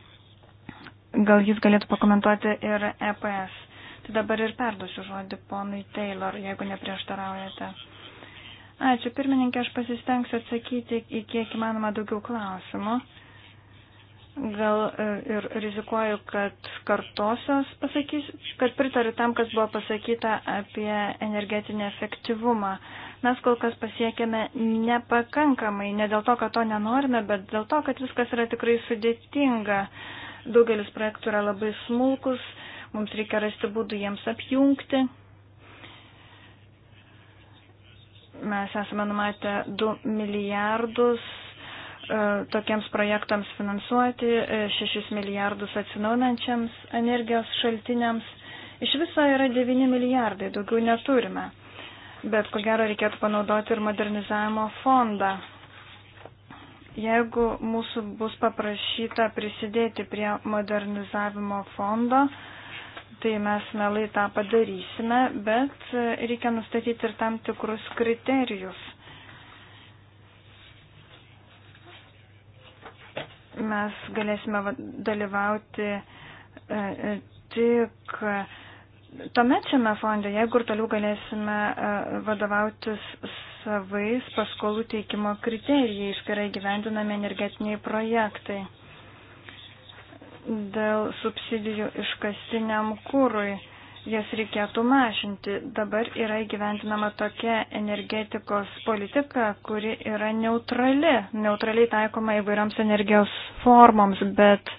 gal jis galėtų pakomentuoti ir EPS. Tai dabar ir perduosiu žodį ponui Taylor, jeigu neprieštaraujate. Ačiū, pirmininkė, aš pasistengsiu atsakyti į kiek įmanoma daugiau klausimų. Gal e, ir rizikuoju, kad kartosios pasakysiu, kad pritariu tam, kas buvo pasakyta apie energetinį efektyvumą. Mes kol kas pasiekėme nepakankamai, ne dėl to, kad to nenorime, bet dėl to, kad viskas yra tikrai sudėtinga. Daugelis projektų yra labai smulkus, mums reikia rasti būdų jiems apjungti. Mes esame numatę 2 milijardus e, tokiems projektams finansuoti, 6 e, milijardus atsinaunančiams energijos šaltiniams. Iš viso yra 9 milijardai, daugiau neturime. Bet ko gero reikėtų panaudoti ir modernizavimo fondą. Jeigu mūsų bus paprašyta prisidėti prie modernizavimo fondo, tai mes melai tą padarysime, bet reikia nustatyti ir tam tikrus kriterijus. Mes galėsime dalyvauti e, e, tik tame šiame fonde, jeigu ir toliau galėsime e, vadovautis savais paskolų teikimo kriterijais, kai yra gyvendinami energetiniai projektai dėl subsidijų iškastiniam kūrui. Jas reikėtų mažinti. Dabar yra įgyventinama tokia energetikos politika, kuri yra neutrali, neutraliai taikoma įvairioms energijos formoms, bet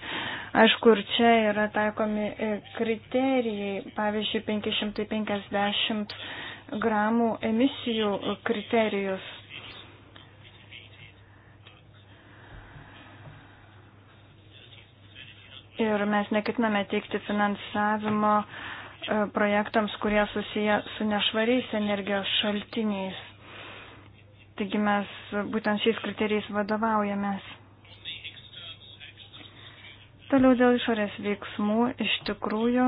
aišku, ir čia yra taikomi e, kriterijai, pavyzdžiui, 550 gramų emisijų kriterijus. ir mes neketiname teikti finansavimo e, projektams, kurie susiję su nešvariais energijos šaltiniais. Taigi mes būtent šiais kriterijais vadovaujamės. Toliau dėl išorės veiksmų iš tikrųjų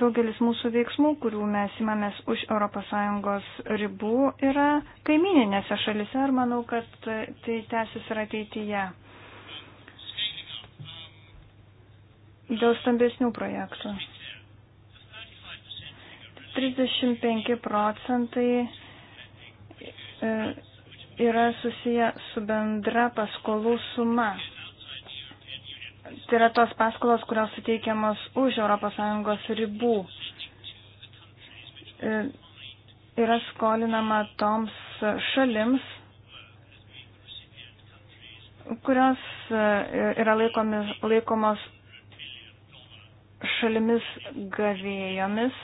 daugelis mūsų veiksmų, kurių mes imamės už ES ribų, yra kaimininėse šalise ir manau, kad tai tęsis ir ateityje. dėl stambesnių projektų. 35 procentai e, yra susiję su bendra paskolų suma. Tai yra tos paskolos, kurios suteikiamos už ES ribų. E, yra skolinama toms šalims, kurios e, yra laikomis, laikomos šalimis gavėjomis,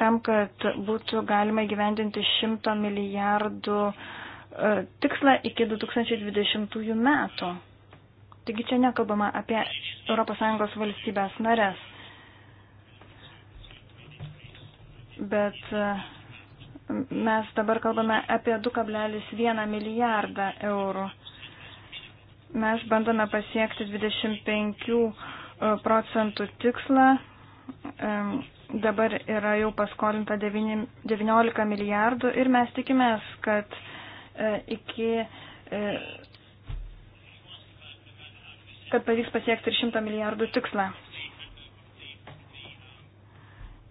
tam, kad būtų galima įgyvendinti 100 milijardų e, tikslą iki 2020 metų. Taigi čia nekalbama apie ES valstybės narės. Bet e, mes dabar kalbame apie 2,1 milijardą eurų. Mes bandome pasiekti 25 E, procentų tikslą. E, dabar yra jau paskolinta 19 milijardų ir mes tikimės, kad e, iki kad pavyks pasiekti ir 100 milijardų tikslą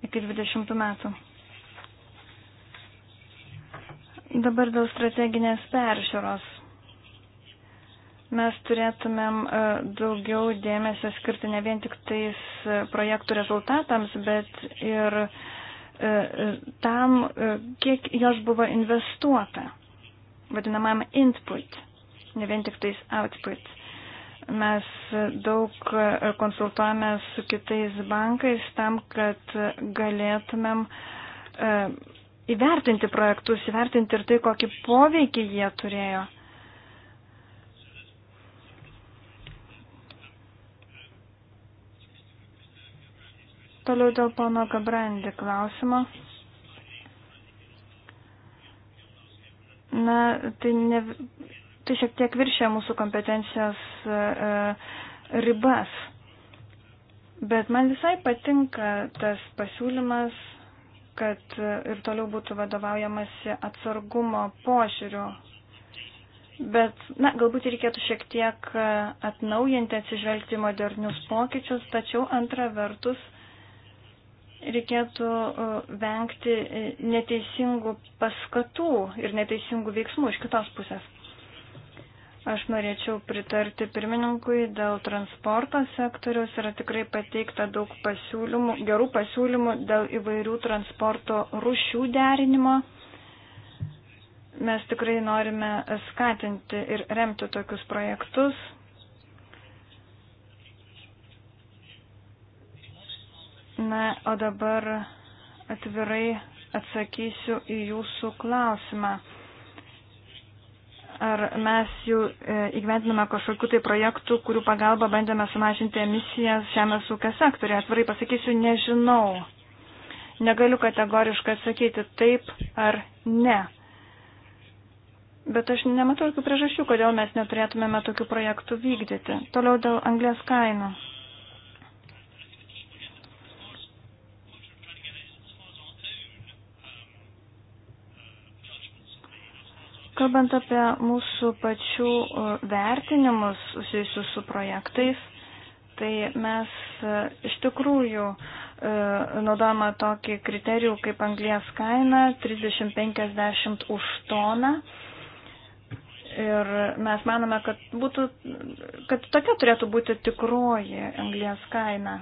iki 20 metų. Dabar dėl strateginės peržiūros mes turėtumėm e, daugiau dėmesio skirti ne vien tik tais e, projektų rezultatams, bet ir e, tam, kiek jos buvo investuota, vadinamam input, ne vien tik tais output. Mes daug konsultuojame su kitais bankais tam, kad galėtumėm įvertinti projektus, įvertinti ir tai, kokį poveikį jie turėjo Toliau dėl pono Gabrandi klausimo. Na, tai, ne, tai šiek tiek viršė mūsų kompetencijos e, e, ribas. Bet man visai patinka tas pasiūlymas, kad e, ir toliau būtų vadovaujamasi atsargumo požiūriu. Bet, na, galbūt reikėtų šiek tiek e, atnaujinti, atsižvelgti modernius pokyčius, tačiau antra vertus reikėtų e, vengti e, neteisingų paskatų ir neteisingų veiksmų iš kitos pusės. Aš norėčiau pritarti pirmininkui dėl transporto sektoriaus. Yra tikrai pateikta daug pasiūlymų, gerų pasiūlymų dėl įvairių transporto rušių derinimo. Mes tikrai norime skatinti ir remti tokius projektus. Na, o dabar atvirai atsakysiu į jūsų klausimą. Ar mes jau e, įgyvendiname kažkokiu tai projektu, kurių pagalba bandėme sumažinti emisijas žemės ūkio sektoriuje? Atvirai pasakysiu, nežinau. Negaliu kategoriškai atsakyti taip ar ne. Bet aš nematau jokių priežasčių, kodėl mes neturėtumėme tokių projektų vykdyti. Toliau dėl anglės kainų. Kalbant apie mūsų pačių vertinimus susijusius su projektais, tai mes e, iš tikrųjų e, naudojame tokį kriterijų kaip anglijas kaina 30-50 už toną. Ir mes manome, kad, būtų, kad tokia turėtų būti tikroji anglijas kaina.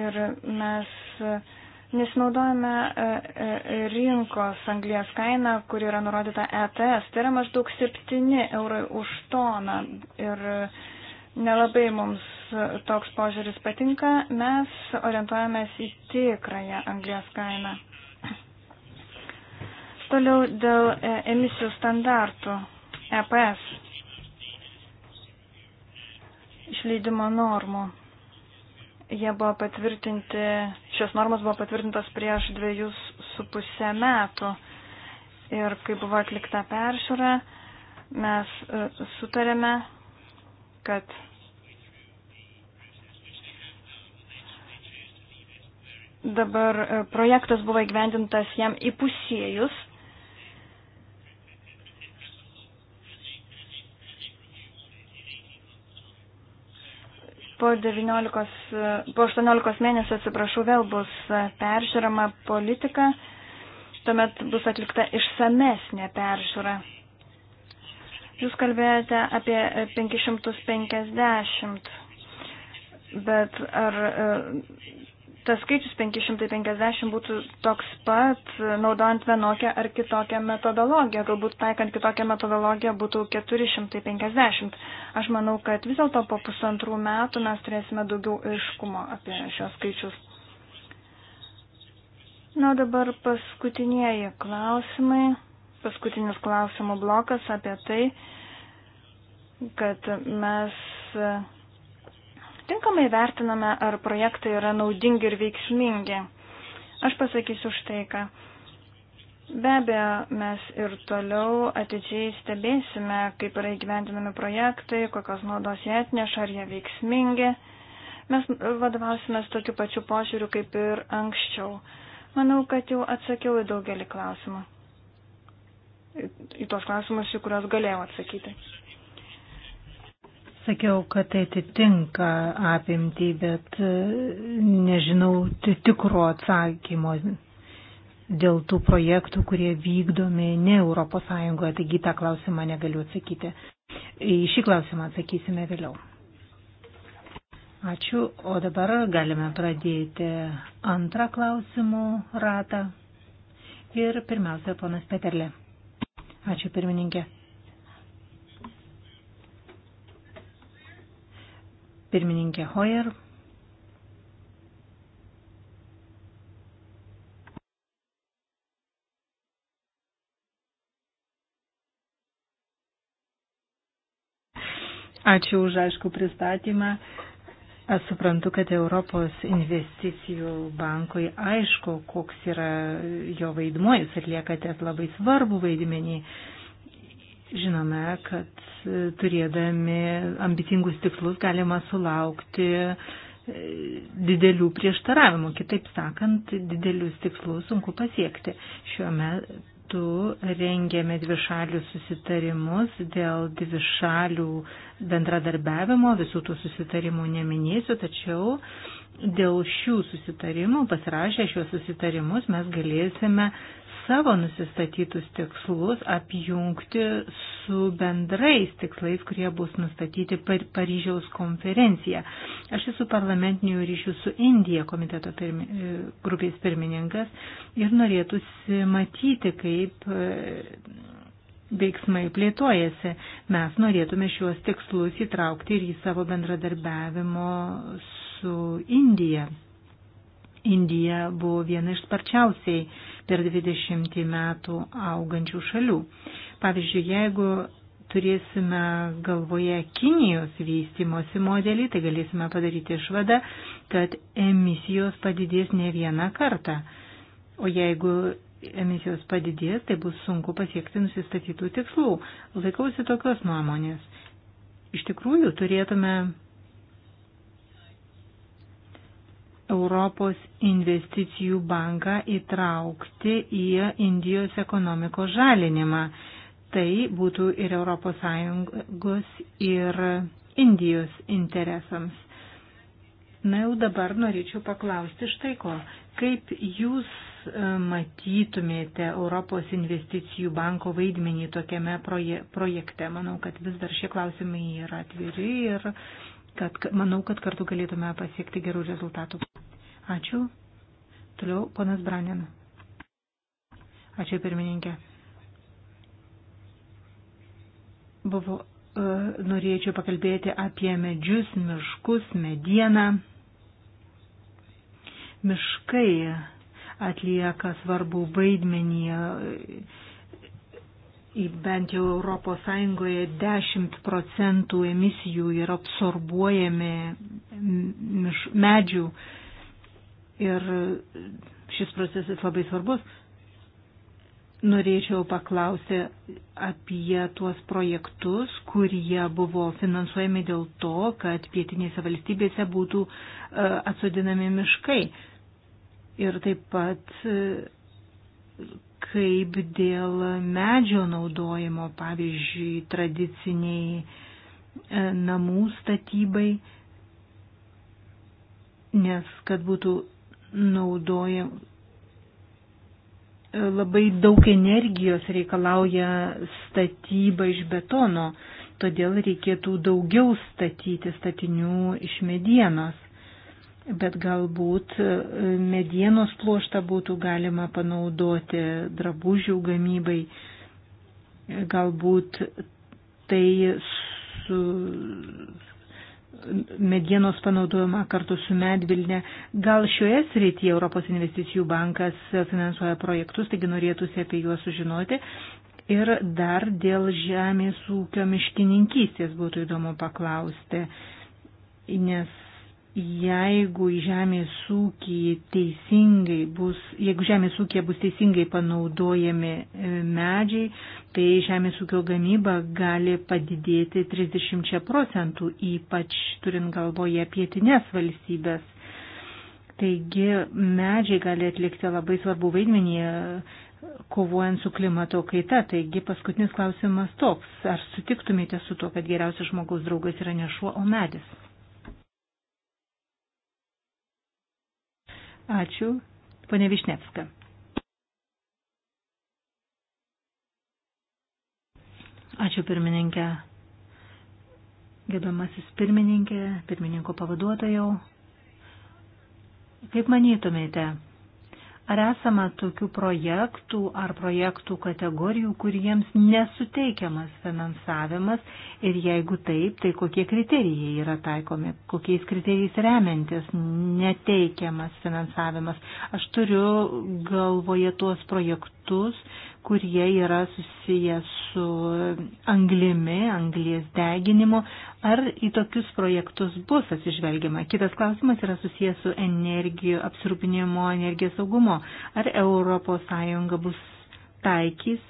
Ir mes uh, Nesinaudojame e, e, rinkos anglės kainą, kuri yra nurodyta ETS. Tai yra maždaug 7 eurai už toną. Ir e, nelabai mums toks požiūris patinka. Mes orientuojamės į tikrąją anglės kainą. Toliau dėl emisijų standartų EPS išleidimo normų. Jie buvo patvirtinti, šios normos buvo patvirtintos prieš dviejus su pusę metų. Ir kai buvo atlikta peržiūra, mes e, sutarėme, kad dabar e, projektas buvo įgyvendintas jam įpusėjus Po, 19, po 18 mėnesių, atsiprašau, vėl bus peržiūrama politika, tuomet bus atlikta išsamesnė peržiūra. Jūs kalbėjote apie 550, bet ar tas skaičius 550 būtų toks pat, naudojant vienokią ar kitokią metodologiją. Galbūt taikant kitokią metodologiją būtų 450. Aš manau, kad vis dėlto po pusantrų metų mes turėsime daugiau aiškumo apie šios skaičius. Na, dabar paskutinieji klausimai. Paskutinis klausimų blokas apie tai, kad mes tinkamai vertiname, ar projektai yra naudingi ir veiksmingi. Aš pasakysiu štai ką. Be abejo, mes ir toliau atidžiai stebėsime, kaip yra įgyvendinami projektai, kokios naudos jie atneša, ar jie veiksmingi. Mes vadovausime tokiu pačiu požiūriu kaip ir anksčiau. Manau, kad jau atsakiau į daugelį klausimų. Į tos klausimus, į kuriuos galėjau atsakyti. Sakiau, kad tai atitinka apimtį, bet e, nežinau tikro atsakymo dėl tų projektų, kurie vykdomi ne Europos Sąjungoje, taigi tą klausimą negaliu atsakyti. Į šį klausimą atsakysime vėliau. Ačiū, o dabar galime pradėti antrą klausimų ratą. Ir pirmiausia, ponas Peterlė. Ačiū pirmininkė. pirmininkė Hoyer. Ačiū už aišku pristatymą. Aš suprantu, kad Europos investicijų bankui aišku, koks yra jo vaidmuo, jūs atliekate labai svarbų vaidmenį. Uh, Žinome, kad e, turėdami ambicingus tikslus galima sulaukti e, didelių prieštaravimų. Kitaip sakant, didelius tikslus sunku pasiekti. Šiuo metu rengėme dvišalius susitarimus dėl dvišalių bendradarbiavimo. Visų tų susitarimų neminėsiu, tačiau dėl šių susitarimų, pasirašę šiuos susitarimus, mes galėsime savo nusistatytus tikslus apjungti su bendrais tikslais, kurie bus nustatyti per Paryžiaus konferenciją. Aš esu parlamentinių ryšių su Indija komiteto pirmi, e, grupės pirmininkas ir norėtųsi matyti, kaip e, veiksmai plėtojasi. Mes norėtume šiuos tikslus įtraukti ir į savo bendradarbiavimo su Indija. Indija buvo viena iš sparčiausiai per 20 metų augančių šalių. Pavyzdžiui, jeigu turėsime galvoje Kinijos vystimosi modelį, tai galėsime padaryti išvadą, kad emisijos padidės ne vieną kartą. O jeigu emisijos padidės, tai bus sunku pasiekti nusistatytų tikslų. Laikausi tokios nuomonės. Iš tikrųjų, turėtume Europos investicijų banką įtraukti į Indijos ekonomikos žalinimą. Tai būtų ir ES, ir Indijos interesams. Na jau dabar norėčiau paklausti štai ko. Kaip jūs e, matytumėte Europos investicijų banko vaidmenį tokiame proje projekte? Manau, kad vis dar šie klausimai yra atviri ir Tad manau, kad kartu galėtume pasiekti gerų rezultatų. Ačiū. Toliau ponas Branin. Ačiū pirmininkė. Buvo, e, norėčiau pakalbėti apie medžius, miškus, medieną. Miškai atlieka svarbų vaidmenį bent jau ES 10 procentų emisijų yra absorbuojami medžių ir šis procesas labai svarbus. Norėčiau paklausti apie tuos projektus, kurie buvo finansuojami dėl to, kad pietinėse valstybėse būtų e, atsodinami miškai. Ir taip pat e, kaip dėl medžio naudojimo, pavyzdžiui, tradiciniai e, namų statybai, nes kad būtų naudojama e, labai daug energijos reikalauja statyba iš betono, todėl reikėtų daugiau statyti statinių iš medienos bet galbūt e, medienos pluoštą būtų galima panaudoti drabužių gamybai. Galbūt tai su medienos panaudojama kartu su medvilne. Gal šioje srityje Europos investicijų bankas finansuoja projektus, taigi norėtųsi apie juos sužinoti. Ir dar dėl žemės ūkio miškininkystės būtų įdomu paklausti, nes jeigu žemės ūkiai teisingai bus, jeigu žemės ūkija bus teisingai panaudojami e, medžiai, tai žemės ūkio gamyba gali padidėti 30 procentų, ypač turint galvoje pietinės valstybės. Taigi medžiai gali atlikti labai svarbu vaidmenį e, kovojant su klimato kaita. Taigi paskutinis klausimas toks. Ar sutiktumėte su to, kad geriausias žmogaus draugas yra ne šuo, o medis? Ačiū. Pane Višnevska. Ačiū pirmininkė. Gerbiamasis pirmininkė, pirmininko pavaduotojau. Kaip manytumėte, Ar esama tokių projektų ar projektų kategorijų, kuriems nesuteikiamas finansavimas ir jeigu taip, tai kokie kriterijai yra taikomi, kokiais kriterijais remiantis neteikiamas finansavimas. Aš turiu galvoje tuos projektus kitus, kurie yra susiję su anglimi, anglies deginimu, ar į tokius projektus bus atsižvelgiama. Kitas klausimas yra susijęs su energijų apsirūpinimo, energijos saugumo. Ar ES bus taikys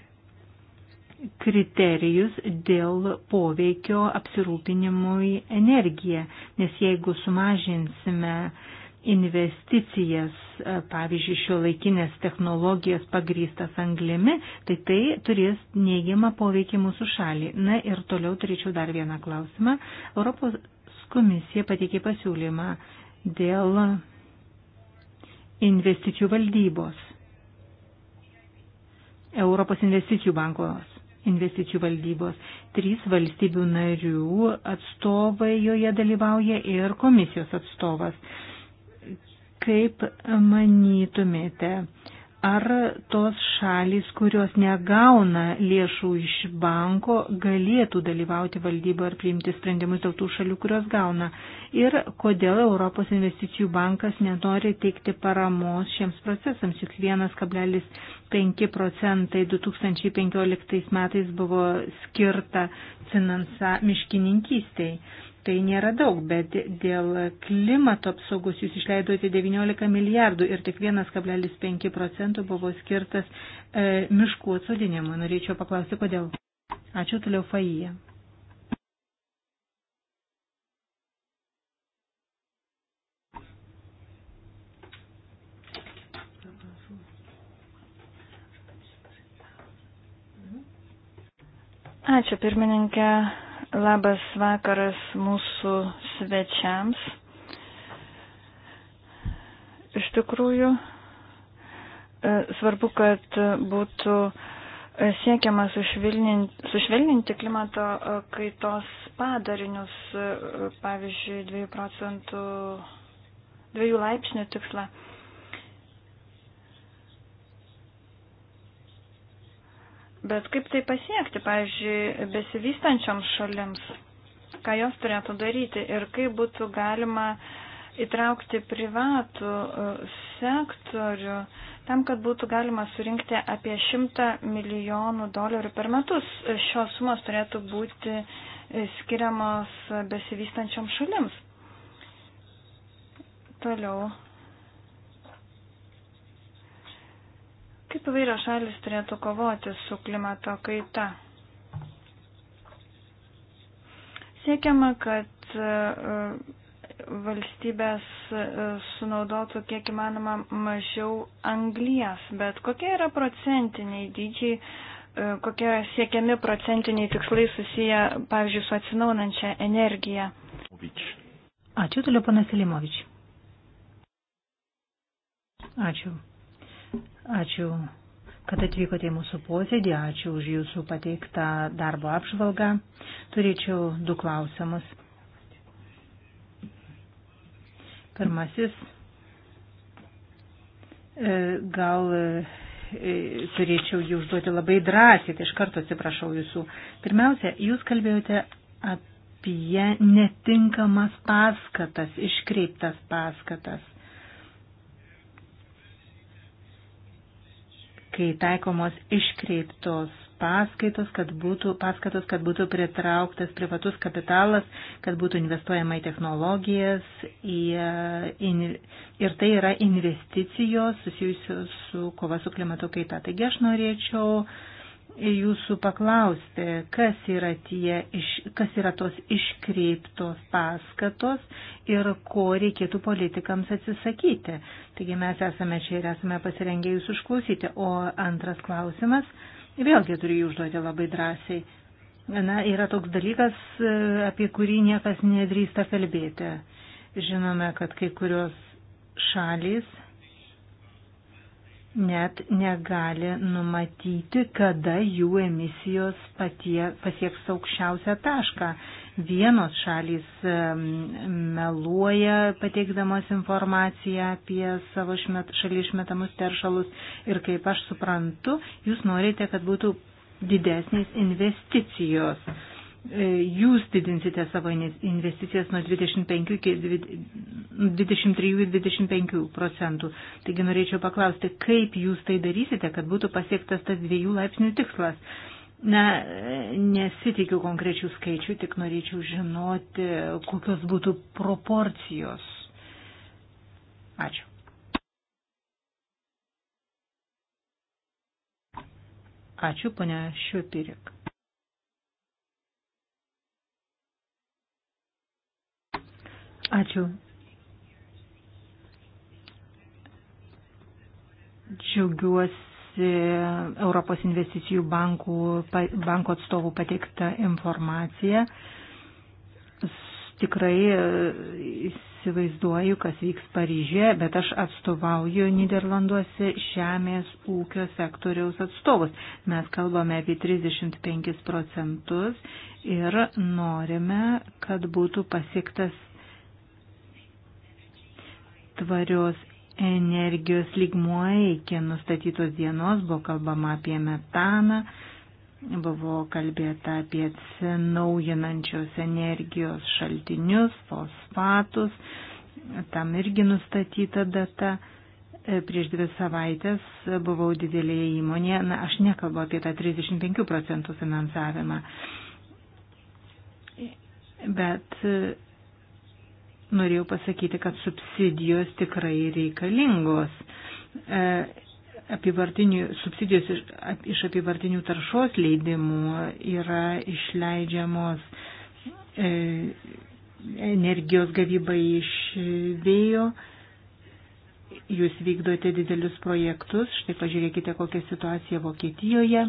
kriterijus dėl poveikio apsirūpinimui energiją, nes jeigu sumažinsime uh, investicijas, e, pavyzdžiui, šio laikinės technologijas pagrystas anglimi, tai tai turės neigiamą poveikį mūsų šalį. Na ir toliau turėčiau dar vieną klausimą. Europos komisija pateikė pasiūlymą dėl investicijų valdybos. Europos investicijų bankos investicijų valdybos. Trys valstybių narių atstovai joje dalyvauja ir komisijos atstovas. Kaip manytumėte, ar tos šalys, kurios negauna lėšų iš banko, galėtų dalyvauti valdyboje ir priimti sprendimus dėl tų šalių, kurios gauna? Ir kodėl Europos investicijų bankas nenori teikti paramos šiems procesams, juk 1,5 procentai 2015 metais buvo skirta finansa miškininkystiai tai nėra daug, bet dėl klimato apsaugos jūs išleidote 19 milijardų ir tik 1,5 procentų buvo skirtas e, miškų atsodinimui. Norėčiau paklausti, kodėl. Ačiū toliau Faija. Ačiū pirmininkė. Labas vakaras mūsų svečiams. Iš tikrųjų, e, svarbu, kad būtų e, siekiama sušvelninti, sušvelninti klimato e, kaitos padarinius, pavyzdžiui, 2 procentų, 2 laipsnių tikslą. Bet kaip tai pasiekti, pavyzdžiui, besivystančioms šalims, ką jos turėtų daryti ir kaip būtų galima įtraukti privatų e, sektorių tam, kad būtų galima surinkti apie 100 milijonų dolerių per metus. Šios sumos turėtų būti e, skiriamos besivystančioms šalims. Toliau Kaip įvairios šalis turėtų kovoti su klimato kaita? Siekiama, kad e, valstybės e, sunaudotų kiek įmanoma mažiau anglijas, bet kokie yra procentiniai dydžiai, e, kokie yra siekiami procentiniai tikslai susiję, pavyzdžiui, su atsinaunančia energija. Ačiū, toliau panas Elimovič. Ačiū. Ačiū, kad atvykote į mūsų posėdį, ačiū už jūsų pateiktą darbo apžvalgą. Turėčiau du klausimus. Pirmasis. E, gal e, turėčiau jį užduoti labai drąsiai, tai iš karto atsiprašau visų. Pirmiausia, jūs kalbėjote apie netinkamas paskatas, iškreiptas paskatas. kai taikomos iškreiptos paskaitos, kad būtų, paskatos, kad būtų pritrauktas privatus kapitalas, kad būtų investuojama į technologijas į, in, ir tai yra investicijos susijusios su kova su klimato kaita. Taigi aš norėčiau uh, jūsų paklausti, kas yra, tie, kas yra tos iškreiptos paskatos ir ko reikėtų politikams atsisakyti. Taigi mes esame čia ir esame pasirengę jūs užklausyti. O antras klausimas, vėlgi turiu jį užduoti labai drąsiai. Na, yra toks dalykas, e, apie kurį niekas nedrįsta kalbėti. Žinome, kad kai kurios šalys net negali numatyti, kada jų emisijos patie, pasieks aukščiausią tašką. Vienos šalys meluoja pateikdamos informaciją apie savo šmet, šalį išmetamus teršalus ir kaip aš suprantu, jūs norite, kad būtų didesnės investicijos E, jūs didinsite savo investicijas nuo 25 iki 23-25 procentų. Taigi norėčiau paklausti, kaip jūs tai darysite, kad būtų pasiektas tas dviejų laipsnių tikslas. Na, nesitikiu konkrečių skaičių, tik norėčiau žinoti, kokios būtų proporcijos. Ačiū. Ačiū, ponia Šiopirik. Ačiū. Džiaugiuosi Europos investicijų bankų, banko atstovų pateiktą informaciją. Tikrai įsivaizduoju, kas vyks Paryžėje, bet aš atstovauju Niderlanduose žemės ūkio sektoriaus atstovus. Mes kalbame apie 35 procentus ir norime, kad būtų pasiektas tvarios energijos lygmuo iki nustatytos dienos, buvo kalbama apie metaną, buvo kalbėta apie atsinaujinančios energijos šaltinius, fosfatus, tam irgi nustatyta data. Prieš dvi savaitės buvau didelėje įmonėje, na, aš nekalbu apie tą 35 procentų finansavimą, bet norėjau pasakyti, kad subsidijos tikrai reikalingos. E, subsidijos iš, ap, iš apivartinių taršos leidimų yra išleidžiamos e, energijos gavybai iš vėjo. Jūs vykdote didelius projektus. Štai pažiūrėkite, kokia situacija Vokietijoje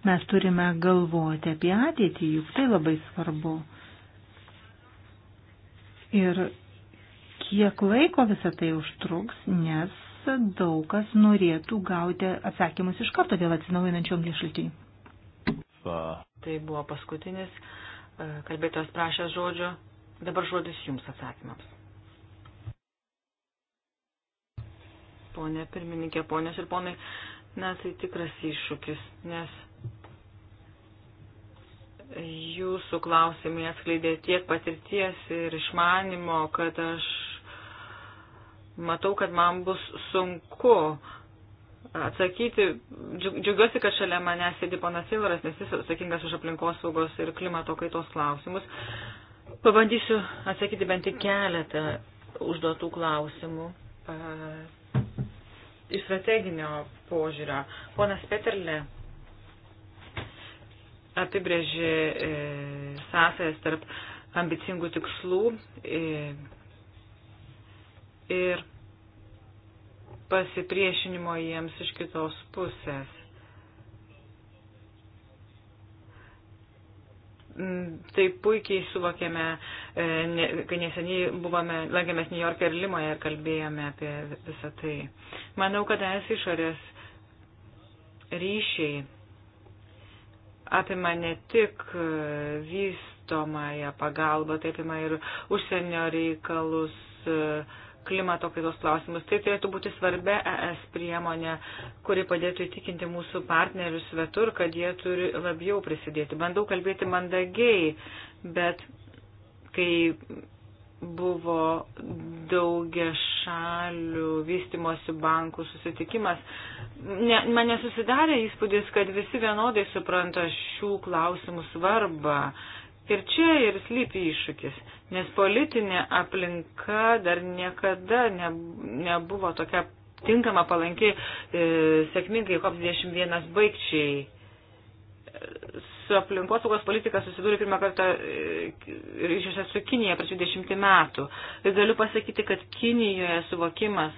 mes turime galvoti apie ateitį, juk tai labai svarbu. Ir kiek laiko visą tai užtruks, nes daug kas norėtų gauti atsakymus iš karto dėl atsinaujinančių anglies šaltinių. Tai buvo paskutinis e, kalbėtojas prašęs žodžio. Dabar žodis jums atsakymams. Pone pirmininkė, ponės ir ponai, na tai tikras iššūkis, nes Jūsų klausimai atskleidė tiek patirties ir išmanimo, kad aš matau, kad man bus sunku atsakyti. Džiaugiuosi, kad šalia manęs sėdi ponas Silvaras, nes jis atsakingas už aplinkosaugos ir klimato kaitos klausimus. Pabandysiu atsakyti bent į keletą užduotų klausimų iš strateginio požiūrio. Ponas Peterle apibrėži e, sąsajas tarp ambicingų tikslų e, ir pasipriešinimo jiems iš kitos pusės. Mm, tai puikiai suvokėme, e, kai neseniai buvome, lankėmės New York ir Limoje ir kalbėjome apie visą tai. Manau, kad es išorės ryšiai apima ne tik e, vystomąją pagalbą, tai apima ir užsienio reikalus, e, klimato kaitos klausimus. Tai turėtų būti svarbia ES priemonė, kuri padėtų įtikinti mūsų partnerius svetur, kad jie turi labiau prisidėti. Bandau kalbėti mandagiai, bet kai buvo daugia šalių vystimosi bankų susitikimas. Ne, man nesusidarė įspūdis, kad visi vienodai supranta šių klausimų svarbą. Ir čia ir slypi iššūkis, nes politinė aplinka dar niekada ne, nebuvo tokia tinkama palanki e, sėkmingai COP21 baigčiai su aplinkosaugos politika susidūrė pirmą kartą e, ryšiuose su Kinija prieš 20 metų. Ir galiu pasakyti, kad Kinijoje suvokimas,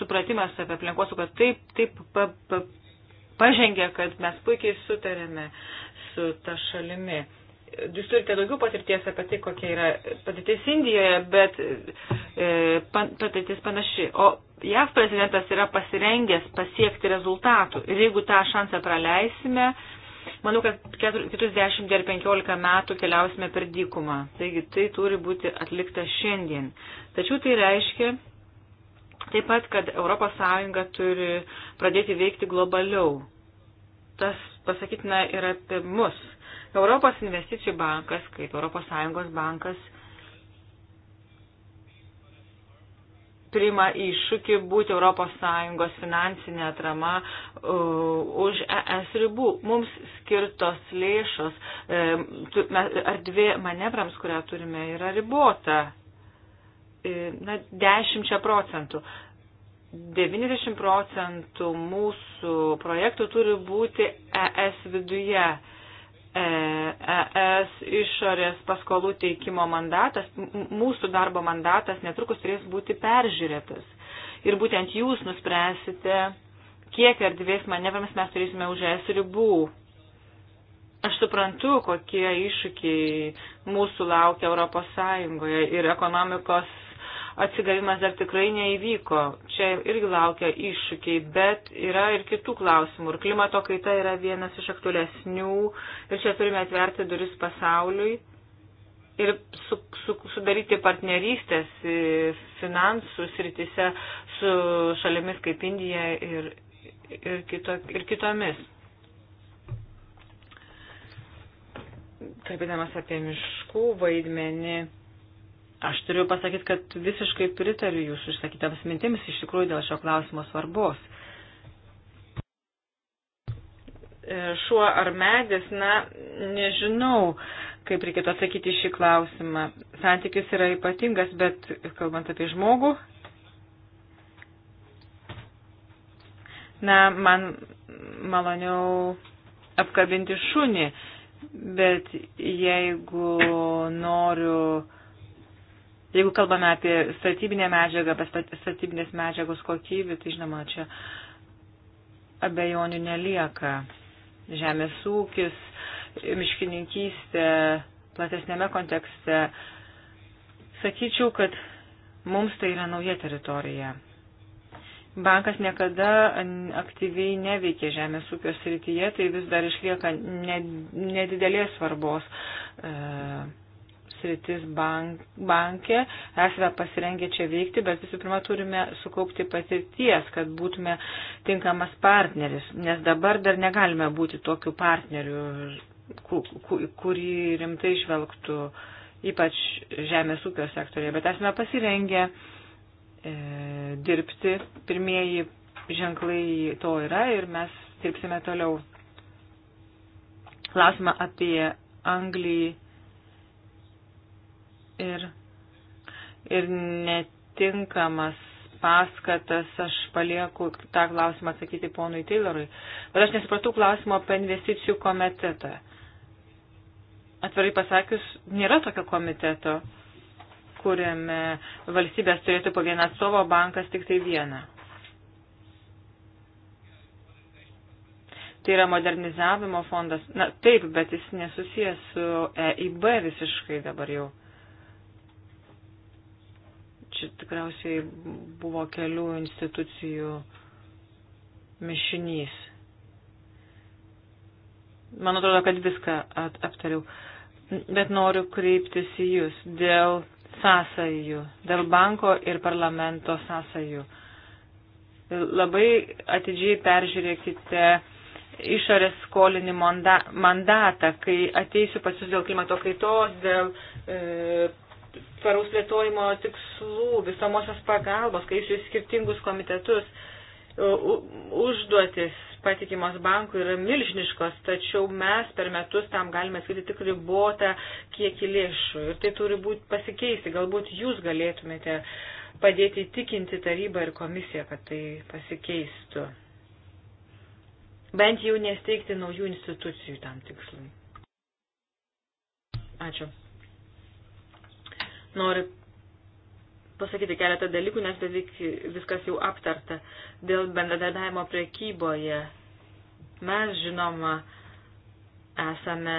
supratimas apie aplinkosaugą taip, taip pa, pa, pažengė, kad mes puikiai sutarėme su ta šalimi. Jūs turite daugiau patirties apie tai, kokia yra patirtis Indijoje, bet e, pan, patirtis panaši. O JAV prezidentas yra pasirengęs pasiekti rezultatų. Ir jeigu tą šansą praleisime, e, Manau, kad kitus 10 ar 15 metų keliausime per dykumą. Taigi tai turi būti atlikta šiandien. Tačiau tai reiškia taip pat, kad ES turi pradėti veikti globaliau. Tas pasakytina ir apie mus. Europos investicijų bankas, kaip ES bankas, prima iššūkį būti ES finansinė atrama už ES ribų. Mums skirtos lėšos, e, erdvė manevrams, kurią turime, yra ribota. E, na, 10 procentų. 90 procentų mūsų projektų turi būti ES viduje. ES e išorės paskolų teikimo mandatas, mūsų darbo mandatas netrukus turės būti peržiūrėtas. Ir būtent jūs nuspręsite, kiek erdvės manevrams mes turėsime už ES ribų. Aš suprantu, kokie iššūkiai mūsų laukia Europos Sąjungoje ir ekonomikos atsigavimas dar tikrai neįvyko. Čia irgi laukia iššūkiai, bet yra ir kitų klausimų. Ir klimato kaita yra vienas iš aktualesnių ir čia turime atverti duris pasauliui ir su, su, sudaryti partnerystės finansų sritise su šalimis kaip Indija ir, ir, kito, ir kitomis. Kalbėdamas apie miškų vaidmenį Aš turiu pasakyti, kad visiškai pritariu jūsų išsakytams mintims iš tikrųjų dėl šio klausimo svarbos. E, šuo ar medis, na, nežinau, kaip reikėtų atsakyti šį klausimą. Santykis yra ypatingas, bet kalbant apie žmogų, na, man maloniau apkabinti šunį, bet jeigu noriu Jeigu kalbame apie statybinę medžiagą, apie statybinės medžiagos kokybę, tai žinoma, čia abejonių nelieka. Žemės ūkis, miškininkystė, platesnėme kontekste. Sakyčiau, kad mums tai yra nauja teritorija. Bankas niekada aktyviai neveikė žemės ūkio srityje, tai vis dar išlieka nedidelės svarbos e, sritis bank, bankė. Esame pasirengę čia veikti, bet visų pirma turime sukaupti patirties, kad būtume tinkamas partneris, nes dabar dar negalime būti tokiu partneriu, kurį rimtai žvelgtų ypač žemės ūkio sektorėje, bet esame pasirengę e, dirbti. Pirmieji ženklai to yra ir mes dirbsime toliau. Klausimą apie Anglį ir, ir netinkamas paskatas, aš palieku tą klausimą atsakyti ponui Taylorui. Bet aš nesupratau klausimo apie investicijų komitetą. Atvirai pasakius, nėra tokio komiteto, kuriame valstybės turėtų po vieną atstovą, bankas tik tai vieną. Tai yra modernizavimo fondas. Na taip, bet jis nesusijęs su EIB visiškai dabar jau. Čia tikriausiai buvo kelių institucijų mišinys. Man atrodo, kad viską at, aptariau. Bet noriu kreiptis į Jūs dėl sąsajų, dėl banko ir parlamento sąsajų. Labai atidžiai peržiūrėkite išorės skolinį mandatą, kai ateisiu pas jūs dėl klimato kaitos, dėl e, tvaraus plėtojimo tikslų, visamosios pagalbos, kai jūs į skirtingus komitetus užduotis patikimos bankų yra milžiniškos, tačiau mes per metus tam galime skirti tik ribotą kiekį lėšų ir tai turi būti pasikeisti. Galbūt jūs galėtumėte padėti įtikinti tarybą ir komisiją, kad tai pasikeistų. Bent jau nesteigti naujų institucijų tam tikslui. Ačiū. Noriu pasakyti keletą dalykų, nes beveik viskas jau aptarta. Dėl bendradarbiavimo priekyboje mes, žinoma, esame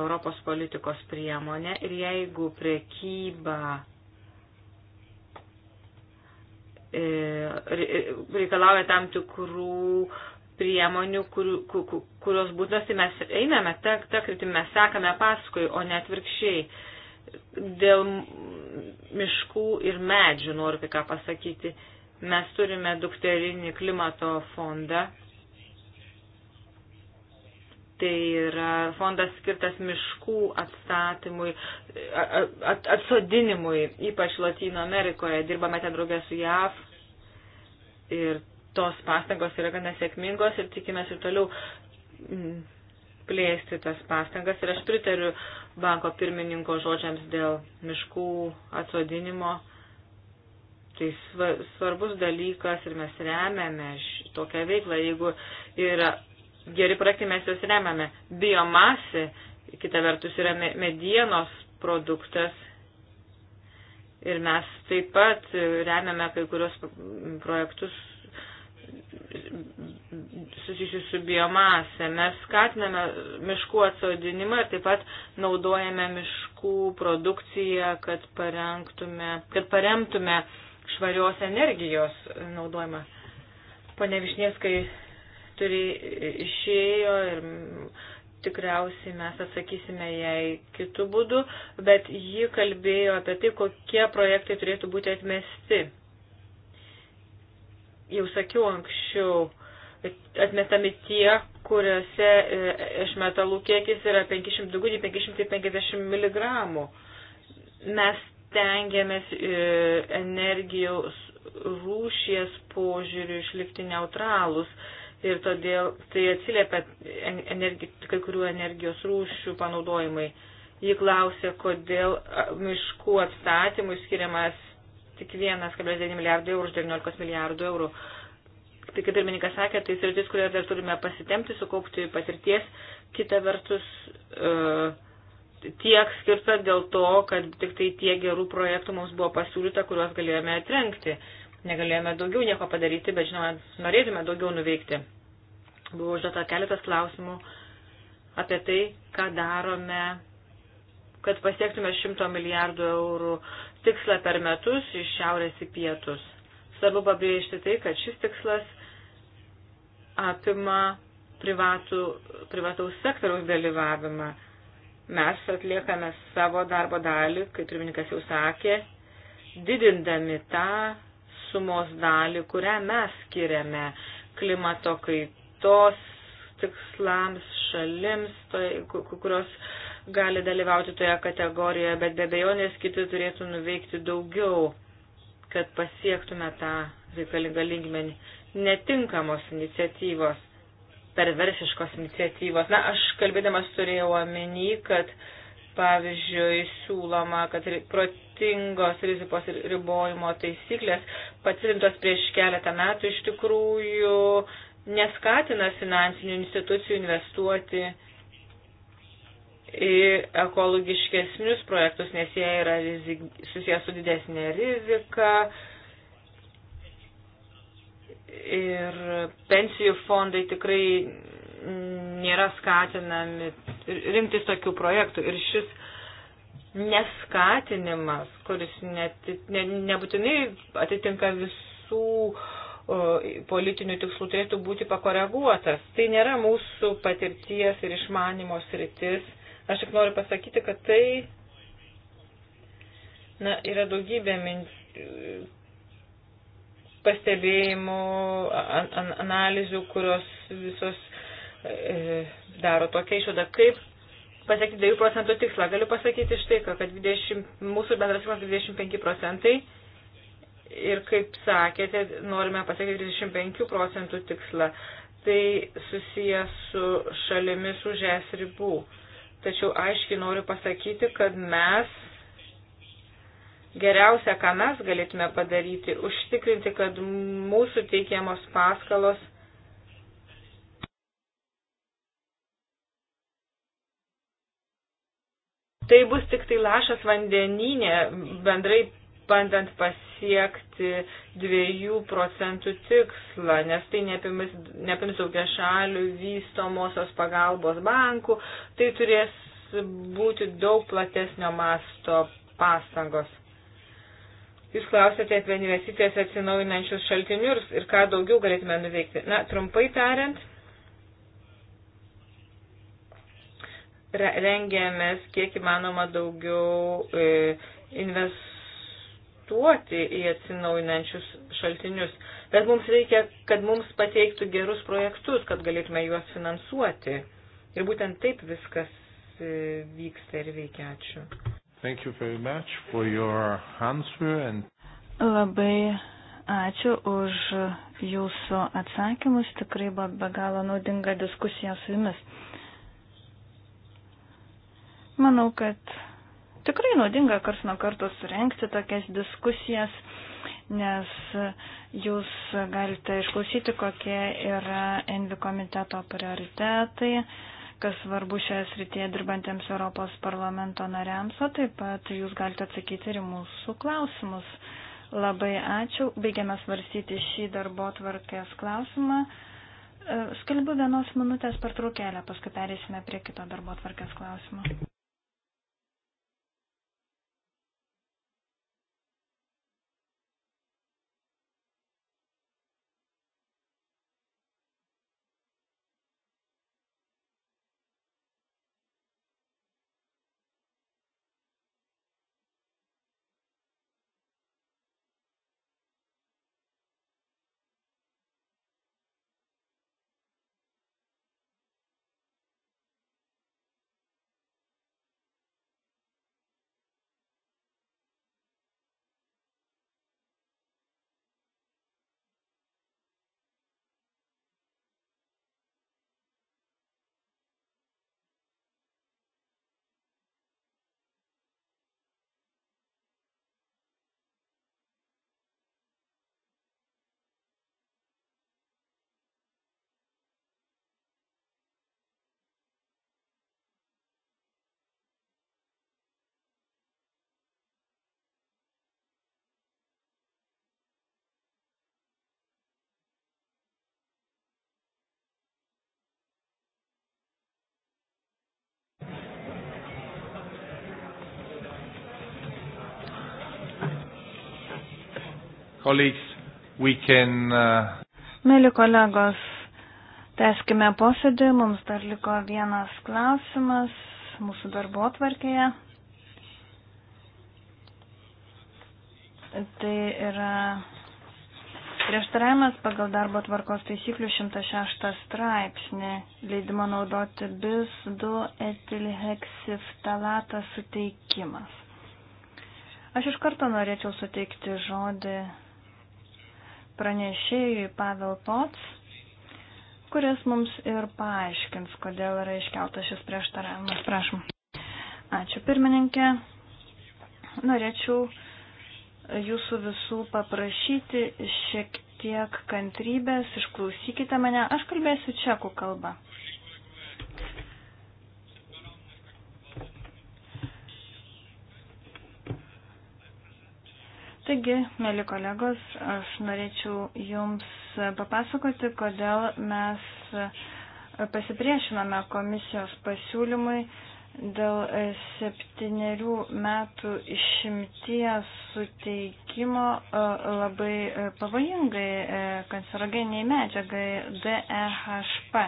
Europos politikos priemonė ir jeigu priekyba e, reikalauja tam tikrų priemonių, kur, kur, kurios būtinos, tai mes einame, ta, ta kryptim mes sekame paskui, o ne atvirkščiai dėl miškų ir medžių noriu kai ką pasakyti. Mes turime dukterinį klimato fondą. Tai yra fondas skirtas miškų atstatymui, at, atsodinimui, ypač Latino Amerikoje. Dirbame ten draugę su JAV ir tos pastangos yra gana sėkmingos ir tikimės ir toliau mm, plėsti tas pastangas ir aš pritariu banko pirmininko žodžiams dėl miškų atsodinimo. Tai svarbus dalykas ir mes remiame tokią veiklą, jeigu yra geri praktikai, mes juos remiame. Biomasė, kita vertus, yra medienos produktas ir mes taip pat remiame kai kurios projektus susijusių su biomase. Mes skatiname miškų atsodinimą ir taip pat naudojame miškų produkciją, kad, kad paremtume švarios energijos naudojimą. Pane Višnieskai turi išėjo ir tikriausiai mes atsakysime jai kitų būdų, bet ji kalbėjo apie tai, kokie projektai turėtų būti atmesti. Jau sakiau anksčiau, atmetami tie, kuriuose e, išmetalų kiekis yra 500, daugiau nei 550 mg. Mes tengiamės e, energijos rūšies požiūrių išlikti neutralus ir todėl tai atsiliepia energi, kai kurių energijos rūšių panaudojimai. Ji klausė, kodėl miškų atstatymui skiriamas tik 1,9 milijardų eurų už 19 milijardų eurų. eurų tai kaip pirmininkas sakė, tai sritis, kurioje dar turime pasitemti, sukaupti patirties, kita vertus e, tiek skirta dėl to, kad tik tai tie gerų projektų mums buvo pasiūlyta, kuriuos galėjome atrenkti. Negalėjome daugiau nieko padaryti, bet žinoma, norėtume daugiau nuveikti. Buvo užduota keletas klausimų apie tai, ką darome, kad pasiektume 100 milijardų eurų tikslą per metus iš šiaurės į pietus. Svarbu pabrėžti tai, kad šis tikslas apima privatų, privataus sektoriaus dalyvavimą. Mes atliekame savo darbo dalį, kaip pirmininkas jau sakė, didindami tą sumos dalį, kurią mes skiriame klimato kaitos tikslams, šalims, tai, kurios gali dalyvauti toje kategorijoje, bet be bejonės kiti turėtų nuveikti daugiau, kad pasiektume tą reikalingą lygmenį netinkamos iniciatyvos, perversiškos iniciatyvos. Na, aš kalbėdamas turėjau omeny, kad pavyzdžiui siūloma, kad protingos rizikos ir ribojimo taisyklės patvirtintos prieš keletą metų iš tikrųjų neskatina finansinių institucijų investuoti į ekologiškesnius projektus, nes jie yra rizik, susijęs su didesnė rizika, ir pensijų fondai tikrai nėra skatinami rimtis tokių projektų. Ir šis neskatinimas, kuris net, ne, nebūtinai atitinka visų o, politinių tikslų, turėtų būti pakoreguotas. Tai nėra mūsų patirties ir išmanimo sritis. Aš tik noriu pasakyti, kad tai na, yra daugybė minčių pastebėjimų, an, an, analizių, kurios visos e, daro tokia išvada, kaip pasiekti 2 procentų tikslą. Galiu pasakyti štai, kad 20, mūsų bendras tikslas 25 procentai ir kaip sakėte, norime pasiekti 35 procentų tikslą. Tai susijęs su šalimis už es ribų. Tačiau aiškiai noriu pasakyti, kad mes Geriausia, ką mes galėtume padaryti, užtikrinti, kad mūsų teikiamos paskalos tai bus tik tai lašas vandeninė, bendrai bandant pasiekti 2 procentų tikslą, nes tai neapimis, neapimis daugia šalių vystomosios pagalbos bankų, tai turės būti daug platesnio masto pastangos. Jūs klausėte apie investicijas atsinaujinančius šaltinius ir ką daugiau galėtume nuveikti. Na, trumpai tariant, rengiamės kiek įmanoma daugiau e, investuoti į atsinaujinančius šaltinius, bet mums reikia, kad mums pateiktų gerus projektus, kad galėtume juos finansuoti. Ir būtent taip viskas e, vyksta ir veikia. Ačiū. Thank you very much for your answer and Labai ačiū už jūsų atsakymus. Tikrai buvo be galo naudinga diskusija su jumis. Manau, kad tikrai naudinga kars nuo karto surenkti tokias diskusijas, nes jūs galite išklausyti, kokie yra Envi komiteto prioritetai kas svarbu šioje srityje dirbantiems Europos parlamento nariams, o taip pat jūs galite atsakyti ir mūsų klausimus. Labai ačiū. Baigiame svarstyti šį darbo tvarkės klausimą. E, Skalbiu vienos minutės per trūkelę, paskui perėsime prie kito darbo tvarkės klausimo. Colleagues, we can. Uh, Mėly kolegos, teskime posėdį, mums dar liko vienas klausimas mūsų darbo atvarkėje. Tai yra prieštaravimas pagal darbo tvarkos taisyklių 106 straipsnį leidimo naudoti bis 2 etilheksiftalatą suteikimas. Aš iš karto norėčiau suteikti žodį pranešėjui Pavel Pots, kuris mums ir paaiškins, kodėl yra iškeltas šis prieštaravimas. Prašom. Ačiū pirmininkė. Norėčiau jūsų visų paprašyti šiek tiek kantrybės, išklausykite mane, aš kalbėsiu čekų kalbą. Taigi, mėly kolegos, aš norėčiau Jums papasakoti, kodėl mes pasipriešiname komisijos pasiūlymui dėl septyniarių metų išimties suteikimo e, labai e, pavojingai e, kancerogeniai medžiagai DEHP.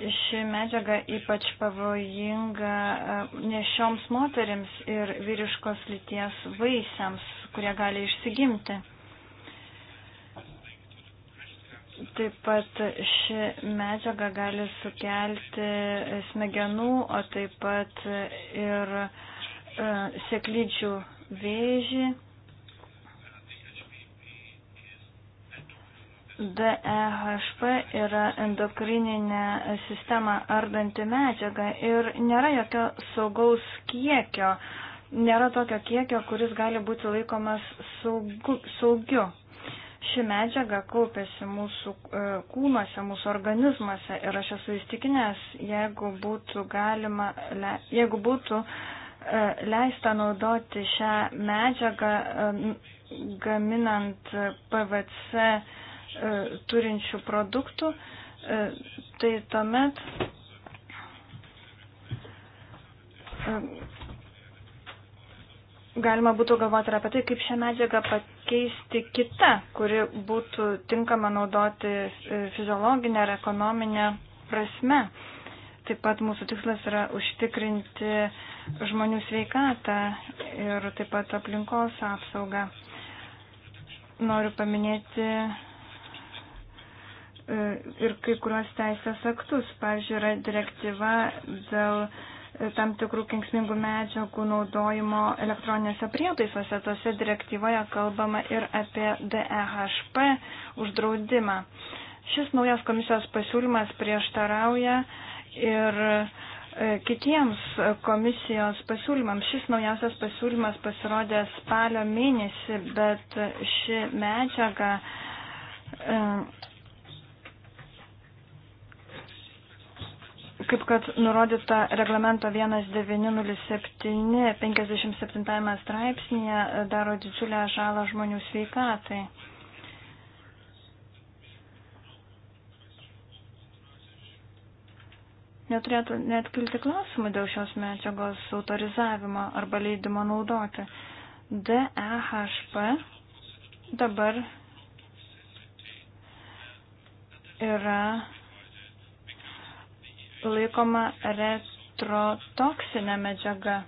Ši medžiaga ypač pavojinga e, nešioms moterims ir vyriškos lyties vaisiams, kurie gali išsigimti. Taip pat ši medžiaga gali sukelti smegenų, o taip pat ir e, sėklydžių vėžį. DEHP yra endokrininė sistema ardanti medžiaga ir nėra jokio saugaus kiekio, nėra tokio kiekio, kuris gali būti laikomas saugu, saugiu. Ši medžiaga kaupėsi mūsų e, kūnuose, mūsų organizmuose ir aš esu įstikinęs, jeigu būtų galima, jeigu būtų e, leista naudoti šią medžiagą e, gaminant PVC E, turinčių produktų, e, tai tuomet e, galima būtų galvoti ir apie tai, kaip šią medžiagą pakeisti kitą, kuri būtų tinkama naudoti fiziologinę ar ekonominę prasme. Taip pat mūsų tikslas yra užtikrinti žmonių sveikatą ir taip pat aplinkos apsaugą. Noriu paminėti E, ir kai kuriuos teisės aktus. Pavyzdžiui, yra direktyva dėl e, tam tikrų kenksmingų medžiagų naudojimo elektroninėse prietaisuose. Tose direktyvoje kalbama ir apie DEHP uždraudimą. Šis naujas komisijos pasiūlymas prieštarauja ir e, kitiems komisijos pasiūlymams. Šis naujasias pasiūlymas pasirodė spalio mėnesį, bet ši medžiaga Kaip kad nurodyta reglamento 1907-57 straipsnėje daro didžiulę žalą žmonių sveikatai. Neturėtų net kilti klausimų dėl šios medžiagos autorizavimo arba leidimo naudoti. DEHP dabar yra laikoma retrotoksinė medžiaga.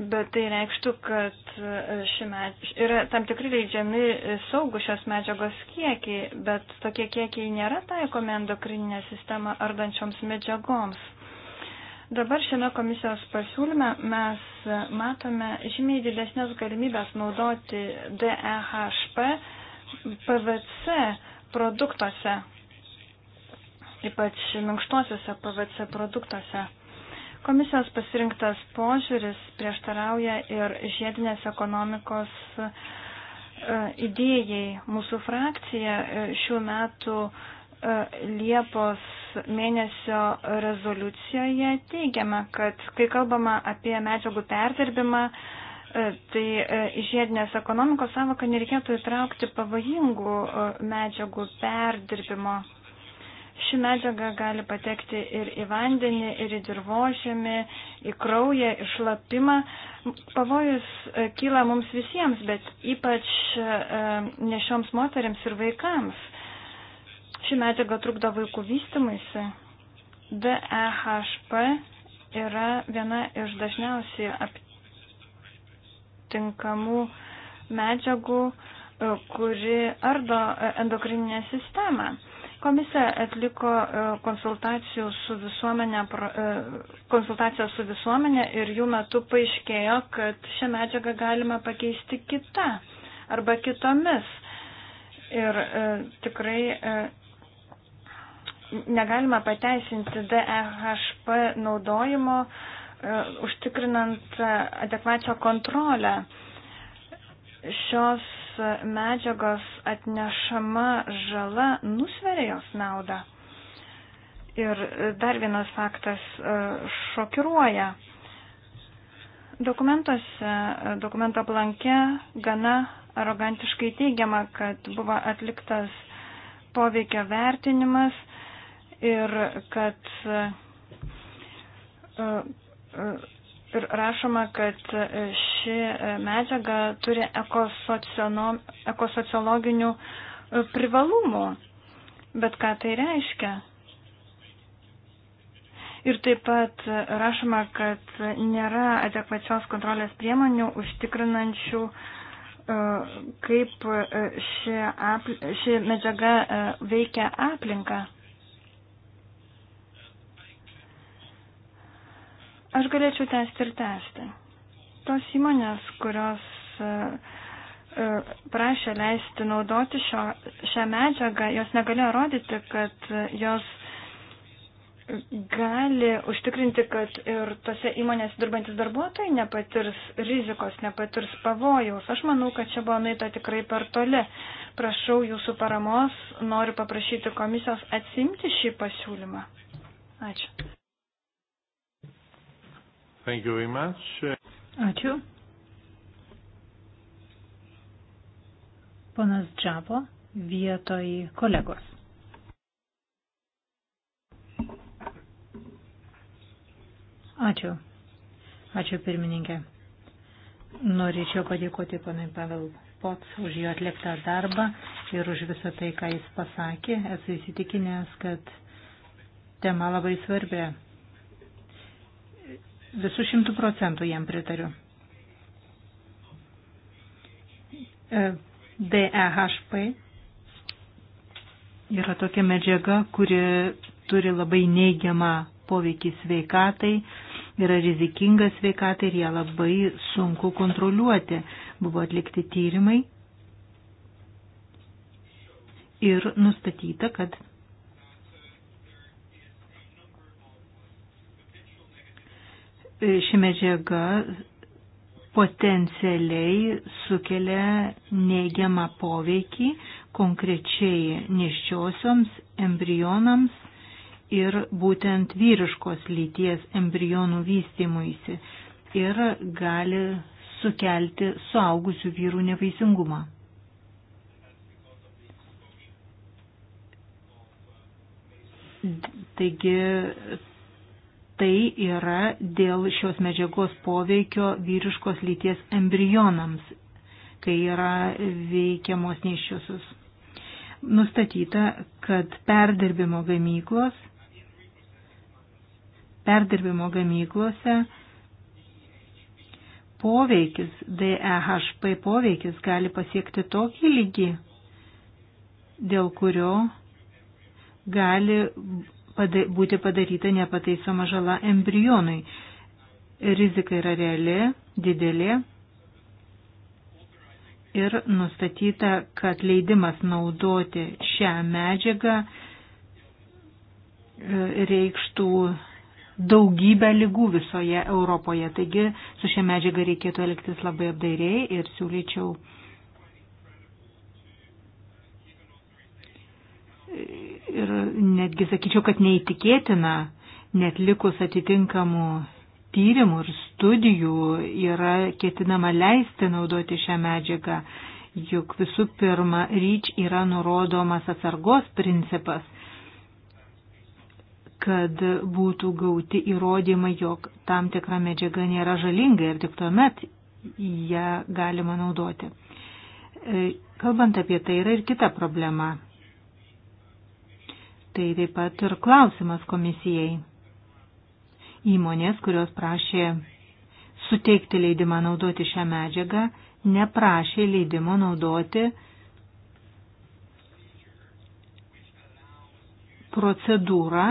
Bet tai reikštų, kad ši medž... yra tam tikri leidžiami saugų šios medžiagos kiekiai, bet tokie kiekiai nėra taikomi endokrininę sistemą ardančioms medžiagoms. Dabar šiame komisijos pasiūlyme mes matome žymiai didesnės galimybės naudoti DEHP, PVC produktuose, ypač minkštuosiuose PVC produktuose. Komisijos pasirinktas požiūris prieštarauja ir žiedinės ekonomikos e, idėjai. Mūsų frakcija e, šių metų e, Liepos mėnesio rezoliucijoje teigiame, kad kai kalbama apie medžiagų perdirbimą, E, tai e, iš žiedinės ekonomikos savoką nereikėtų įtraukti pavojingų e, medžiagų perdirbimo. Ši medžiaga gali patekti ir į vandenį, ir į dirbožėmį, į kraują, į šlapimą. Pavojus kyla mums visiems, bet ypač nešioms moteriams ir vaikams. Ši medžiaga trukdo vaikų vystimuisi. DEHP yra viena iš dažniausiai aptikimų tinkamų medžiagų, e, kuri ardo e, endokrininę sistemą. Komisija atliko e, konsultacijų su visuomenė, konsultaciją su visuomenė ir jų metu paaiškėjo, kad šią medžiagą galima pakeisti kitą arba kitomis. Ir e, tikrai e, negalima pateisinti DEHP naudojimo e, E, užtikrinant e, adekvačią kontrolę. Šios medžiagos atnešama žala nusveria jos naudą. Ir dar vienas faktas e, šokiruoja. Dokumentuose, dokumento planke gana arogantiškai teigiama, kad buvo atliktas poveikio vertinimas ir kad Ir rašoma, kad ši medžiaga turi ekosociologinių privalumų. Bet ką tai reiškia? Ir taip pat rašoma, kad nėra adekvačios kontrolės priemonių užtikrinančių, e, kaip e, ši, apl ši medžiaga e, veikia aplinką. Aš galėčiau tęsti ir tęsti. Tos įmonės, kurios e, e, prašė leisti naudoti šio, šią medžiagą, jos negalėjo rodyti, kad jos gali užtikrinti, kad ir tose įmonės dirbantis darbuotojai nepatirs rizikos, nepatirs pavojaus. Aš manau, kad čia buvo nueita tikrai per toli. Prašau jūsų paramos, noriu paprašyti komisijos atsimti šį pasiūlymą. Ačiū. Thank you very much. Ačiū. Ponas Džabo vietoj kolegos. Ačiū. Ačiū pirmininkė. Norėčiau padėkoti panai Pavel Pots už jo atliktą darbą ir už visą tai, ką jis pasakė. Esu įsitikinęs, kad tema labai svarbi Visų šimtų procentų jam pritariu. E, DEHP yra tokia medžiaga, kuri turi labai neigiamą poveikį sveikatai, yra rizikinga sveikatai ir ją labai sunku kontroliuoti. Buvo atlikti tyrimai ir nustatyta, kad ši medžiaga potencialiai sukelia neigiamą poveikį konkrečiai neščiosioms embrionams ir būtent vyriškos lyties embrionų vystimuisi ir gali sukelti suaugusių vyrų nevaisingumą. Taigi tai yra dėl šios medžiagos poveikio vyriškos lyties embrionams, kai yra veikiamos neiščiusius. Nustatyta, kad perdirbimo gamyklos, perdirbimo gamyklose poveikis, DEHP poveikis gali pasiekti tokį lygį, dėl kurio gali pada, būti padaryta nepataisoma žala embrionui. Rizika yra reali, didelė ir nustatyta, kad leidimas naudoti šią medžiagą e, reikštų daugybę lygų visoje Europoje. Taigi su šia medžiaga reikėtų elgtis labai apdairiai ir siūlyčiau ir netgi sakyčiau, kad neįtikėtina, net likus atitinkamų tyrimų ir studijų yra ketinama leisti naudoti šią medžiagą, juk visų pirma, ryč yra nurodomas atsargos principas, kad būtų gauti įrodymai, jog tam tikra medžiaga nėra žalinga ir tik tuomet ją galima naudoti. E, kalbant apie tai, yra ir kita problema Tai taip pat ir klausimas komisijai. Įmonės, kurios prašė suteikti leidimą naudoti šią medžiagą, neprašė leidimo naudoti procedūrą,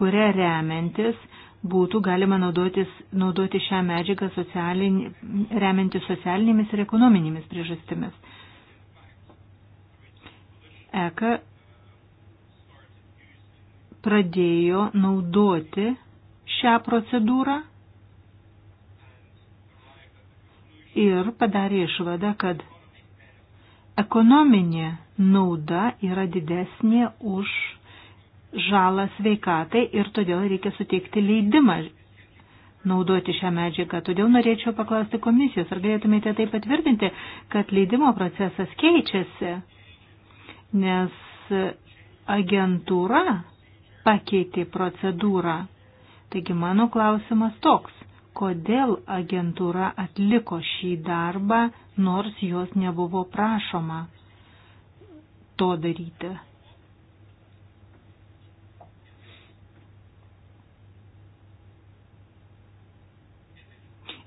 kuria remiantis būtų galima naudotis, naudoti šią medžiagą socialinį, remiantis socialinėmis ir ekonominėmis priežastimis. ECA pradėjo naudoti šią procedūrą ir padarė išvadą, kad ekonominė nauda yra didesnė už žalą sveikatai ir todėl reikia suteikti leidimą naudoti šią medžiagą. Todėl norėčiau paklausti komisijos, ar galėtumėte tai patvirtinti, kad leidimo procesas keičiasi, nes agentūra pakeitė procedūrą. Taigi mano klausimas toks, kodėl agentūra atliko šį darbą, nors jos nebuvo prašoma to daryti.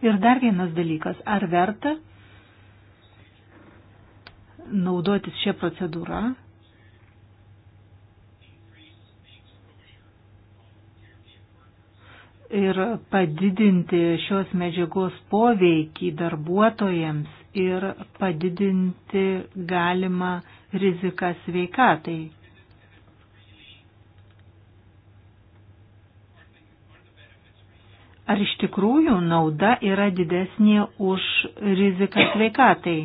Ir dar vienas dalykas, ar verta naudotis šią procedūrą, ir padidinti šios medžiagos poveikį darbuotojams ir padidinti galimą riziką sveikatai. Ar iš tikrųjų nauda yra didesnė už riziką sveikatai?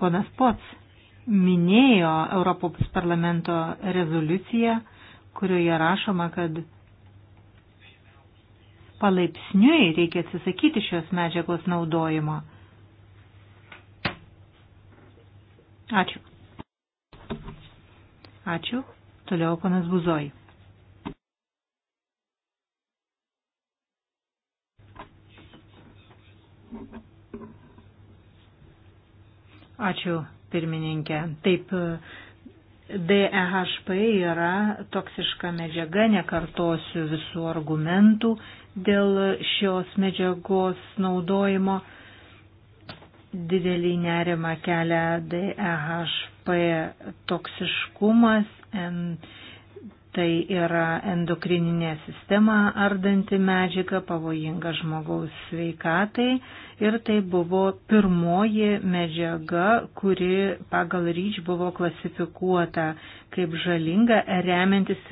Ponas Pots minėjo Europos parlamento rezoliuciją kurioje rašoma, kad palaipsniui reikia atsisakyti šios medžiagos naudojimo. Ačiū. Ačiū. Toliau panas Buzoj. Ačiū, pirmininkė. Taip, DEHP yra toksiška medžiaga, nekartosiu visų argumentų dėl šios medžiagos naudojimo. Didelį nerimą kelia DEHP toksiškumas, N Tai yra endokrininė sistema ardanti medžiaga, pavojinga žmogaus sveikatai ir tai buvo pirmoji medžiaga, kuri pagal ryč buvo klasifikuota kaip žalinga, remiantis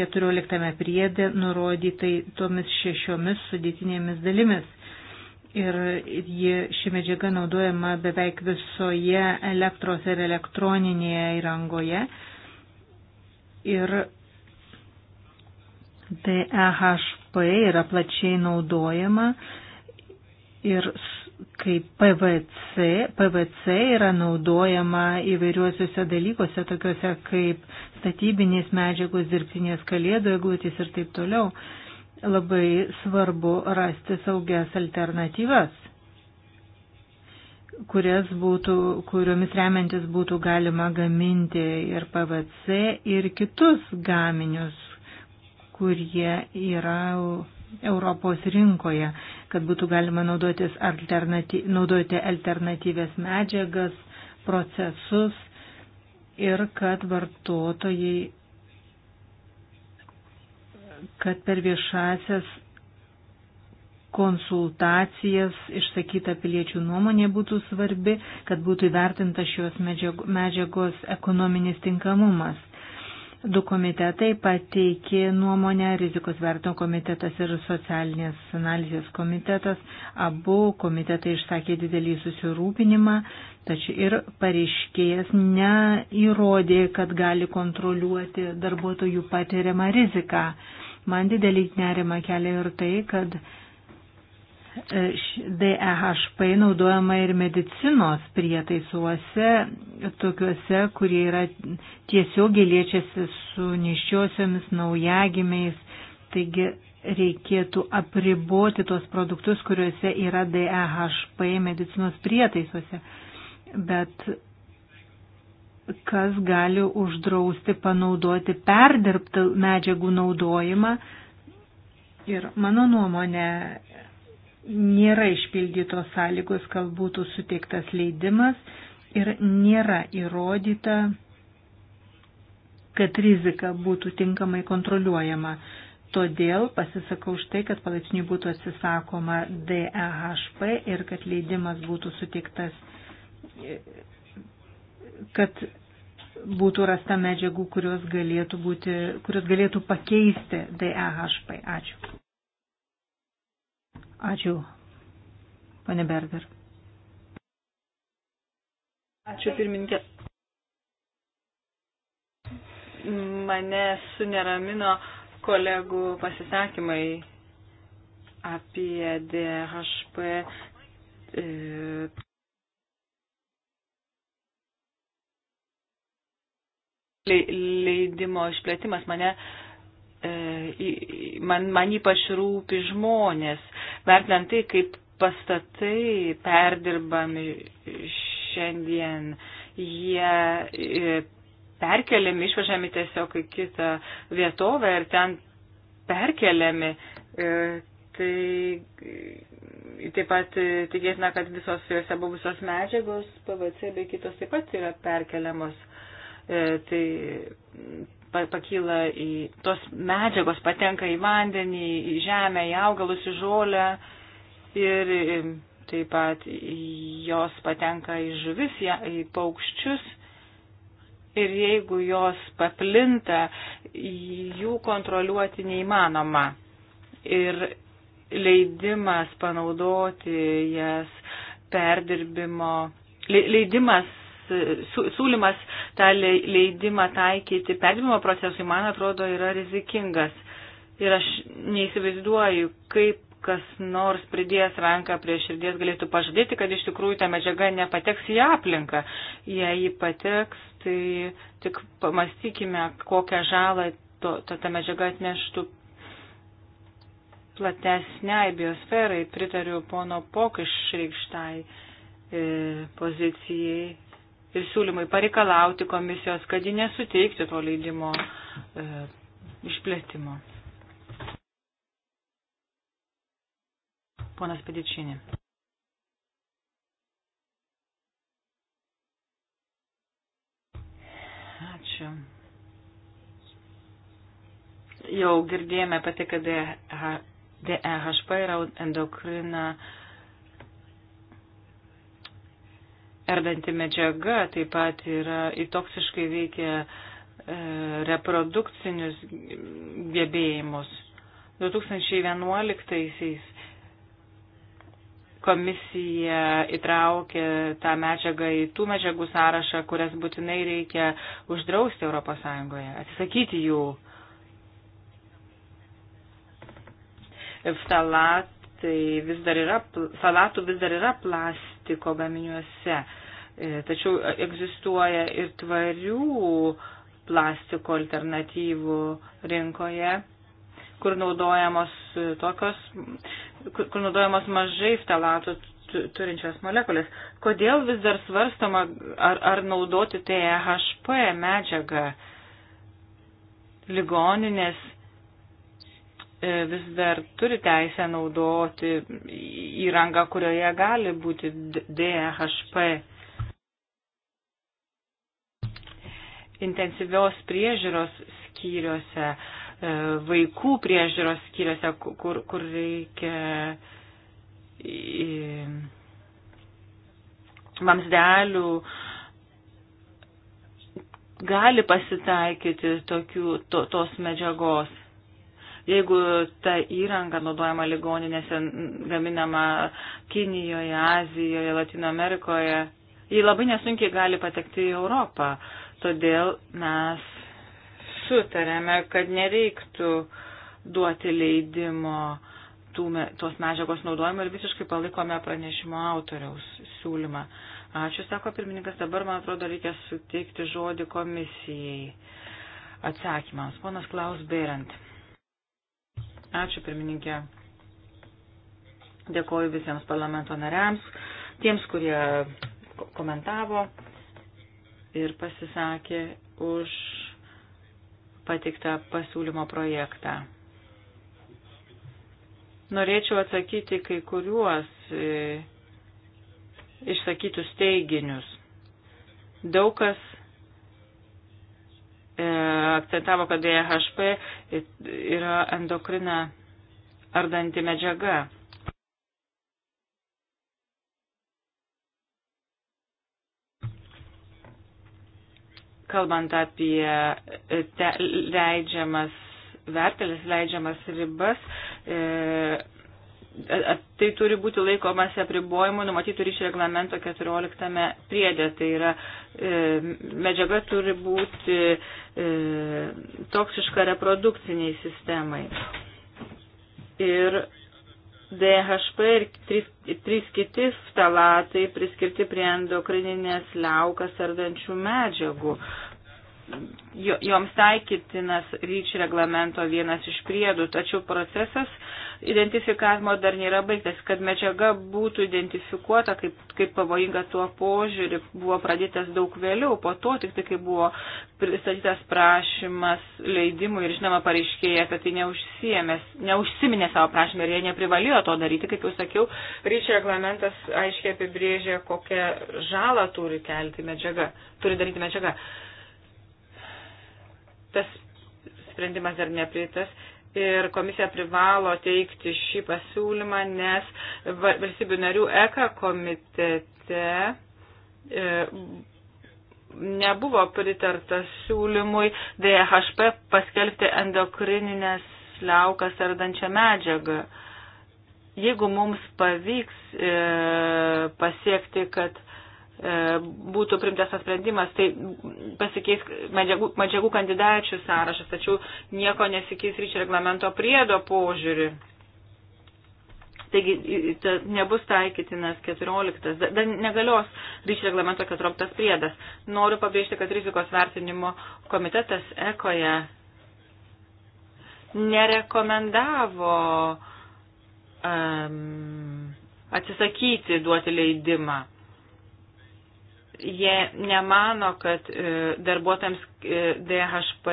14 priedė nurodytai tomis šešiomis sudėtinėmis dalimis. Ir ji, ši medžiaga naudojama beveik visoje elektros ir elektroninėje įrangoje. Ir DEHP yra plačiai naudojama ir kaip PVC, PVC yra naudojama įvairiuosiuose dalykuose, tokiuose kaip statybinės medžiagos, dirbtinės kalėdų eglutės ir taip toliau. Labai svarbu rasti saugias alternatyvas, kurias būtų, kuriomis remiantis būtų galima gaminti ir PVC, ir kitus gaminius kurie yra Europos rinkoje, kad būtų galima naudotis alternaty, naudoti alternatyvės medžiagas, procesus ir kad vartotojai, kad per viešasias konsultacijas išsakyta piliečių nuomonė būtų svarbi, kad būtų įvertinta šios medžiagos ekonominis tinkamumas. Du komitetai pateikė nuomonę, rizikos vertinimo komitetas ir socialinės analizės komitetas. Abu komitetai išsakė didelį susirūpinimą, tačiau ir pareiškėjas neįrodė, kad gali kontroliuoti darbuotojų patiriamą riziką. Man didelį nerimą kelia ir tai, kad E, DEHP naudojama ir medicinos prietaisuose, tokiuose, kurie yra tiesiogiai liečiasi su neščiosiomis naujagimiais. Taigi reikėtų apriboti tos produktus, kuriuose yra DEHP medicinos prietaisuose. Bet kas gali uždrausti panaudoti perdirbtų medžiagų naudojimą? Ir mano nuomonė, nėra išpildytos sąlygos, kad būtų suteiktas leidimas ir nėra įrodyta, kad rizika būtų tinkamai kontroliuojama. Todėl pasisakau už tai, kad palaipsniui būtų atsisakoma DEHP ir kad leidimas būtų suteiktas, kad būtų rasta medžiagų, kurios galėtų, būti, kurios galėtų pakeisti DEHP. Ačiū. Ačiū, pane Berger. Ačiū, pirmininkė. Mane suneramino kolegų pasisakymai apie DHP. E, leidimo išplėtimas mane uh, E, man, man ypač rūpi žmonės, vertinant tai, kaip pastatai perdirbami šiandien, jie e, perkeliami, išvežami tiesiog į kitą vietovę ir ten perkeliami. E, tai taip pat tikėtina, kad visos juose buvusios medžiagos, PVC bei kitos taip pat yra perkeliamos. Tai pakyla į, tos medžiagos patenka į vandenį, į žemę, į augalus, į žolę ir taip pat jos patenka į žuvis, į paukščius. Ir jeigu jos paplinta, jų kontroliuoti neįmanoma. Ir leidimas panaudoti jas perdirbimo, leidimas siūlymas tą leidimą taikyti perdimo procesui, man atrodo, yra rizikingas. Ir aš neįsivaizduoju, kaip kas nors pridėjęs ranką prie širdies galėtų pažadėti, kad iš tikrųjų ta medžiaga nepateks į aplinką. Jei ji pateks, tai tik pamastykime, kokią žalą to, to, ta medžiaga atneštų platesniai biosferai. Pritariu pono pokiš reikštai e, pozicijai ir siūlymai pareikalauti komisijos, kad ji nesuteikti to leidimo e, išplėtimo. Ponas Pedičinė. Ačiū. Jau girdėjome apie tai, kad DEHP yra endokrina erdanti medžiaga taip pat yra toksiškai veikia e, reprodukcinius gebėjimus. 2011-aisiais komisija įtraukė tą medžiagą į tų medžiagų sąrašą, kurias būtinai reikia uždrausti ES, atsisakyti jų. Ftalatai vis dar yra, salatų vis dar yra plas, plastiko gaminiuose. E, tačiau egzistuoja ir tvarių plastiko alternatyvų rinkoje, kur naudojamos, e, tokios, kur naudojamos mažai ftalatų turinčios molekulės. Kodėl vis dar svarstama, ar, ar naudoti THP medžiagą? Ligoninės E, vis dar turi teisę naudoti įrangą, kurioje gali būti DHP. Intensyvios priežiūros skyriuose, e, vaikų priežiūros skyriuose, kur, kur reikia e, vamsdelių, gali pasitaikyti tokių, to, tos medžiagos jeigu ta įranga naudojama ligoninėse, gaminama Kinijoje, Azijoje, Latino Amerikoje, ji labai nesunkiai gali patekti į Europą. Todėl mes sutarėme, kad nereiktų duoti leidimo tų, tos medžiagos naudojimą ir visiškai palaikome pranešimo autoriaus siūlymą. Ačiū, sako pirmininkas, dabar, man atrodo, reikia suteikti žodį komisijai atsakymams. Ponas Klaus Berent. Ačiū pirmininkė. Dėkoju visiems parlamento nariams, tiems, kurie komentavo ir pasisakė už patiktą pasiūlymo projektą. Norėčiau atsakyti kai kuriuos e, išsakytus teiginius. Daug kas E, akcentavo, kad DHP yra endokrina ardanti medžiaga. Kalbant apie te, leidžiamas vertelės, leidžiamas ribas, e, tai turi būti laikomasi apribojimu numatytų ryšio reglamento 14 priedė. Tai yra e, medžiaga turi būti e, toksiška reprodukciniai sistemai. Ir DHP ir trys, trys kiti ftalatai priskirti prie endokrininės liaukas ardančių medžiagų joms taikytinas ryč reglamento vienas iš priedų, tačiau procesas identifikavimo dar nėra baigtas, kad medžiaga būtų identifikuota kaip, kaip pavojinga tuo požiūriu, buvo pradėtas daug vėliau, po to tik tai, kai buvo pristatytas prašymas leidimui ir žinoma pareiškėjai apie tai neužsiminė savo prašymą ir jie neprivalėjo to daryti, kaip jau sakiau, ryč reglamentas aiškiai apibrėžė, kokią žalą turi kelti medžiaga, turi daryti medžiaga tas sprendimas dar neprieitas ir komisija privalo teikti šį pasiūlymą, nes valstybių narių ECA komitete e, nebuvo pritarta siūlymui DHP paskelbti endokrininės liaukas ardančią medžiagą. Jeigu mums pavyks e, pasiekti, kad e, E, būtų primtas tas sprendimas, tai pasikeis medžiagų, medžiagų kandidačių sąrašas, tačiau nieko nesikeis ryčio reglamento priedo požiūrį. Taigi ta, nebus taikytinas 14, dar negalios ryšio reglamento 14 priedas. Noriu pabrėžti, kad rizikos vertinimo komitetas ekoje nerekomendavo um, atsisakyti duoti leidimą jie nemano, kad e, darbuotojams e, DHP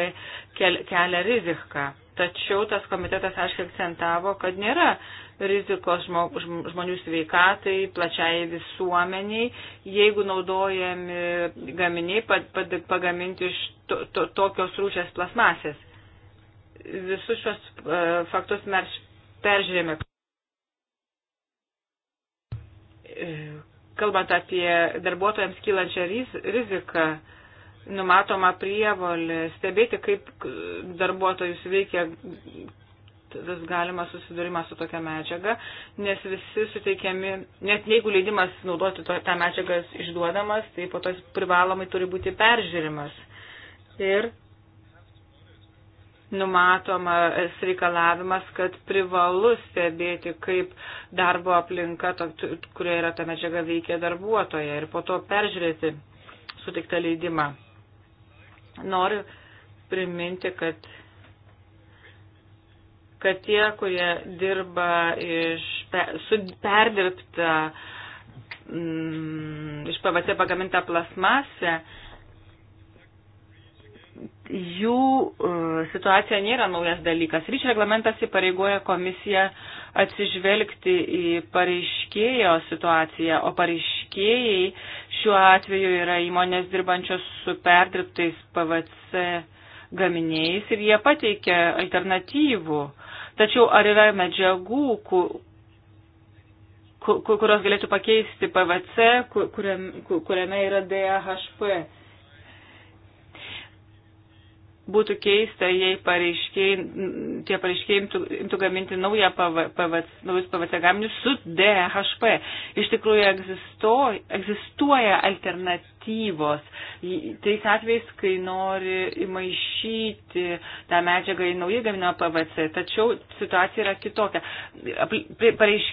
kelia riziką. Tačiau tas komitetas aiškiai akcentavo, kad nėra rizikos žmonių sveikatai, plačiai visuomeniai, jeigu naudojami gaminiai pagaminti iš to, to, tokios rūšės plasmasės. Visus šios uh, faktus mes peržiūrėjome kalbant apie darbuotojams kylančią riziką, numatoma prievolė stebėti, kaip darbuotojus veikia tas galimas susidūrimas su tokia medžiaga, nes visi suteikiami, net jeigu leidimas naudoti to, tą medžiagą išduodamas, tai po to privalomai turi būti peržiūrimas. Ir numatomas reikalavimas, kad privalu stebėti, kaip darbo aplinka, kurioje yra ta medžiaga veikia darbuotoja ir po to peržiūrėti sutiktą leidimą. Noriu priminti, kad, kad tie, kurie dirba iš, su perdirbta, mm, iš PVC pagamintą plasmasę, jų e, situacija nėra naujas dalykas. Ryčio reglamentas įpareigoja komisiją atsižvelgti į pareiškėjo situaciją, o pareiškėjai šiuo atveju yra įmonės dirbančios su perdirbtais PVC gaminiais ir jie pateikia alternatyvų. Tačiau ar yra medžiagų, ku, ku, kurios galėtų pakeisti PVC, kuriame, kuriame yra DHP? būtų keista, jei pareiškiai, tie pareiškiai imtų, imtų gaminti naują PVC, naujus PVC gaminius su DHP. Iš tikrųjų egzisto, egzistuoja alternatyvos. Tais atvejais, kai nori įmaišyti tą medžiagą į naujai gaminamą PVC, tačiau situacija yra kitokia.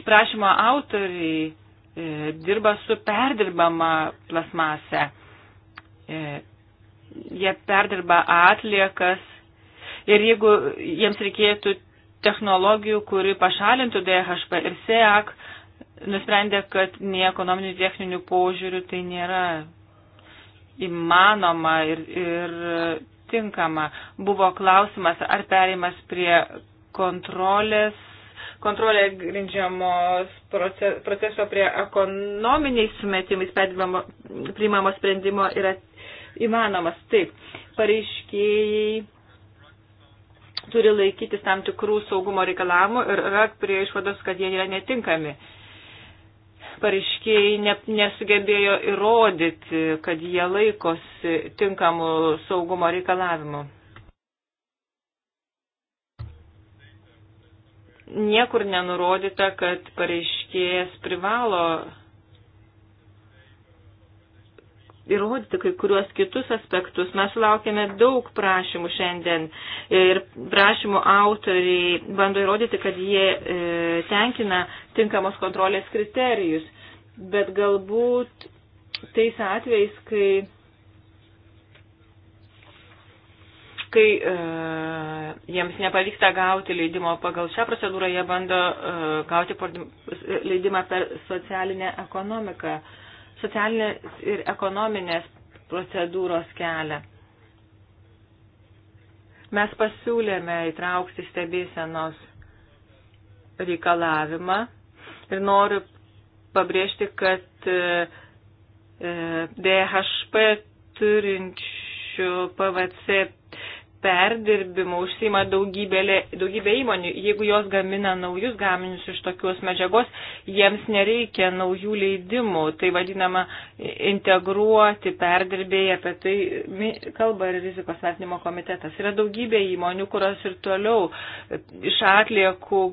Prašymo autoriai e, dirba su perdirbama plasmase e, jie perdirba atliekas ir jeigu jiems reikėtų technologijų, kuri pašalintų DHP ir SEAC, nusprendė, kad nei ekonominių techninių požiūrių tai nėra įmanoma ir, ir tinkama. Buvo klausimas, ar perimas prie kontrolės kontrolė grindžiamos proceso prie ekonominiais sumetimais priimamo sprendimo yra įmanomas. Taip, pareiškėjai turi laikytis tam tikrų saugumo reikalavimų ir yra prie išvados, kad jie yra netinkami. Pareiškėjai ne, nesugebėjo įrodyti, kad jie laikosi tinkamų saugumo reikalavimų. Niekur nenurodyta, kad pareiškėjas privalo įrodyti kai kuriuos kitus aspektus. Mes sulaukėme daug prašymų šiandien ir prašymų autoriai bando įrodyti, kad jie e, tenkina tinkamos kontrolės kriterijus. Bet galbūt tais atvejais, kai, kai e, jiems nepavyksta gauti leidimo pagal šią procedūrą, jie bando e, gauti leidimą per socialinę ekonomiką. E, socialinės ir ekonominės procedūros kelią. Mes pasiūlėme įtraukti stebėsenos reikalavimą ir noriu pabrėžti, kad e, e, DHP turinčių PVC perdirbimu užsima daugybė, daugybė įmonių. Jeigu jos gamina naujus gaminius iš tokios medžiagos, jiems nereikia naujų leidimų. Tai vadinama integruoti perdirbėjai, apie tai kalba ir rizikos vertinimo komitetas. Yra daugybė įmonių, kurios ir toliau iš atliekų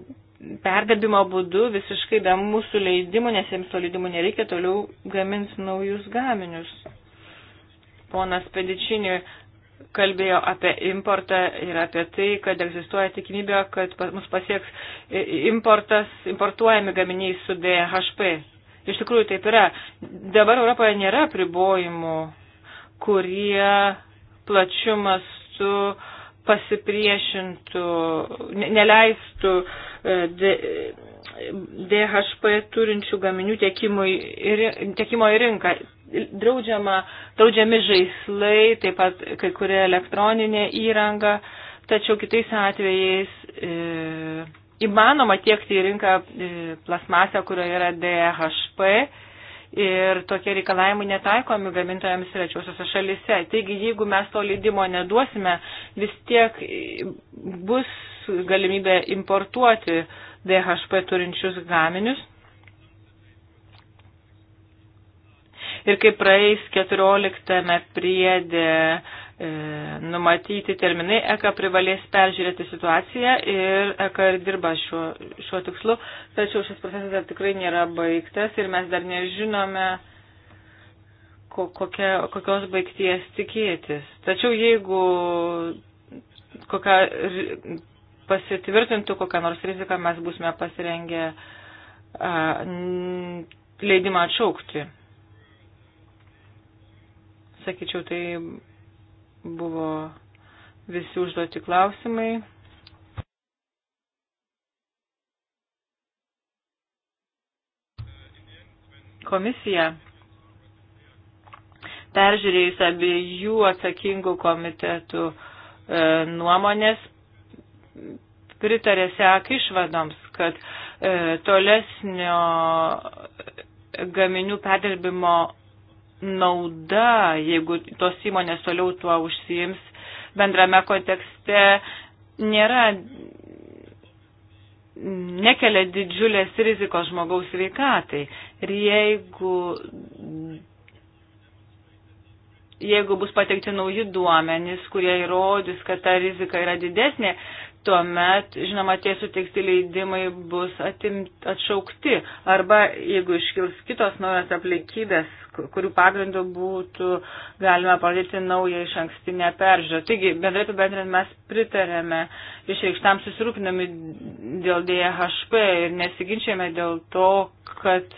perdirbimo būdu visiškai be mūsų leidimų, nes jiems to leidimų nereikia, toliau gamins naujus gaminius. Ponas Pedičiniui kalbėjo apie importą ir apie tai, kad egzistuoja tikimybė, kad mus pasieks importas, importuojami gaminiai su DHP. Iš tikrųjų taip yra. Dabar Europoje nėra pribojimų, kurie plačiu mastu pasipriešintų, neleistų e, DHP e, turinčių gaminių tiekimo į rinką draudžiama, draudžiami žaislai, taip pat kai kuria elektroninė įranga, tačiau kitais atvejais e, įmanoma tiekti į rinką e, plasmasę, kurioje yra DHP ir tokie reikalavimai netaikomi gamintojams trečiosiuose šalise. Taigi, jeigu mes to leidimo neduosime, vis tiek e, bus galimybė importuoti DHP turinčius gaminius ir kai praeis 14 priedė e, numatyti terminai, ECA privalės peržiūrėti situaciją ir ECA ir dirba šiuo, šiuo tikslu, tačiau šis procesas dar tikrai nėra baigtas ir mes dar nežinome, ko, kokia, kokios baigties tikėtis. Tačiau jeigu kokia, pasitvirtintų kokią nors riziką, mes būsime pasirengę a, leidimą atšaukti. Sakyčiau, tai buvo visi užduoti klausimai. Komisija peržiūrėjus abiejų atsakingų komitetų e, nuomonės pritarė sek išvadoms, kad e, tolesnio gaminių perdirbimo nauda, jeigu tos įmonės toliau tuo užsiims bendrame kontekste, nėra, nekelia didžiulės rizikos žmogaus veikatai. Ir jeigu, jeigu bus pateikti nauji duomenys, kurie įrodys, kad ta rizika yra didesnė, tuomet, žinoma, tie suteikti leidimai bus atimt, atšaukti arba jeigu iškils kitos naujos aplikybės, kurių pagrindų būtų galima pradėti naują iš ankstinę peržiūrą. Taigi, bendrai apibendrinant, mes pritarėme išreikštam susirūpinami dėl DHP ir nesiginčiame dėl to, kad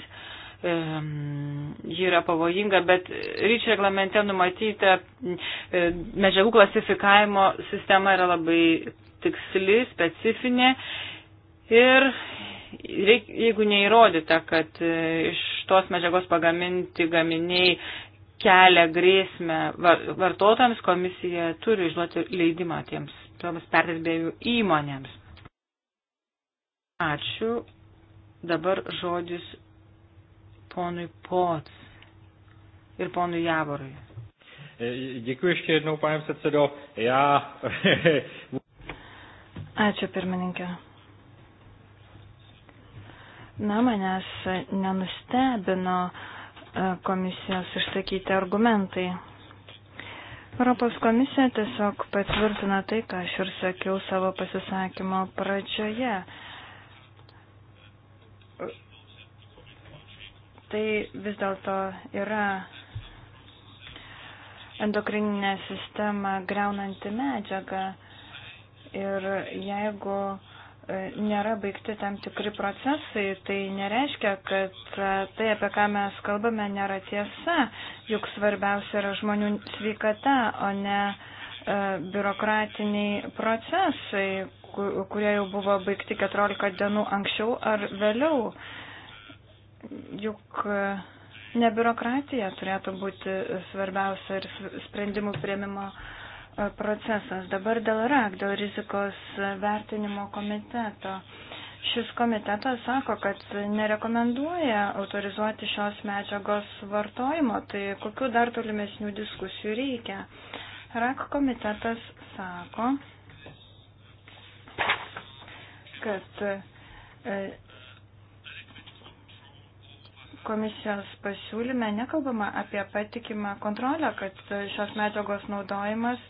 ji yra pavojinga, bet ryčio reglamente numatyta medžiagų klasifikavimo sistema yra labai tiksli, specifinė ir reik, jeigu neįrodyta, kad e, iš tos medžiagos pagaminti gaminiai kelia grėsmę vartotojams, komisija turi išduoti leidimą tiems toms perdirbėjų įmonėms. Ačiū. Dabar žodis ponui Pots ir ponui Javorui. E, děkuji ještě jednou, pane předsedo. Já Ačiū pirmininkė. Na, manęs nenustebino e, komisijos išsakyti argumentai. Europos komisija tiesiog patvirtina tai, ką aš ir sakiau savo pasisakymo pradžioje. Tai vis dėlto yra endokrininę sistemą greunanti medžiaga. Ir jeigu e, nėra baigti tam tikri procesai, tai nereiškia, kad e, tai, apie ką mes kalbame, nėra tiesa. Juk svarbiausia yra žmonių sveikata, o ne e, biurokratiniai procesai, kurie jau buvo baigti 14 dienų anksčiau ar vėliau. Juk ne biurokratija turėtų būti svarbiausia ir sprendimų prieimimo procesas. Dabar dėl RAK, dėl rizikos vertinimo komiteto. Šis komitetas sako, kad nerekomenduoja autorizuoti šios medžiagos vartojimo, tai kokiu dar tolimesnių diskusijų reikia. RAK komitetas sako, kad e, Komisijos pasiūlyme nekalbama apie patikimą kontrolę, kad šios medžiagos naudojimas,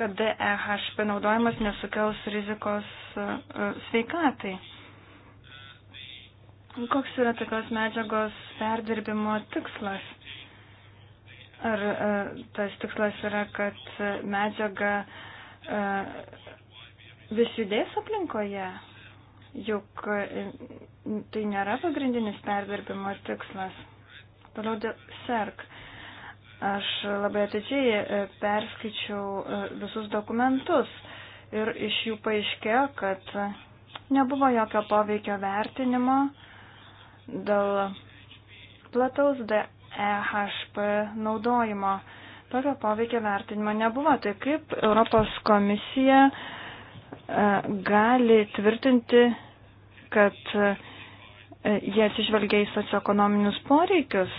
kad DEHP naudojimas nesukels rizikos e, sveikatai. Koks yra tokios medžiagos perdirbimo tikslas? Ar e, tas tikslas yra, kad medžiaga e, vis judės aplinkoje? Juk tai nėra pagrindinis perdirbimo tikslas. Toliau dėl SERK. Aš labai atidžiai e, perskaičiau e, visus dokumentus ir iš jų paaiškėjo, kad nebuvo jokio poveikio vertinimo dėl plataus DEHP naudojimo. Tokio poveikio vertinimo nebuvo. Tai kaip Europos komisija e, gali tvirtinti, kad E, jie atsižvelgia į socioekonominius poreikius.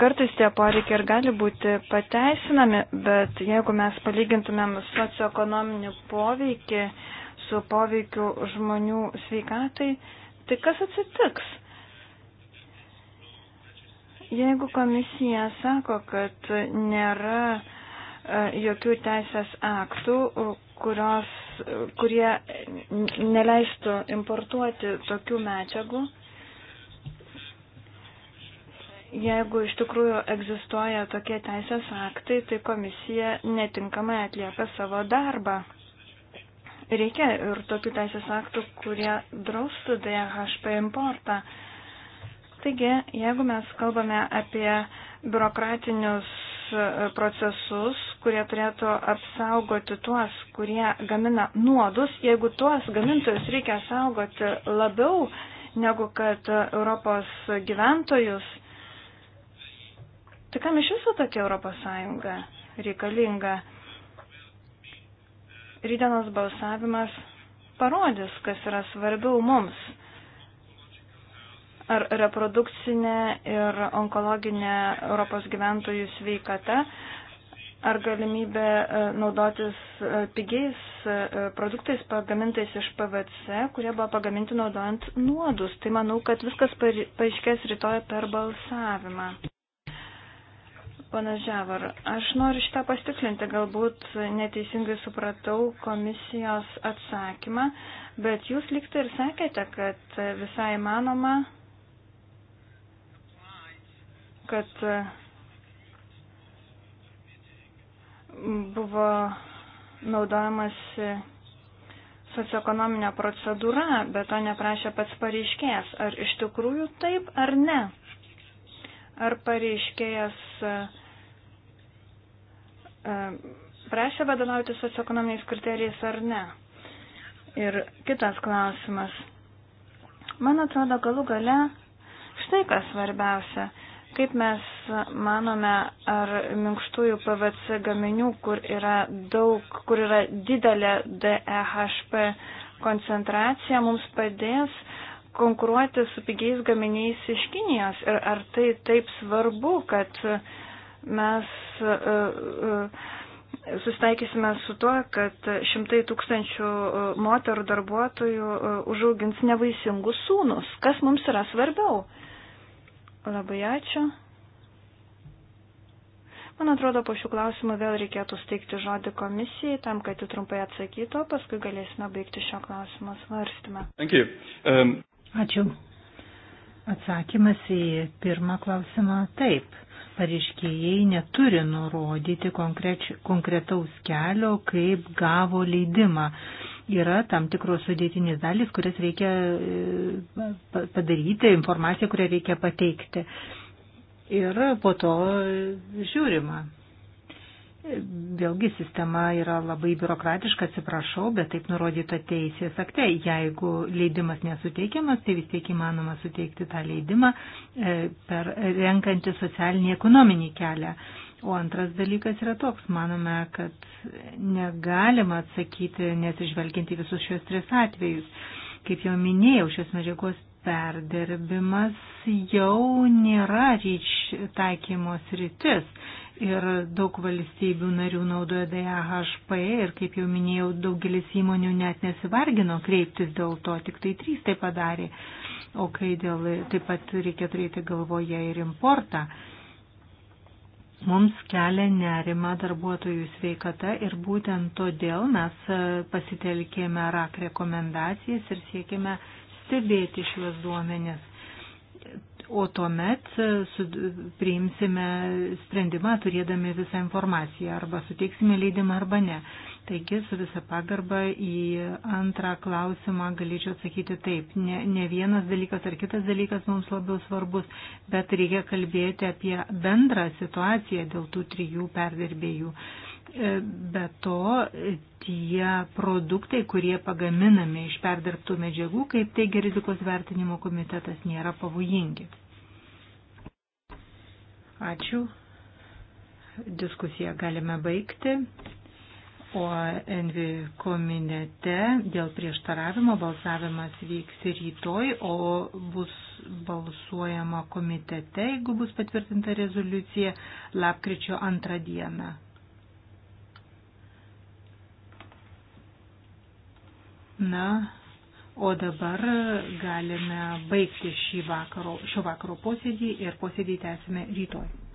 Kartais tie poreikiai ir gali būti pateisinami, bet jeigu mes palygintumėm socioekonominį poveikį su poveikiu žmonių sveikatai, tai kas atsitiks? Jeigu komisija sako, kad nėra E, jokių teisės aktų, e, kurios, e, kurie neleistų importuoti tokių medžiagų. Jeigu iš tikrųjų egzistuoja tokie teisės aktai, tai komisija netinkamai atlieka savo darbą. Reikia ir tokių teisės aktų, kurie draustų DHP importą. Taigi, jeigu mes kalbame apie biurokratinius procesus, kurie turėtų apsaugoti tuos, kurie gamina nuodus, jeigu tuos gamintojus reikia saugoti labiau negu kad Europos gyventojus, tai kam iš viso tokia Europos Sąjunga reikalinga? Rydienos balsavimas parodys, kas yra svarbiau mums. Ar reprodukcinė ir onkologinė Europos gyventojų sveikata, ar galimybė e, naudotis e, pigiais e, produktais pagamintais iš PVC, kurie buvo pagaminti naudojant nuodus. Tai manau, kad viskas paaiškės rytoj per balsavimą. Pana Žiavar, aš noriu šitą pastiklinti, galbūt neteisingai supratau komisijos atsakymą, bet jūs liktai ir sakėte, kad visai manoma, kad buvo naudojamas socioekonominė procedūra, bet to neprašė pats pareiškėjas. Ar iš tikrųjų taip, ar ne? Ar pareiškėjas e, prašė vadovauti socioekonominiais kriterijais ar ne? Ir kitas klausimas. Man atrodo, galų gale, štai kas svarbiausia. Kaip mes manome, ar minkštųjų PVC gaminių, kur yra daug, kur yra didelė DEHP koncentracija, mums padės konkuruoti su pigiais gaminiais iš Kinijos ir ar tai taip svarbu, kad mes e, e, susitaikysime su tuo, kad šimtai tūkstančių e, moterų darbuotojų užaugins nevaisingus sūnus. Kas mums yra svarbiau? Labai ačiū. Man atrodo, po šių klausimų vėl reikėtų steigti žodį komisijai, tam, kad jį trumpai atsakytų, paskui galėsime baigti šio klausimo svarstymą. Um... Ačiū. Atsakymas į pirmą klausimą - taip. Pareiškėjai neturi nurodyti konkretaus kelio, kaip gavo leidimą yra tam tikros sudėtinės dalys, kurias reikia e, padaryti, informaciją, kurią reikia pateikti. Ir po to žiūrima. Vėlgi sistema yra labai biurokratiška, atsiprašau, bet taip nurodyta teisės akte. Jeigu leidimas nesuteikiamas, tai vis tiek įmanoma suteikti tą leidimą e, per renkantį socialinį ekonominį kelią. O antras dalykas yra toks, manome, kad negalima atsakyti, nesižvelginti visus šios tris atvejus. Kaip jau minėjau, šios medžiagos perdirbimas jau nėra ryč taikymos rytis ir daug valstybių narių naudoja DAHP ir, kaip jau minėjau, daugelis įmonių net nesivargino kreiptis dėl to, tik tai trys tai padarė. O kai dėl, taip pat reikia turėti galvoje ir importą. Mums kelia nerima darbuotojų sveikata ir būtent todėl mes e, pasitelkėme RAK rekomendacijas ir siekėme stebėti šiuos duomenis. O tuomet e, priimsime sprendimą turėdami visą informaciją arba suteiksime leidimą arba ne. Taigi, su visa pagarba į antrą klausimą galėčiau atsakyti taip. Ne, ne vienas dalykas ar kitas dalykas mums labiau svarbus, bet reikia kalbėti apie bendrą situaciją dėl tų trijų perdirbėjų. E, be to, tie produktai, kurie pagaminami iš perdirbtų medžiagų, kaip teigia rizikos vertinimo komitetas, nėra pavojingi. Ačiū. Diskusiją galime baigti o NV komitete dėl prieštaravimo balsavimas vyks rytoj, o bus balsuojama komitete, jeigu bus patvirtinta rezoliucija, lapkričio antrą dieną. Na, O dabar galime baigti šį vakaro, šio vakaro posėdį ir posėdį tęsime rytoj.